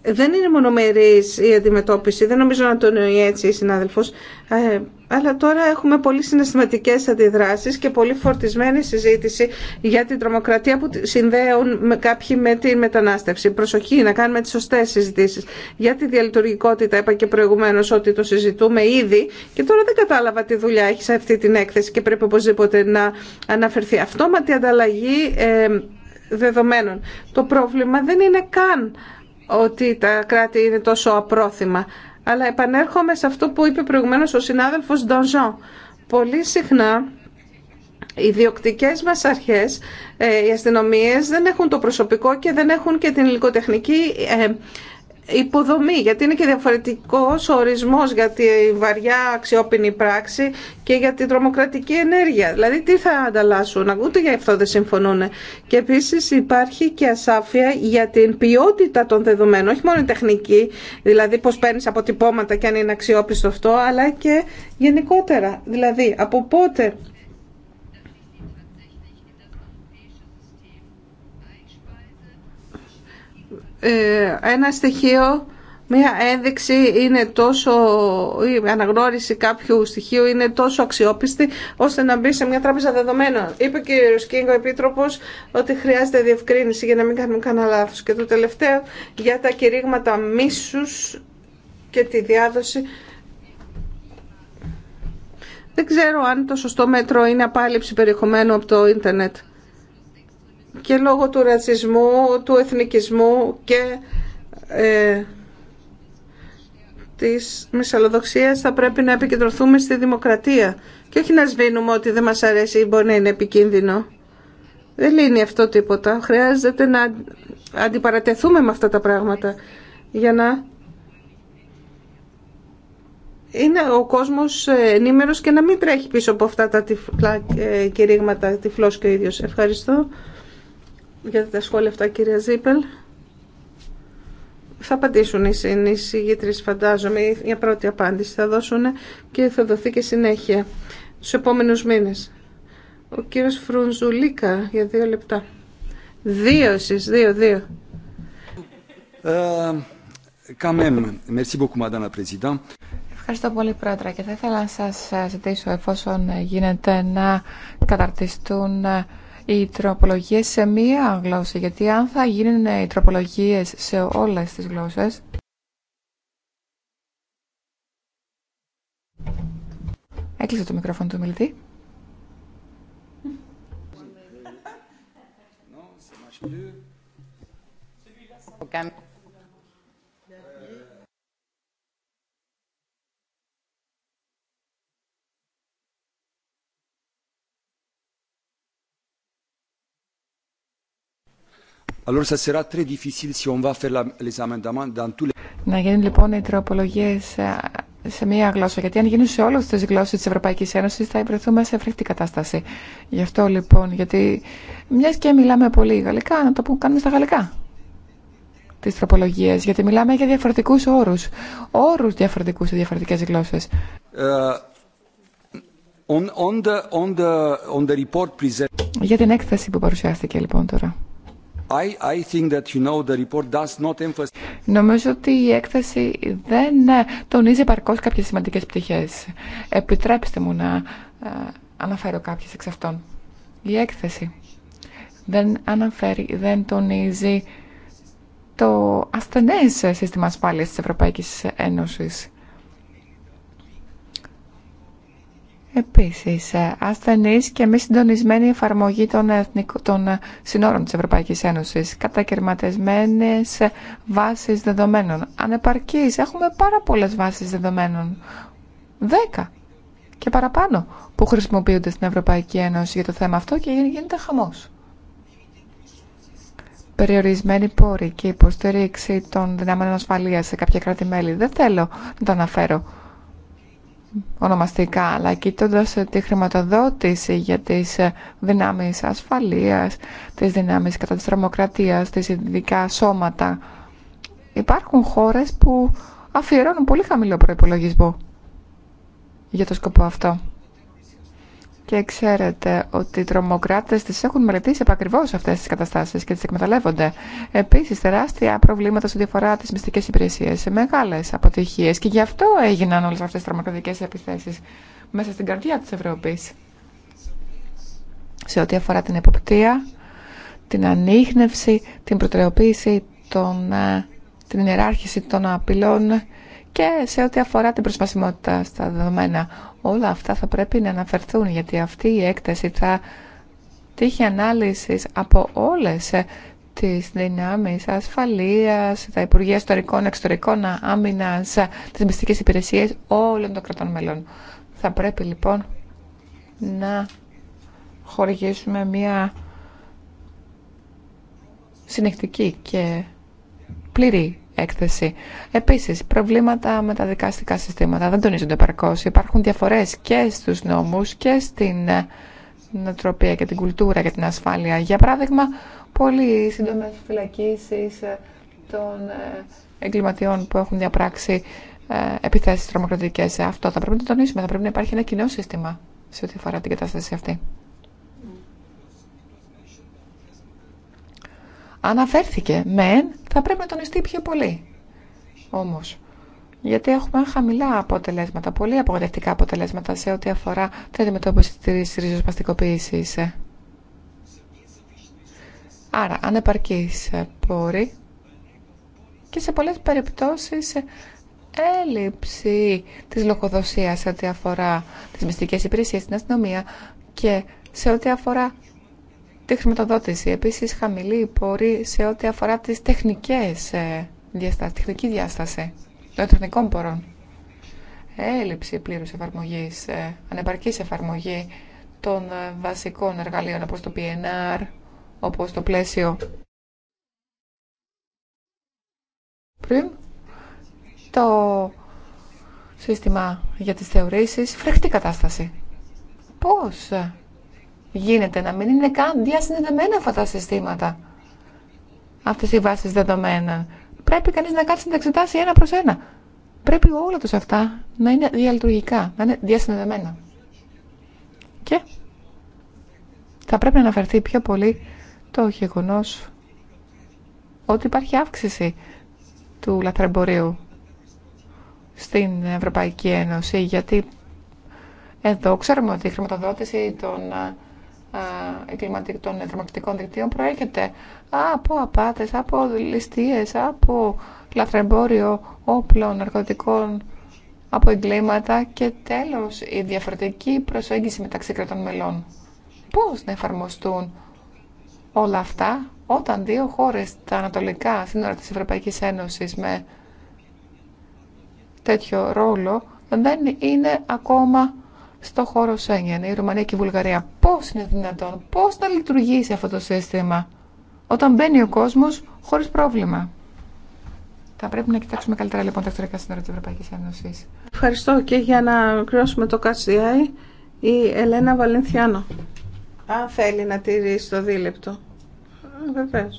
δεν είναι μονομερής η αντιμετώπιση, δεν νομίζω να το εννοεί έτσι η συνάδελφος, ε, αλλά τώρα έχουμε πολύ συναισθηματικές αντιδράσεις και πολύ φορτισμένη συζήτηση για την τρομοκρατία που συνδέουν με κάποιοι με την μετανάστευση. Προσοχή να κάνουμε τις σωστές συζητήσεις. Για τη διαλειτουργικότητα είπα και προηγουμένως ότι το συζητούμε ήδη και τώρα δεν κατάλαβα τι δουλειά έχει σε αυτή την έκθεση και πρέπει οπωσδήποτε να αναφερθεί. Αυτόματη ανταλλαγή ε, δεδομένων. Το πρόβλημα δεν είναι καν ότι τα κράτη είναι τόσο απρόθυμα. Αλλά επανέρχομαι σε αυτό που είπε προηγουμένως ο συνάδελφος Ντονζό. Πολύ συχνά οι διοκτικές μας αρχές, ε, οι αστυνομίες δεν έχουν το προσωπικό και δεν έχουν και την υλικοτεχνική ε, υποδομή, γιατί είναι και διαφορετικός ο ορισμός για τη βαριά αξιόπινη πράξη και για την τρομοκρατική ενέργεια. Δηλαδή τι θα ανταλλάσσουν, ούτε για αυτό δεν συμφωνούν. Και επίσης υπάρχει και ασάφεια για την ποιότητα των δεδομένων, όχι μόνο η τεχνική, δηλαδή πώς παίρνεις αποτυπώματα και αν είναι αξιόπιστο αυτό, αλλά και γενικότερα. Δηλαδή από πότε Ε, ένα στοιχείο, μια ένδειξη είναι τόσο, η αναγνώριση κάποιου στοιχείου είναι τόσο αξιόπιστη ώστε να μπει σε μια τράπεζα δεδομένων. Είπε ο ο Σκίνγκο Επίτροπο ότι χρειάζεται διευκρίνηση για να μην κάνουμε κανένα λάθο. Και το τελευταίο για τα κηρύγματα μίσου και τη διάδοση. Δεν ξέρω αν το σωστό μέτρο είναι απάλληψη περιεχομένου από το ίντερνετ και λόγω του ρατσισμού, του εθνικισμού και ε, της μυσαλλοδοξίας θα πρέπει να επικεντρωθούμε στη δημοκρατία και όχι να σβήνουμε ότι δεν μας αρέσει ή μπορεί να είναι επικίνδυνο. Δεν λύνει αυτό τίποτα. Χρειάζεται να αντιπαρατεθούμε με αυτά τα πράγματα για να είναι ο κόσμος ε, ενήμερος και να μην τρέχει πίσω από αυτά τα ε, κηρύγματα τυφλός και ο ίδιος. Ευχαριστώ για τα σχόλια αυτά κυρία Ζίπελ. Θα απαντήσουν οι συνεισηγήτρες φαντάζομαι, μια πρώτη απάντηση θα δώσουν και θα δοθεί και συνέχεια στους επόμενους μήνες. Ο κύριος Φρουνζουλίκα για δύο λεπτά. Δύο εσείς, δύο, δύο. Ε, Ευχαριστώ πολύ πρόεδρε και θα ήθελα να σας ζητήσω εφόσον γίνεται να καταρτιστούν οι τροπολογίες σε μία γλώσσα, γιατί αν θα γίνουν οι τροπολογίες σε όλες τις γλώσσες, Έκλεισε το μικρόφωνο του μιλητή. [laughs] Να γίνουν λοιπόν οι τροπολογίε σε μία γλώσσα. Γιατί αν γίνουν σε όλε τι γλώσσε τη Ευρωπαϊκή Ένωση, θα βρεθούμε σε φρικτή κατάσταση. Γι' αυτό λοιπόν, γιατί μια και μιλάμε πολύ γαλλικά, να το πούμε, κάνουμε στα γαλλικά τι τροπολογίε. Γιατί μιλάμε για διαφορετικού όρου. Όρου διαφορετικού σε διαφορετικέ γλώσσε. Uh, Για την έκθεση που παρουσιάστηκε λοιπόν τώρα. Νομίζω ότι η έκθεση δεν ε, τονίζει επαρκώς κάποιες σημαντικές πτυχές. Επιτρέψτε μου να ε, αναφέρω κάποιες εξ αυτών. Η έκθεση δεν αναφέρει, δεν τονίζει το ασθενές σύστημα ασφάλειας της Ευρωπαϊκής Ένωσης. Επίσης, ε, ασθενείς και μη συντονισμένη εφαρμογή των, εθνικ... των ε, συνόρων της Ευρωπαϊκής Ένωσης, κατακαιρματισμένες βάσεις δεδομένων. Ανεπαρκείς, έχουμε πάρα πολλές βάσεις δεδομένων. Δέκα και παραπάνω που χρησιμοποιούνται στην Ευρωπαϊκή Ένωση για το θέμα αυτό και γίνεται χαμός. Περιορισμένη πόρη και υποστήριξη των δυνάμεων ασφαλείας σε κάποια κράτη-μέλη. Δεν θέλω να το αναφέρω ονομαστικά, αλλά κοιτώντα ε, τη χρηματοδότηση για τις ε, δυνάμεις ασφαλείας, τις δυνάμεις κατά της τρομοκρατίας, τις ειδικά σώματα, υπάρχουν χώρες που αφιερώνουν πολύ χαμηλό προϋπολογισμό για το σκοπό αυτό. Και ξέρετε ότι οι τρομοκράτε τι έχουν μελετήσει επακριβώ αυτέ τι καταστάσει και τι εκμεταλλεύονται. Επίση, τεράστια προβλήματα σε διαφορά αφορά τι μυστικέ υπηρεσίε, μεγάλε αποτυχίε και γι' αυτό έγιναν όλε αυτέ οι τρομοκρατικέ επιθέσει μέσα στην καρδιά τη Ευρώπη. Σε ό,τι αφορά την εποπτεία, την ανείχνευση, την προτεραιοποίηση, ε, την ιεράρχηση των απειλών και σε ό,τι αφορά την προσβασιμότητα στα δεδομένα. Όλα αυτά θα πρέπει να αναφερθούν γιατί αυτή η έκταση θα τύχει ανάλυση από όλες τις δυνάμεις ασφαλείας, τα Υπουργεία Ιστορικών, Εξωτερικών, Άμυνας, τις μυστικές υπηρεσίες όλων των κρατών μελών. Θα πρέπει λοιπόν να χορηγήσουμε μια συνεχτική και πλήρη έκθεση. Επίσης, προβλήματα με τα δικαστικά συστήματα δεν τονίζονται παρκώς. Υπάρχουν διαφορές και στους νόμους και στην ε, νοοτροπία και την κουλτούρα και την ασφάλεια. Για παράδειγμα, πολύ σύντομε φυλακίσεις ε, των ε, εγκληματιών που έχουν διαπράξει επιθέσεις τρομοκρατικές. Αυτό θα πρέπει να το τονίσουμε. Θα πρέπει να υπάρχει ένα κοινό σύστημα σε ό,τι αφορά την κατάσταση αυτή. αναφέρθηκε. Μεν θα πρέπει να τονιστεί πιο πολύ. Όμως, γιατί έχουμε χαμηλά αποτελέσματα, πολύ απογοητευτικά αποτελέσματα σε ό,τι αφορά την αντιμετώπιση τη ριζοσπαστικοποίηση. Άρα, ανεπαρκή πόροι και σε πολλές περιπτώσεις έλλειψη της λογοδοσίας σε ό,τι αφορά τις μυστικές υπηρεσίες στην αστυνομία και σε ό,τι αφορά τη χρηματοδότηση. Επίσης, χαμηλή πόρη σε ό,τι αφορά τις τεχνικές ε, διαστάσει, τεχνική διάσταση των τεχνικών πόρων. Έλλειψη πλήρους εφαρμογής, ε, ανεπαρκής εφαρμογή των ε, βασικών εργαλείων όπως το PNR, όπως το πλαίσιο πριν, το σύστημα για τις θεωρήσεις, φρεχτή κατάσταση. Πώς γίνεται, να μην είναι καν διασυνδεδεμένα αυτά τα συστήματα, αυτές οι βάσεις δεδομένων. Πρέπει κανείς να κάτσει να τα εξετάσει ένα προς ένα. Πρέπει όλα τους αυτά να είναι διαλειτουργικά, να είναι διασυνδεδεμένα. Και θα πρέπει να αναφερθεί πιο πολύ το γεγονό ότι υπάρχει αύξηση του λαθρεμπορίου στην Ευρωπαϊκή Ένωση, γιατί εδώ ξέρουμε ότι η χρηματοδότηση των ε, των τρομακτικών δικτύων προέρχεται από απάτες, από ληστείες, από λαθρεμπόριο όπλων, ναρκωτικών, από εγκλήματα και τέλος η διαφορετική προσέγγιση μεταξύ κρατών μελών. Πώς να εφαρμοστούν όλα αυτά όταν δύο χώρες τα ανατολικά σύνορα της Ευρωπαϊκής Ένωσης με τέτοιο ρόλο δεν είναι ακόμα στο χώρο Σέγγεν, η Ρουμανία και η Βουλγαρία. Πώς είναι δυνατόν, πώς να λειτουργήσει αυτό το σύστημα όταν μπαίνει ο κόσμος χωρίς πρόβλημα. Θα πρέπει να κοιτάξουμε καλύτερα λοιπόν τα εξωτερικά σύνορα τη Ευρωπαϊκή Ένωση. Ευχαριστώ και για να ολοκληρώσουμε το ΚΑΤΣΔΙ η Ελένα Βαλενθιάνο. Αν θέλει να τηρήσει το δίλεπτο. Ε, Βεβαίω.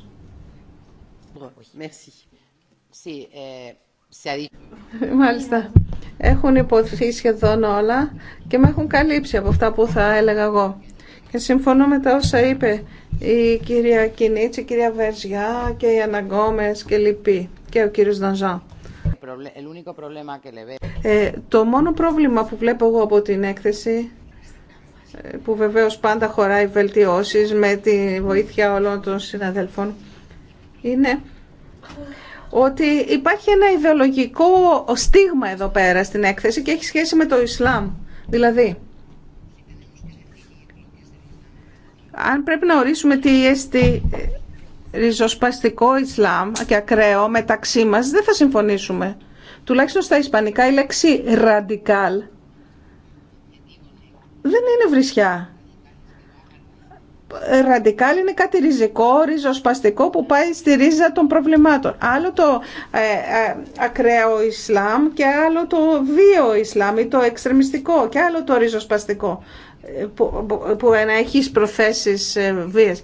Euh, Μάλιστα έχουν υποθεί σχεδόν όλα και με έχουν καλύψει από αυτά που θα έλεγα εγώ. Και συμφωνώ με τα όσα είπε η κυρία Κινίτση, η κυρία Βερζιά και οι Αναγκόμες και λοιποί και ο κύριος Ντανζάν. Ε, το μόνο πρόβλημα που βλέπω εγώ από την έκθεση ε, που βεβαίως πάντα χωράει βελτιώσεις με τη βοήθεια όλων των συναδελφών είναι ότι υπάρχει ένα ιδεολογικό στίγμα εδώ πέρα στην έκθεση και έχει σχέση με το Ισλάμ. Δηλαδή, αν πρέπει να ορίσουμε τι έστι ριζοσπαστικό Ισλάμ και ακραίο μεταξύ μας, δεν θα συμφωνήσουμε. Τουλάχιστον στα ισπανικά η λέξη «radical» δεν είναι βρισιά ραντικάλ είναι κάτι ριζικό, ριζοσπαστικό που πάει στη ρίζα των προβλημάτων. Άλλο το ε, ε, ακραίο Ισλάμ και άλλο το βίο Ισλάμ ή το εξτρεμιστικό και άλλο το ριζοσπαστικό ε, που, που, που ενέχει προθέσεις ε, βίας.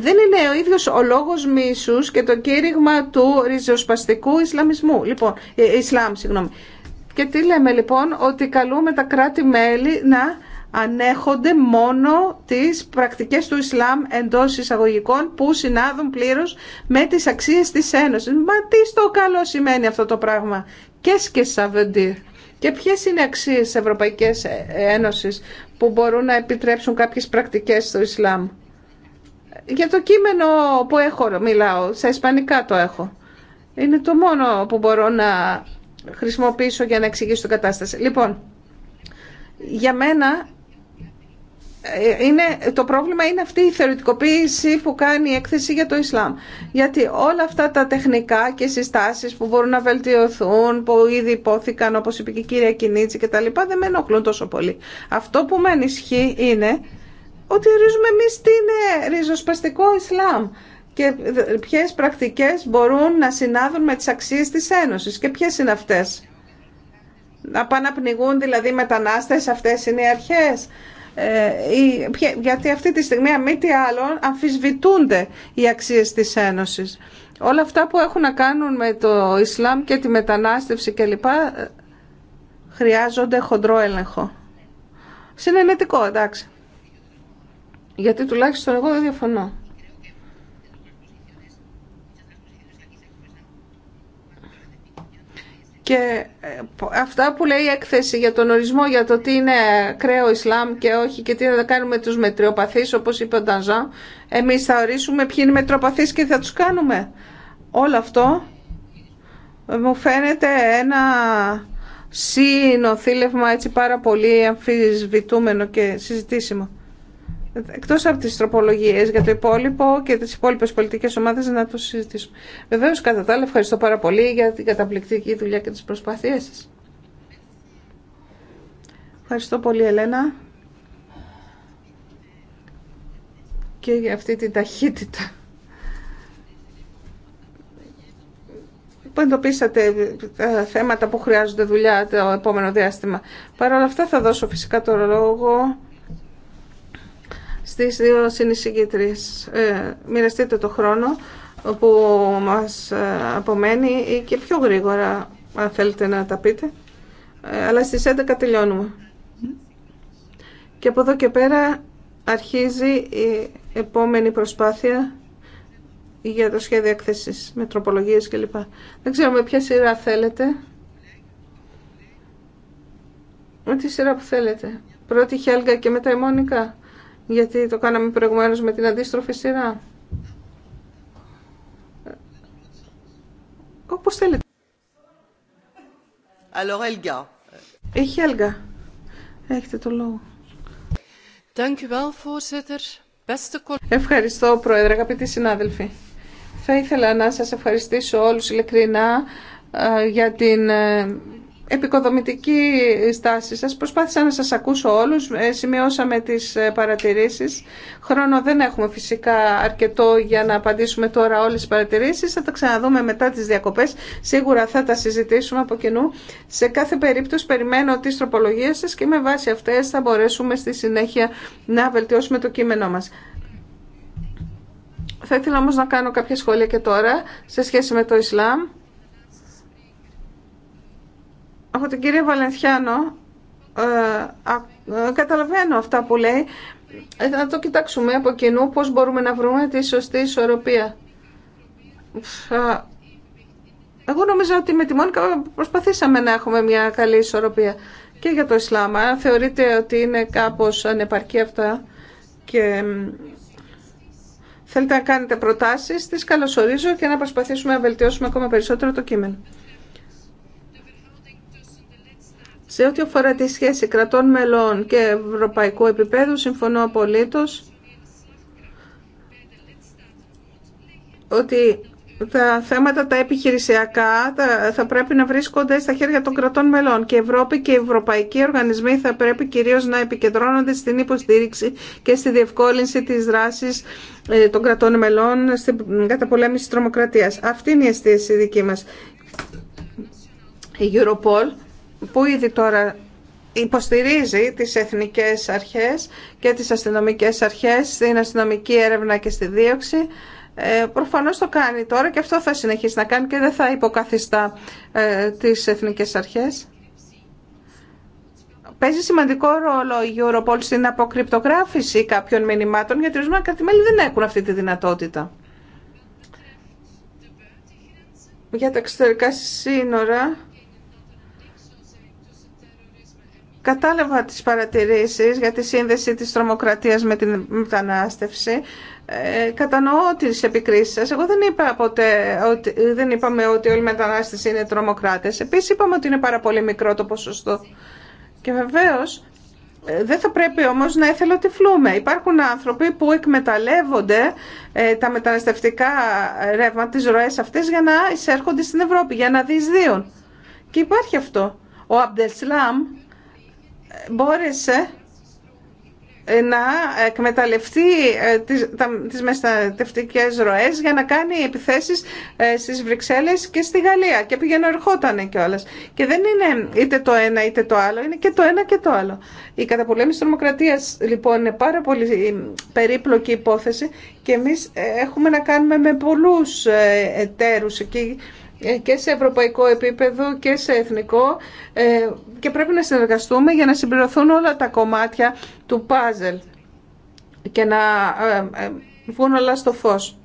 Δεν είναι ο ίδιος ο λόγος μίσους και το κήρυγμα του ριζοσπαστικού Ισλαμισμού. Λοιπόν, Ισλάμ, συγγνώμη. Και τι λέμε λοιπόν, ότι καλούμε τα κράτη-μέλη να ανέχονται μόνο τις πρακτικές του Ισλάμ εντός εισαγωγικών που συνάδουν πλήρως με τις αξίες της Ένωσης. Μα τι στο καλό σημαίνει αυτό το πράγμα. και σαβεντήρ. Και ποιες είναι οι αξίες της Ευρωπαϊκής Ένωσης που μπορούν να επιτρέψουν κάποιες πρακτικές στο Ισλάμ. Για το κείμενο που έχω μιλάω, σε ισπανικά το έχω. Είναι το μόνο που μπορώ να χρησιμοποιήσω για να εξηγήσω την κατάσταση. Λοιπόν, για μένα ε, είναι, το πρόβλημα είναι αυτή η θεωρητικοποίηση που κάνει η έκθεση για το Ισλάμ. Γιατί όλα αυτά τα τεχνικά και συστάσεις που μπορούν να βελτιωθούν, που ήδη υπόθηκαν, όπως είπε και η κυρία Κινίτση και τα λοιπά, δεν με ενοχλούν τόσο πολύ. Αυτό που με ανισχύει είναι ότι ορίζουμε εμεί τι είναι ριζοσπαστικό Ισλάμ και ποιε πρακτικές μπορούν να συνάδουν με τις αξίες της Ένωσης και ποιε είναι αυτές. Να πάνε να πνιγούν δηλαδή μετανάστες, αυτές είναι οι αρχές ε, γιατί αυτή τη στιγμή, μη τι άλλο, αμφισβητούνται οι αξίες της Ένωσης. Όλα αυτά που έχουν να κάνουν με το Ισλάμ και τη μετανάστευση κλπ. Ε, χρειάζονται χοντρό έλεγχο. Συνενετικό, εντάξει. Γιατί τουλάχιστον εγώ δεν διαφωνώ. Και ε, αυτά που λέει η έκθεση για τον ορισμό για το τι είναι κρέο Ισλάμ και όχι και τι θα κάνουμε τους μετριοπαθείς όπως είπε ο Ντανζάν εμείς θα ορίσουμε ποιοι είναι μετριοπαθείς και θα τους κάνουμε. Όλο αυτό ε, μου φαίνεται ένα σύνοθήλευμα έτσι πάρα πολύ αμφισβητούμενο και συζητήσιμο. Εκτό από τι τροπολογίε για το υπόλοιπο και τι υπόλοιπε πολιτικέ ομάδες να το συζητήσουμε. Βεβαίω, κατά τα άλλα ευχαριστώ πάρα πολύ για την καταπληκτική δουλειά και τις προσπάθειέ σα. Ευχαριστώ πολύ Ελένα και για αυτή την ταχύτητα. που εντοπίσατε τα θέματα που χρειάζονται δουλειά το επόμενο διάστημα. Παρ' όλα αυτά θα δώσω φυσικά το λόγο στις δύο συνεισηγήτρες. Ε, μοιραστείτε το χρόνο που μας ε, απομένει και πιο γρήγορα αν θέλετε να τα πείτε. Ε, αλλά στις 11 τελειώνουμε. Και από εδώ και πέρα αρχίζει η επόμενη προσπάθεια για το σχέδιο έκθεσης με τροπολογίες κλπ. Δεν ξέρω με ποια σειρά θέλετε. Με τη σειρά που θέλετε. Πρώτη Χέλγα και μετά η Μόνικα γιατί το κάναμε προηγουμένως με την αντίστροφη σειρά. Όπως θέλετε. Alors, Έχει Έλγα. Έχετε το λόγο. Ευχαριστώ, Πρόεδρε, αγαπητοί συνάδελφοι. Θα ήθελα να σας ευχαριστήσω όλους ειλικρινά ε, για την ε, επικοδομητική στάση σας. Προσπάθησα να σας ακούσω όλους, ε, σημειώσαμε τις ε, παρατηρήσεις. Χρόνο δεν έχουμε φυσικά αρκετό για να απαντήσουμε τώρα όλες τις παρατηρήσεις. Θα τα ξαναδούμε μετά τις διακοπές. Σίγουρα θα τα συζητήσουμε από κοινού. Σε κάθε περίπτωση περιμένω τις τροπολογίες σας και με βάση αυτές θα μπορέσουμε στη συνέχεια να βελτιώσουμε το κείμενό μας. Θα ήθελα όμως να κάνω κάποια σχόλια και τώρα σε σχέση με το Ισλάμ από τον κύριο Βαλενθιάνο ε, ε, καταλαβαίνω αυτά που λέει. Ε, να το κοιτάξουμε από κοινού πώς μπορούμε να βρούμε τη σωστή ισορροπία. Εγώ νομίζω ότι με τη Μόνικα προσπαθήσαμε να έχουμε μια καλή ισορροπία και για το Ισλάμα. Αν θεωρείτε ότι είναι κάπως ανεπαρκή αυτά και θέλετε να κάνετε προτάσεις, τις καλωσορίζω και να προσπαθήσουμε να βελτιώσουμε ακόμα περισσότερο το κείμενο. Σε ό,τι αφορά τη σχέση κρατών μελών και ευρωπαϊκού επίπεδου, συμφωνώ απολύτως ότι τα θέματα τα επιχειρησιακά θα πρέπει να βρίσκονται στα χέρια των κρατών μελών και η Ευρώπη και οι ευρωπαϊκοί οργανισμοί θα πρέπει κυρίως να επικεντρώνονται στην υποστήριξη και στη διευκόλυνση της δράσης ε, των κρατών μελών στην καταπολέμηση της τρομοκρατίας. Αυτή είναι η αισθήση δική μας. Η Europol που ήδη τώρα υποστηρίζει τις εθνικές αρχές και τις αστυνομικές αρχές στην αστυνομική έρευνα και στη δίωξη. Ε, προφανώς το κάνει τώρα και αυτό θα συνεχίσει να κάνει και δεν θα υποκαθιστά ε, τις εθνικές αρχές. Παίζει σημαντικό ρόλο η Europol στην αποκρυπτογράφηση κάποιων μηνυμάτων γιατί ορισμένα κράτη-μέλη δεν έχουν αυτή τη δυνατότητα. Για τα εξωτερικά σύνορα Κατάλαβα τις παρατηρήσεις για τη σύνδεση της τρομοκρατίας με την μετανάστευση. Ε, κατανοώ τις επικρίσεις σας. Εγώ δεν, είπα ποτέ ότι, δεν είπαμε ότι όλοι οι μετανάστες είναι τρομοκράτες. Επίσης είπαμε ότι είναι πάρα πολύ μικρό το ποσοστό. Και βεβαίως ε, δεν θα πρέπει όμως να φλούμε. Υπάρχουν άνθρωποι που εκμεταλλεύονται ε, τα μεταναστευτικά ρεύμα, τις ροές αυτές για να εισέρχονται στην Ευρώπη, για να διεισδύουν. Και υπάρχει αυτό. Ο Αμπτελσλάμ μπόρεσε ε, να εκμεταλλευτεί ε, τις μεστατευτικές ροές για να κάνει επιθέσεις ε, στις Βρυξέλλες και στη Γαλλία και πήγαινε ερχόταν κιόλα. Και δεν είναι είτε το ένα είτε το άλλο, είναι και το ένα και το άλλο. Η καταπολέμηση της τρομοκρατίας λοιπόν είναι πάρα πολύ περίπλοκη υπόθεση και εμείς έχουμε να κάνουμε με πολλούς εταίρους εκεί ε, και σε ευρωπαϊκό επίπεδο και σε εθνικό ε, και πρέπει να συνεργαστούμε για να συμπληρωθούν όλα τα κομμάτια του πάζελ και να ε, βγουν όλα στο φως.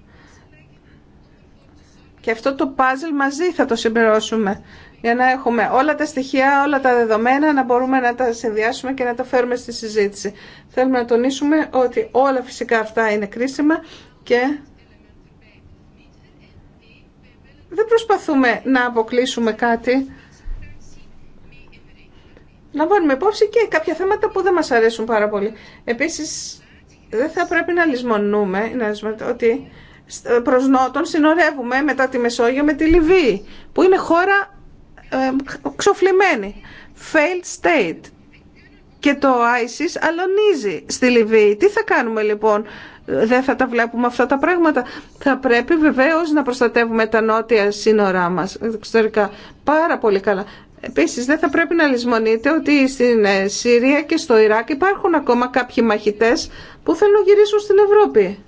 Και αυτό το πάζελ μαζί θα το συμπληρώσουμε για να έχουμε όλα τα στοιχεία, όλα τα δεδομένα, να μπορούμε να τα συνδυάσουμε και να τα φέρουμε στη συζήτηση. Θέλουμε να τονίσουμε ότι όλα φυσικά αυτά είναι κρίσιμα και δεν προσπαθούμε να αποκλείσουμε κάτι. να βάλουμε υπόψη και κάποια θέματα που δεν μας αρέσουν πάρα πολύ. Επίσης, δεν θα πρέπει να λησμονούμε ότι προς Νότον συνορεύουμε μετά τη Μεσόγειο με τη Λιβύη, που είναι χώρα ε, ξοφλημένη. Failed state. Και το ISIS αλωνίζει στη Λιβύη. Τι θα κάνουμε λοιπόν δεν θα τα βλέπουμε αυτά τα πράγματα. Θα πρέπει βεβαίω να προστατεύουμε τα νότια σύνορά μας εξωτερικά πάρα πολύ καλά. Επίσης δεν θα πρέπει να λησμονείτε ότι στην ε, Συρία και στο Ιράκ υπάρχουν ακόμα κάποιοι μαχητές που θέλουν να γυρίσουν στην Ευρώπη.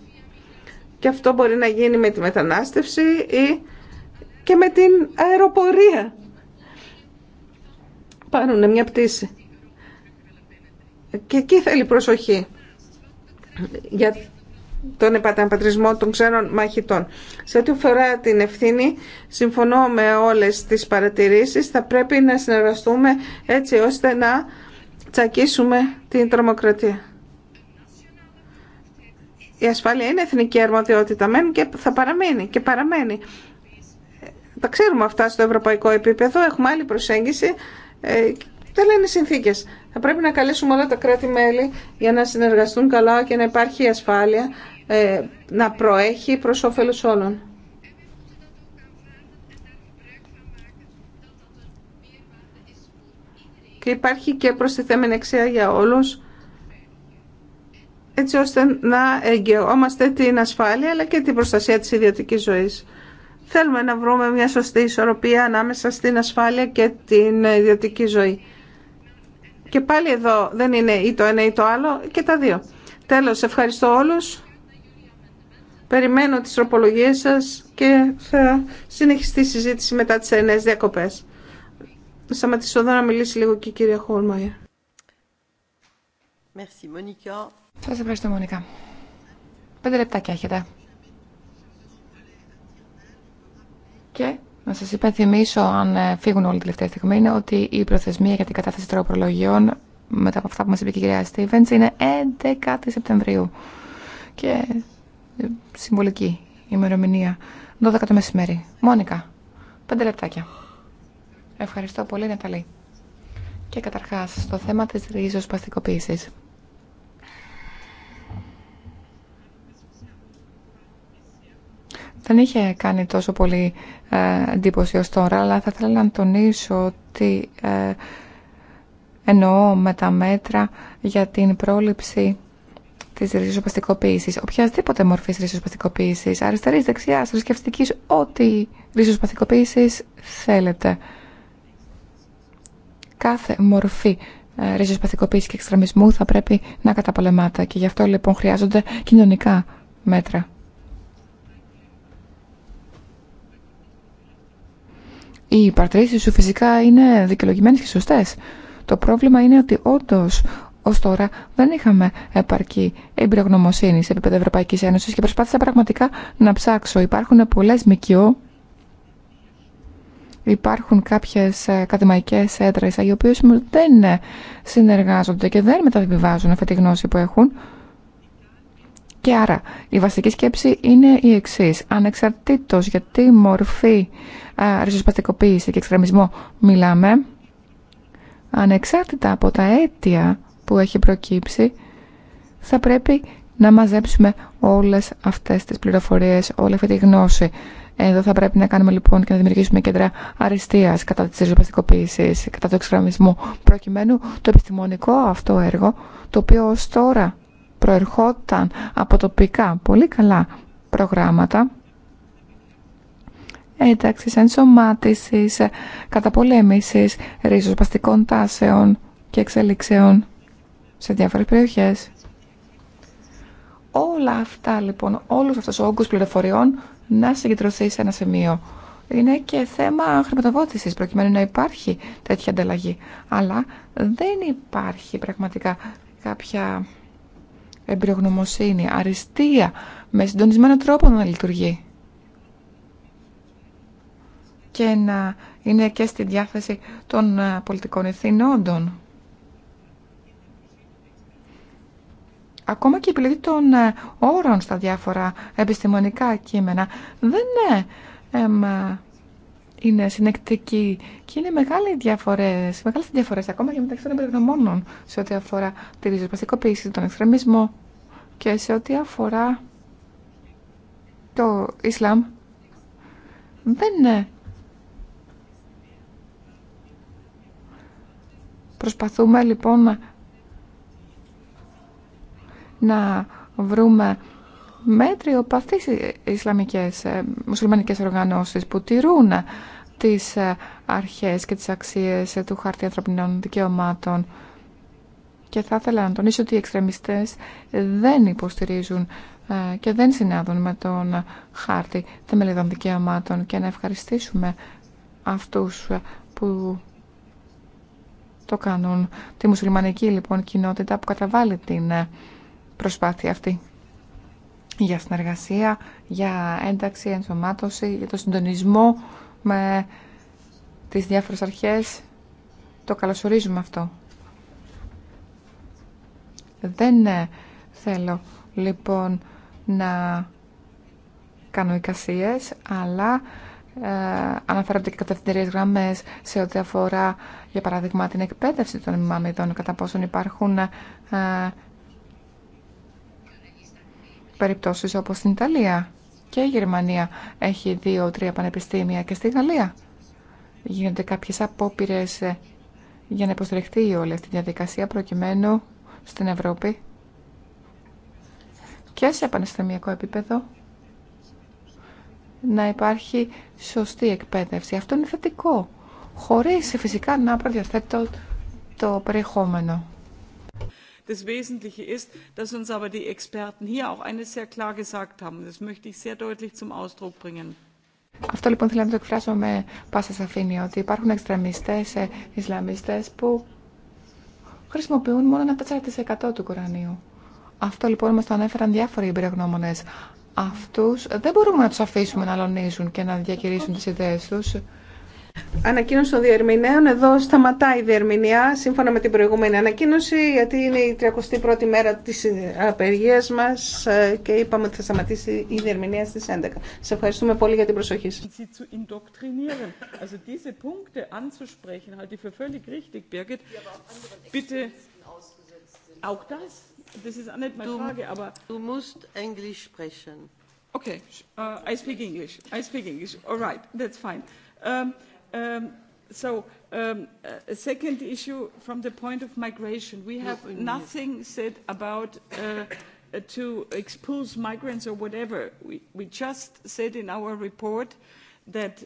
Και αυτό μπορεί να γίνει με τη μετανάστευση ή και με την αεροπορία. Πάρουν μια πτήση. Και εκεί θέλει προσοχή για τον επαναπατρισμό των ξένων μαχητών. Σε ό,τι αφορά την ευθύνη, συμφωνώ με όλες τις παρατηρήσεις. Θα πρέπει να συνεργαστούμε έτσι ώστε να τσακίσουμε την τρομοκρατία. Η ασφάλεια είναι εθνική αρμοδιότητα μεν και θα παραμένει και παραμένει. Τα ξέρουμε αυτά στο ευρωπαϊκό επίπεδο, έχουμε άλλη προσέγγιση, ε, τα λένε συνθήκες. Θα πρέπει να καλέσουμε όλα τα κράτη-μέλη για να συνεργαστούν καλά και να υπάρχει ασφάλεια ε, να προέχει προς όφελος όλων. Και υπάρχει και προστιθέμενη αξία για όλους έτσι ώστε να εγγυόμαστε την ασφάλεια αλλά και την προστασία της ιδιωτικής ζωής. Θέλουμε να βρούμε μια σωστή ισορροπία ανάμεσα στην ασφάλεια και την ιδιωτική ζωή. Και πάλι εδώ δεν είναι ή το ένα ή το άλλο και τα δύο. Τέλος, ευχαριστώ όλους. Περιμένω τις τροπολογίες σας και θα συνεχιστεί η συζήτηση μετά τις ενές διακοπές. Σταματήσω εδώ να μιλήσει λίγο και η κυρία Χόλμαγερ. Σας ευχαριστώ, Μονικά. Πέντε λεπτάκια έχετε. Και να σα υπενθυμίσω, αν ε, φύγουν όλοι τελευταία στιγμή, είναι ότι η προθεσμία για την κατάθεση τροπολογιών μετά από αυτά που μας είπε η κυρία στιβεν είναι 11 Σεπτεμβρίου και ε, συμβολική ημερομηνία 12 το μεσημέρι. Μόνικα, 5 λεπτάκια. Ευχαριστώ πολύ Ναταλή. Και καταρχάς, στο θέμα της ριζοσπαστικοποίηση. δεν είχε κάνει τόσο πολύ ε, εντύπωση ως τώρα, αλλά θα ήθελα να τονίσω ότι ε, εννοώ με τα μέτρα για την πρόληψη της ριζοσπαστικοποίησης, οποιασδήποτε μορφής ριζοσπαστικοποίησης, αριστερής, δεξιάς, ρισκευστικής, ό,τι ριζοσπαστικοποίησης θέλετε. Κάθε μορφή ε, ρίζοσπαστικοποίηση και εξτρεμισμού θα πρέπει να καταπολεμάται και γι' αυτό λοιπόν χρειάζονται κοινωνικά μέτρα. Οι παρατηρήσεις σου φυσικά είναι δικαιολογημένε και σωστέ. Το πρόβλημα είναι ότι όντω ω τώρα δεν είχαμε επαρκή εμπειρογνωμοσύνη σε επίπεδο Ευρωπαϊκή Ένωση και προσπάθησα πραγματικά να ψάξω. Υπάρχουν πολλέ ΜΚΟ, υπάρχουν κάποιε ακαδημαϊκέ έδρε οι οποίε δεν συνεργάζονται και δεν μεταβιβάζουν αυτή τη γνώση που έχουν. Και άρα η βασική σκέψη είναι η εξή. Ανεξαρτήτως για τι μορφή ριζοσπαστικοποίηση και εξτρεμισμό μιλάμε, ανεξάρτητα από τα αίτια που έχει προκύψει, θα πρέπει να μαζέψουμε όλες αυτές τις πληροφορίες, όλη αυτή τη γνώση. Εδώ θα πρέπει να κάνουμε λοιπόν και να δημιουργήσουμε κέντρα αριστείας κατά της ριζοσπαστικοποίηση, κατά του εξτραμισμού, προκειμένου το επιστημονικό αυτό έργο, το οποίο ως τώρα προερχόταν από τοπικά πολύ καλά προγράμματα ένταξης, ενσωμάτησης, καταπολέμησης ριζοσπαστικών τάσεων και εξελίξεων σε διάφορες περιοχές. Όλα αυτά λοιπόν, όλους αυτούς ο όγκους πληροφοριών να συγκεντρωθεί σε ένα σημείο. Είναι και θέμα χρηματοδότησης προκειμένου να υπάρχει τέτοια ανταλλαγή. Αλλά δεν υπάρχει πραγματικά κάποια εμπειρογνωμοσύνη, αριστεία, με συντονισμένο τρόπο να λειτουργεί. Και να είναι και στη διάθεση των ε, πολιτικών ευθυνόντων. Ακόμα και η επιλογή των ε, όρων στα διάφορα επιστημονικά κείμενα δεν εμ, είναι συνεκτική και είναι μεγάλες διαφορές, μεγάλες διαφορές ακόμα και μεταξύ των εμπειρογνωμόνων σε ό,τι αφορά τη ριζοσπαστικοποίηση, τον εξτρεμισμό και σε ό,τι αφορά το Ισλάμ. Δεν είναι. Προσπαθούμε λοιπόν να βρούμε μέτριο οι Ισλαμικές, ε, μουσουλμανικές οργανώσεις που τηρούν τις ε, αρχές και τις αξίες ε, του χάρτη ανθρωπινών δικαιωμάτων. Και θα ήθελα να τονίσω ότι οι εξτρεμιστές δεν υποστηρίζουν και δεν συνάδουν με τον χάρτη θεμελιδών δικαιωμάτων και να ευχαριστήσουμε αυτούς που το κάνουν. Τη μουσουλμανική λοιπόν κοινότητα που καταβάλει την προσπάθεια αυτή για συνεργασία, για ένταξη, ενσωμάτωση, για το συντονισμό με τις διάφορες αρχές. Το καλωσορίζουμε αυτό. Δεν ε, θέλω λοιπόν να κάνω εικασίες, αλλά ε, αναφέρονται και κατευθυντηρίε γραμμές σε ό,τι αφορά, για παράδειγμα, την εκπαίδευση των μημάμιδών κατά πόσον υπάρχουν ε, περιπτώσεις όπως στην Ιταλία και η Γερμανία έχει δύο-τρία πανεπιστήμια και στη Γαλλία γίνονται κάποιες απόπειρε ε, για να υποστηριχθεί όλη αυτή η διαδικασία προκειμένου στην Ευρώπη και σε πανεπιστημιακό επίπεδο να υπάρχει σωστή εκπαίδευση. Αυτό είναι θετικό, χωρίς φυσικά να προδιαθέτω το περιεχόμενο. Das Wesentliche ist, dass uns aber die Experten hier auch eines sehr klar gesagt haben. Das möchte ich sehr deutlich zum Ausdruck bringen. Αυτό λοιπόν θέλω να το εκφράσω με πάσα σαφήνεια, ότι υπάρχουν εξτρεμιστές, ε, Ισλαμιστές που χρησιμοποιούν μόνο ένα 4% του Κορανίου. Αυτό λοιπόν μας το ανέφεραν διάφοροι εμπειρογνώμονες. Αυτούς δεν μπορούμε να τους αφήσουμε να λονίζουν και να διακηρύσουν τις ιδέες τους. Ανακοίνωση των διερμηνέων. Εδώ σταματάει η διερμηνία σύμφωνα με την προηγούμενη ανακοίνωση γιατί είναι η 31η μέρα της απεργίας μας ε, και είπαμε ότι θα σταματήσει η διερμηνία στις 11. Σε ευχαριστούμε πολύ για την προσοχή σας. So a second issue from the point of migration. We have nothing said about to expose migrants or whatever. We just said in our report that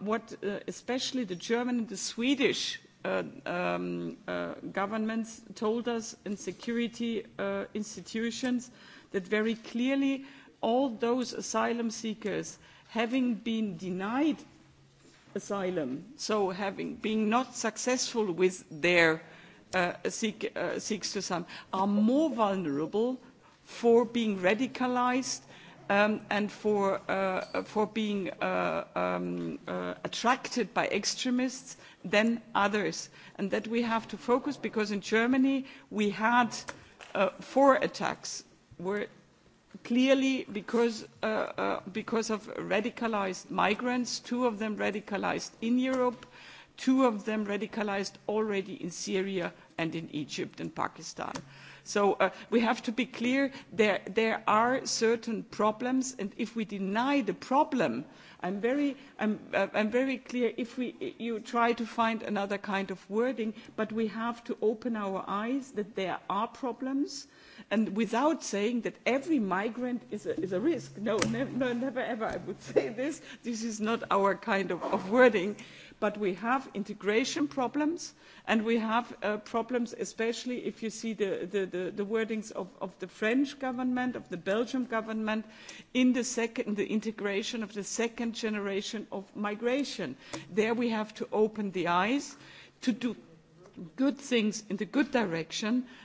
what especially the German and the Swedish governments told us in security institutions that very clearly all those asylum seekers having been denied asylum. So having been not successful with their seeks to some are more vulnerable for being radicalized and for for being attracted by extremists than others. And that we have to focus because in Germany we had four attacks were clearly because of radicalised migrants, two of them radicalised in Europe, two of them radicalised already in Syria and in Egypt and Pakistan. So we have to be clear, there are certain problems, and if we deny the problem, I'm very clear, if you try to find another kind of wording, but we have to open our eyes that there are problems, and without saying that every migrant is a risk. No, never ever I would say this. This is not our kind of wording but we have integration problems and we have problems especially if you see the wordings of the French government, of the Belgian government, in the integration of the second generation of migration. There we have to open the eyes to do good things in the good direction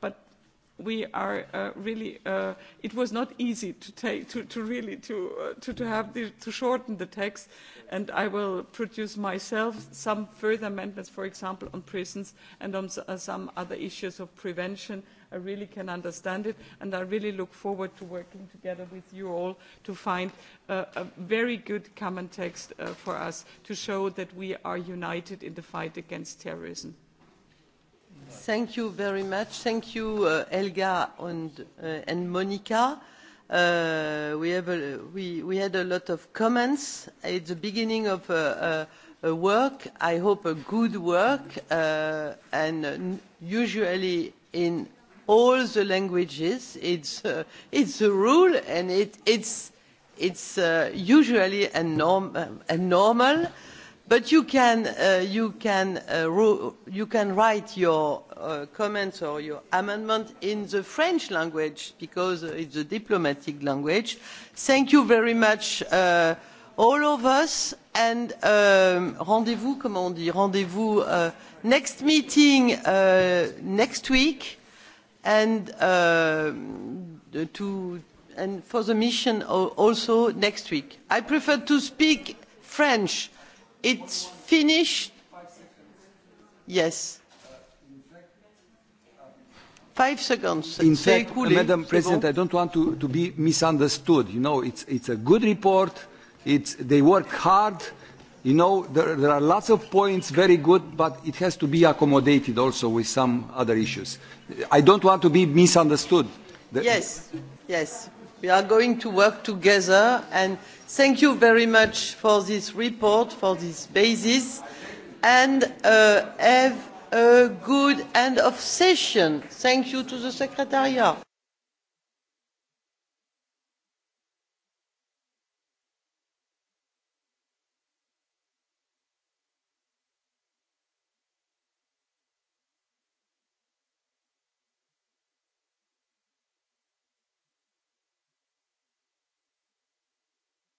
but we are really. It was not easy to take, to really to to have to shorten the text, and I will produce myself some further amendments, for example, on prisons and on some other issues of prevention. I really can understand it, and I really look forward to working together with you all to find a very good common text for us to show that we are united in the fight against terrorism. Thank you very much. Thank you, Elga and Monica. We had a lot of comments. It's the beginning of a work, I hope a good work, and usually in all the languages. It's a rule, and it it's usually a normal But you can write your comments or your amendment in the French language because it's a diplomatic language. Thank you very much all of us and rendez-vous comment on dit rendez-vous next meeting next week and to and for the mission also next week. I prefer to speak French It's finished. Yes. Five seconds. In fact, Madam President, I don't want to be misunderstood. You know, it's a good report. They work hard. You know, there are lots of points, very good, but it has to be accommodated also with some other issues. I don't want to be misunderstood. Yes, yes. We are going to work together and Thank you very much for this report, for this basis, and have a good end of session. Thank you to the Secretariat.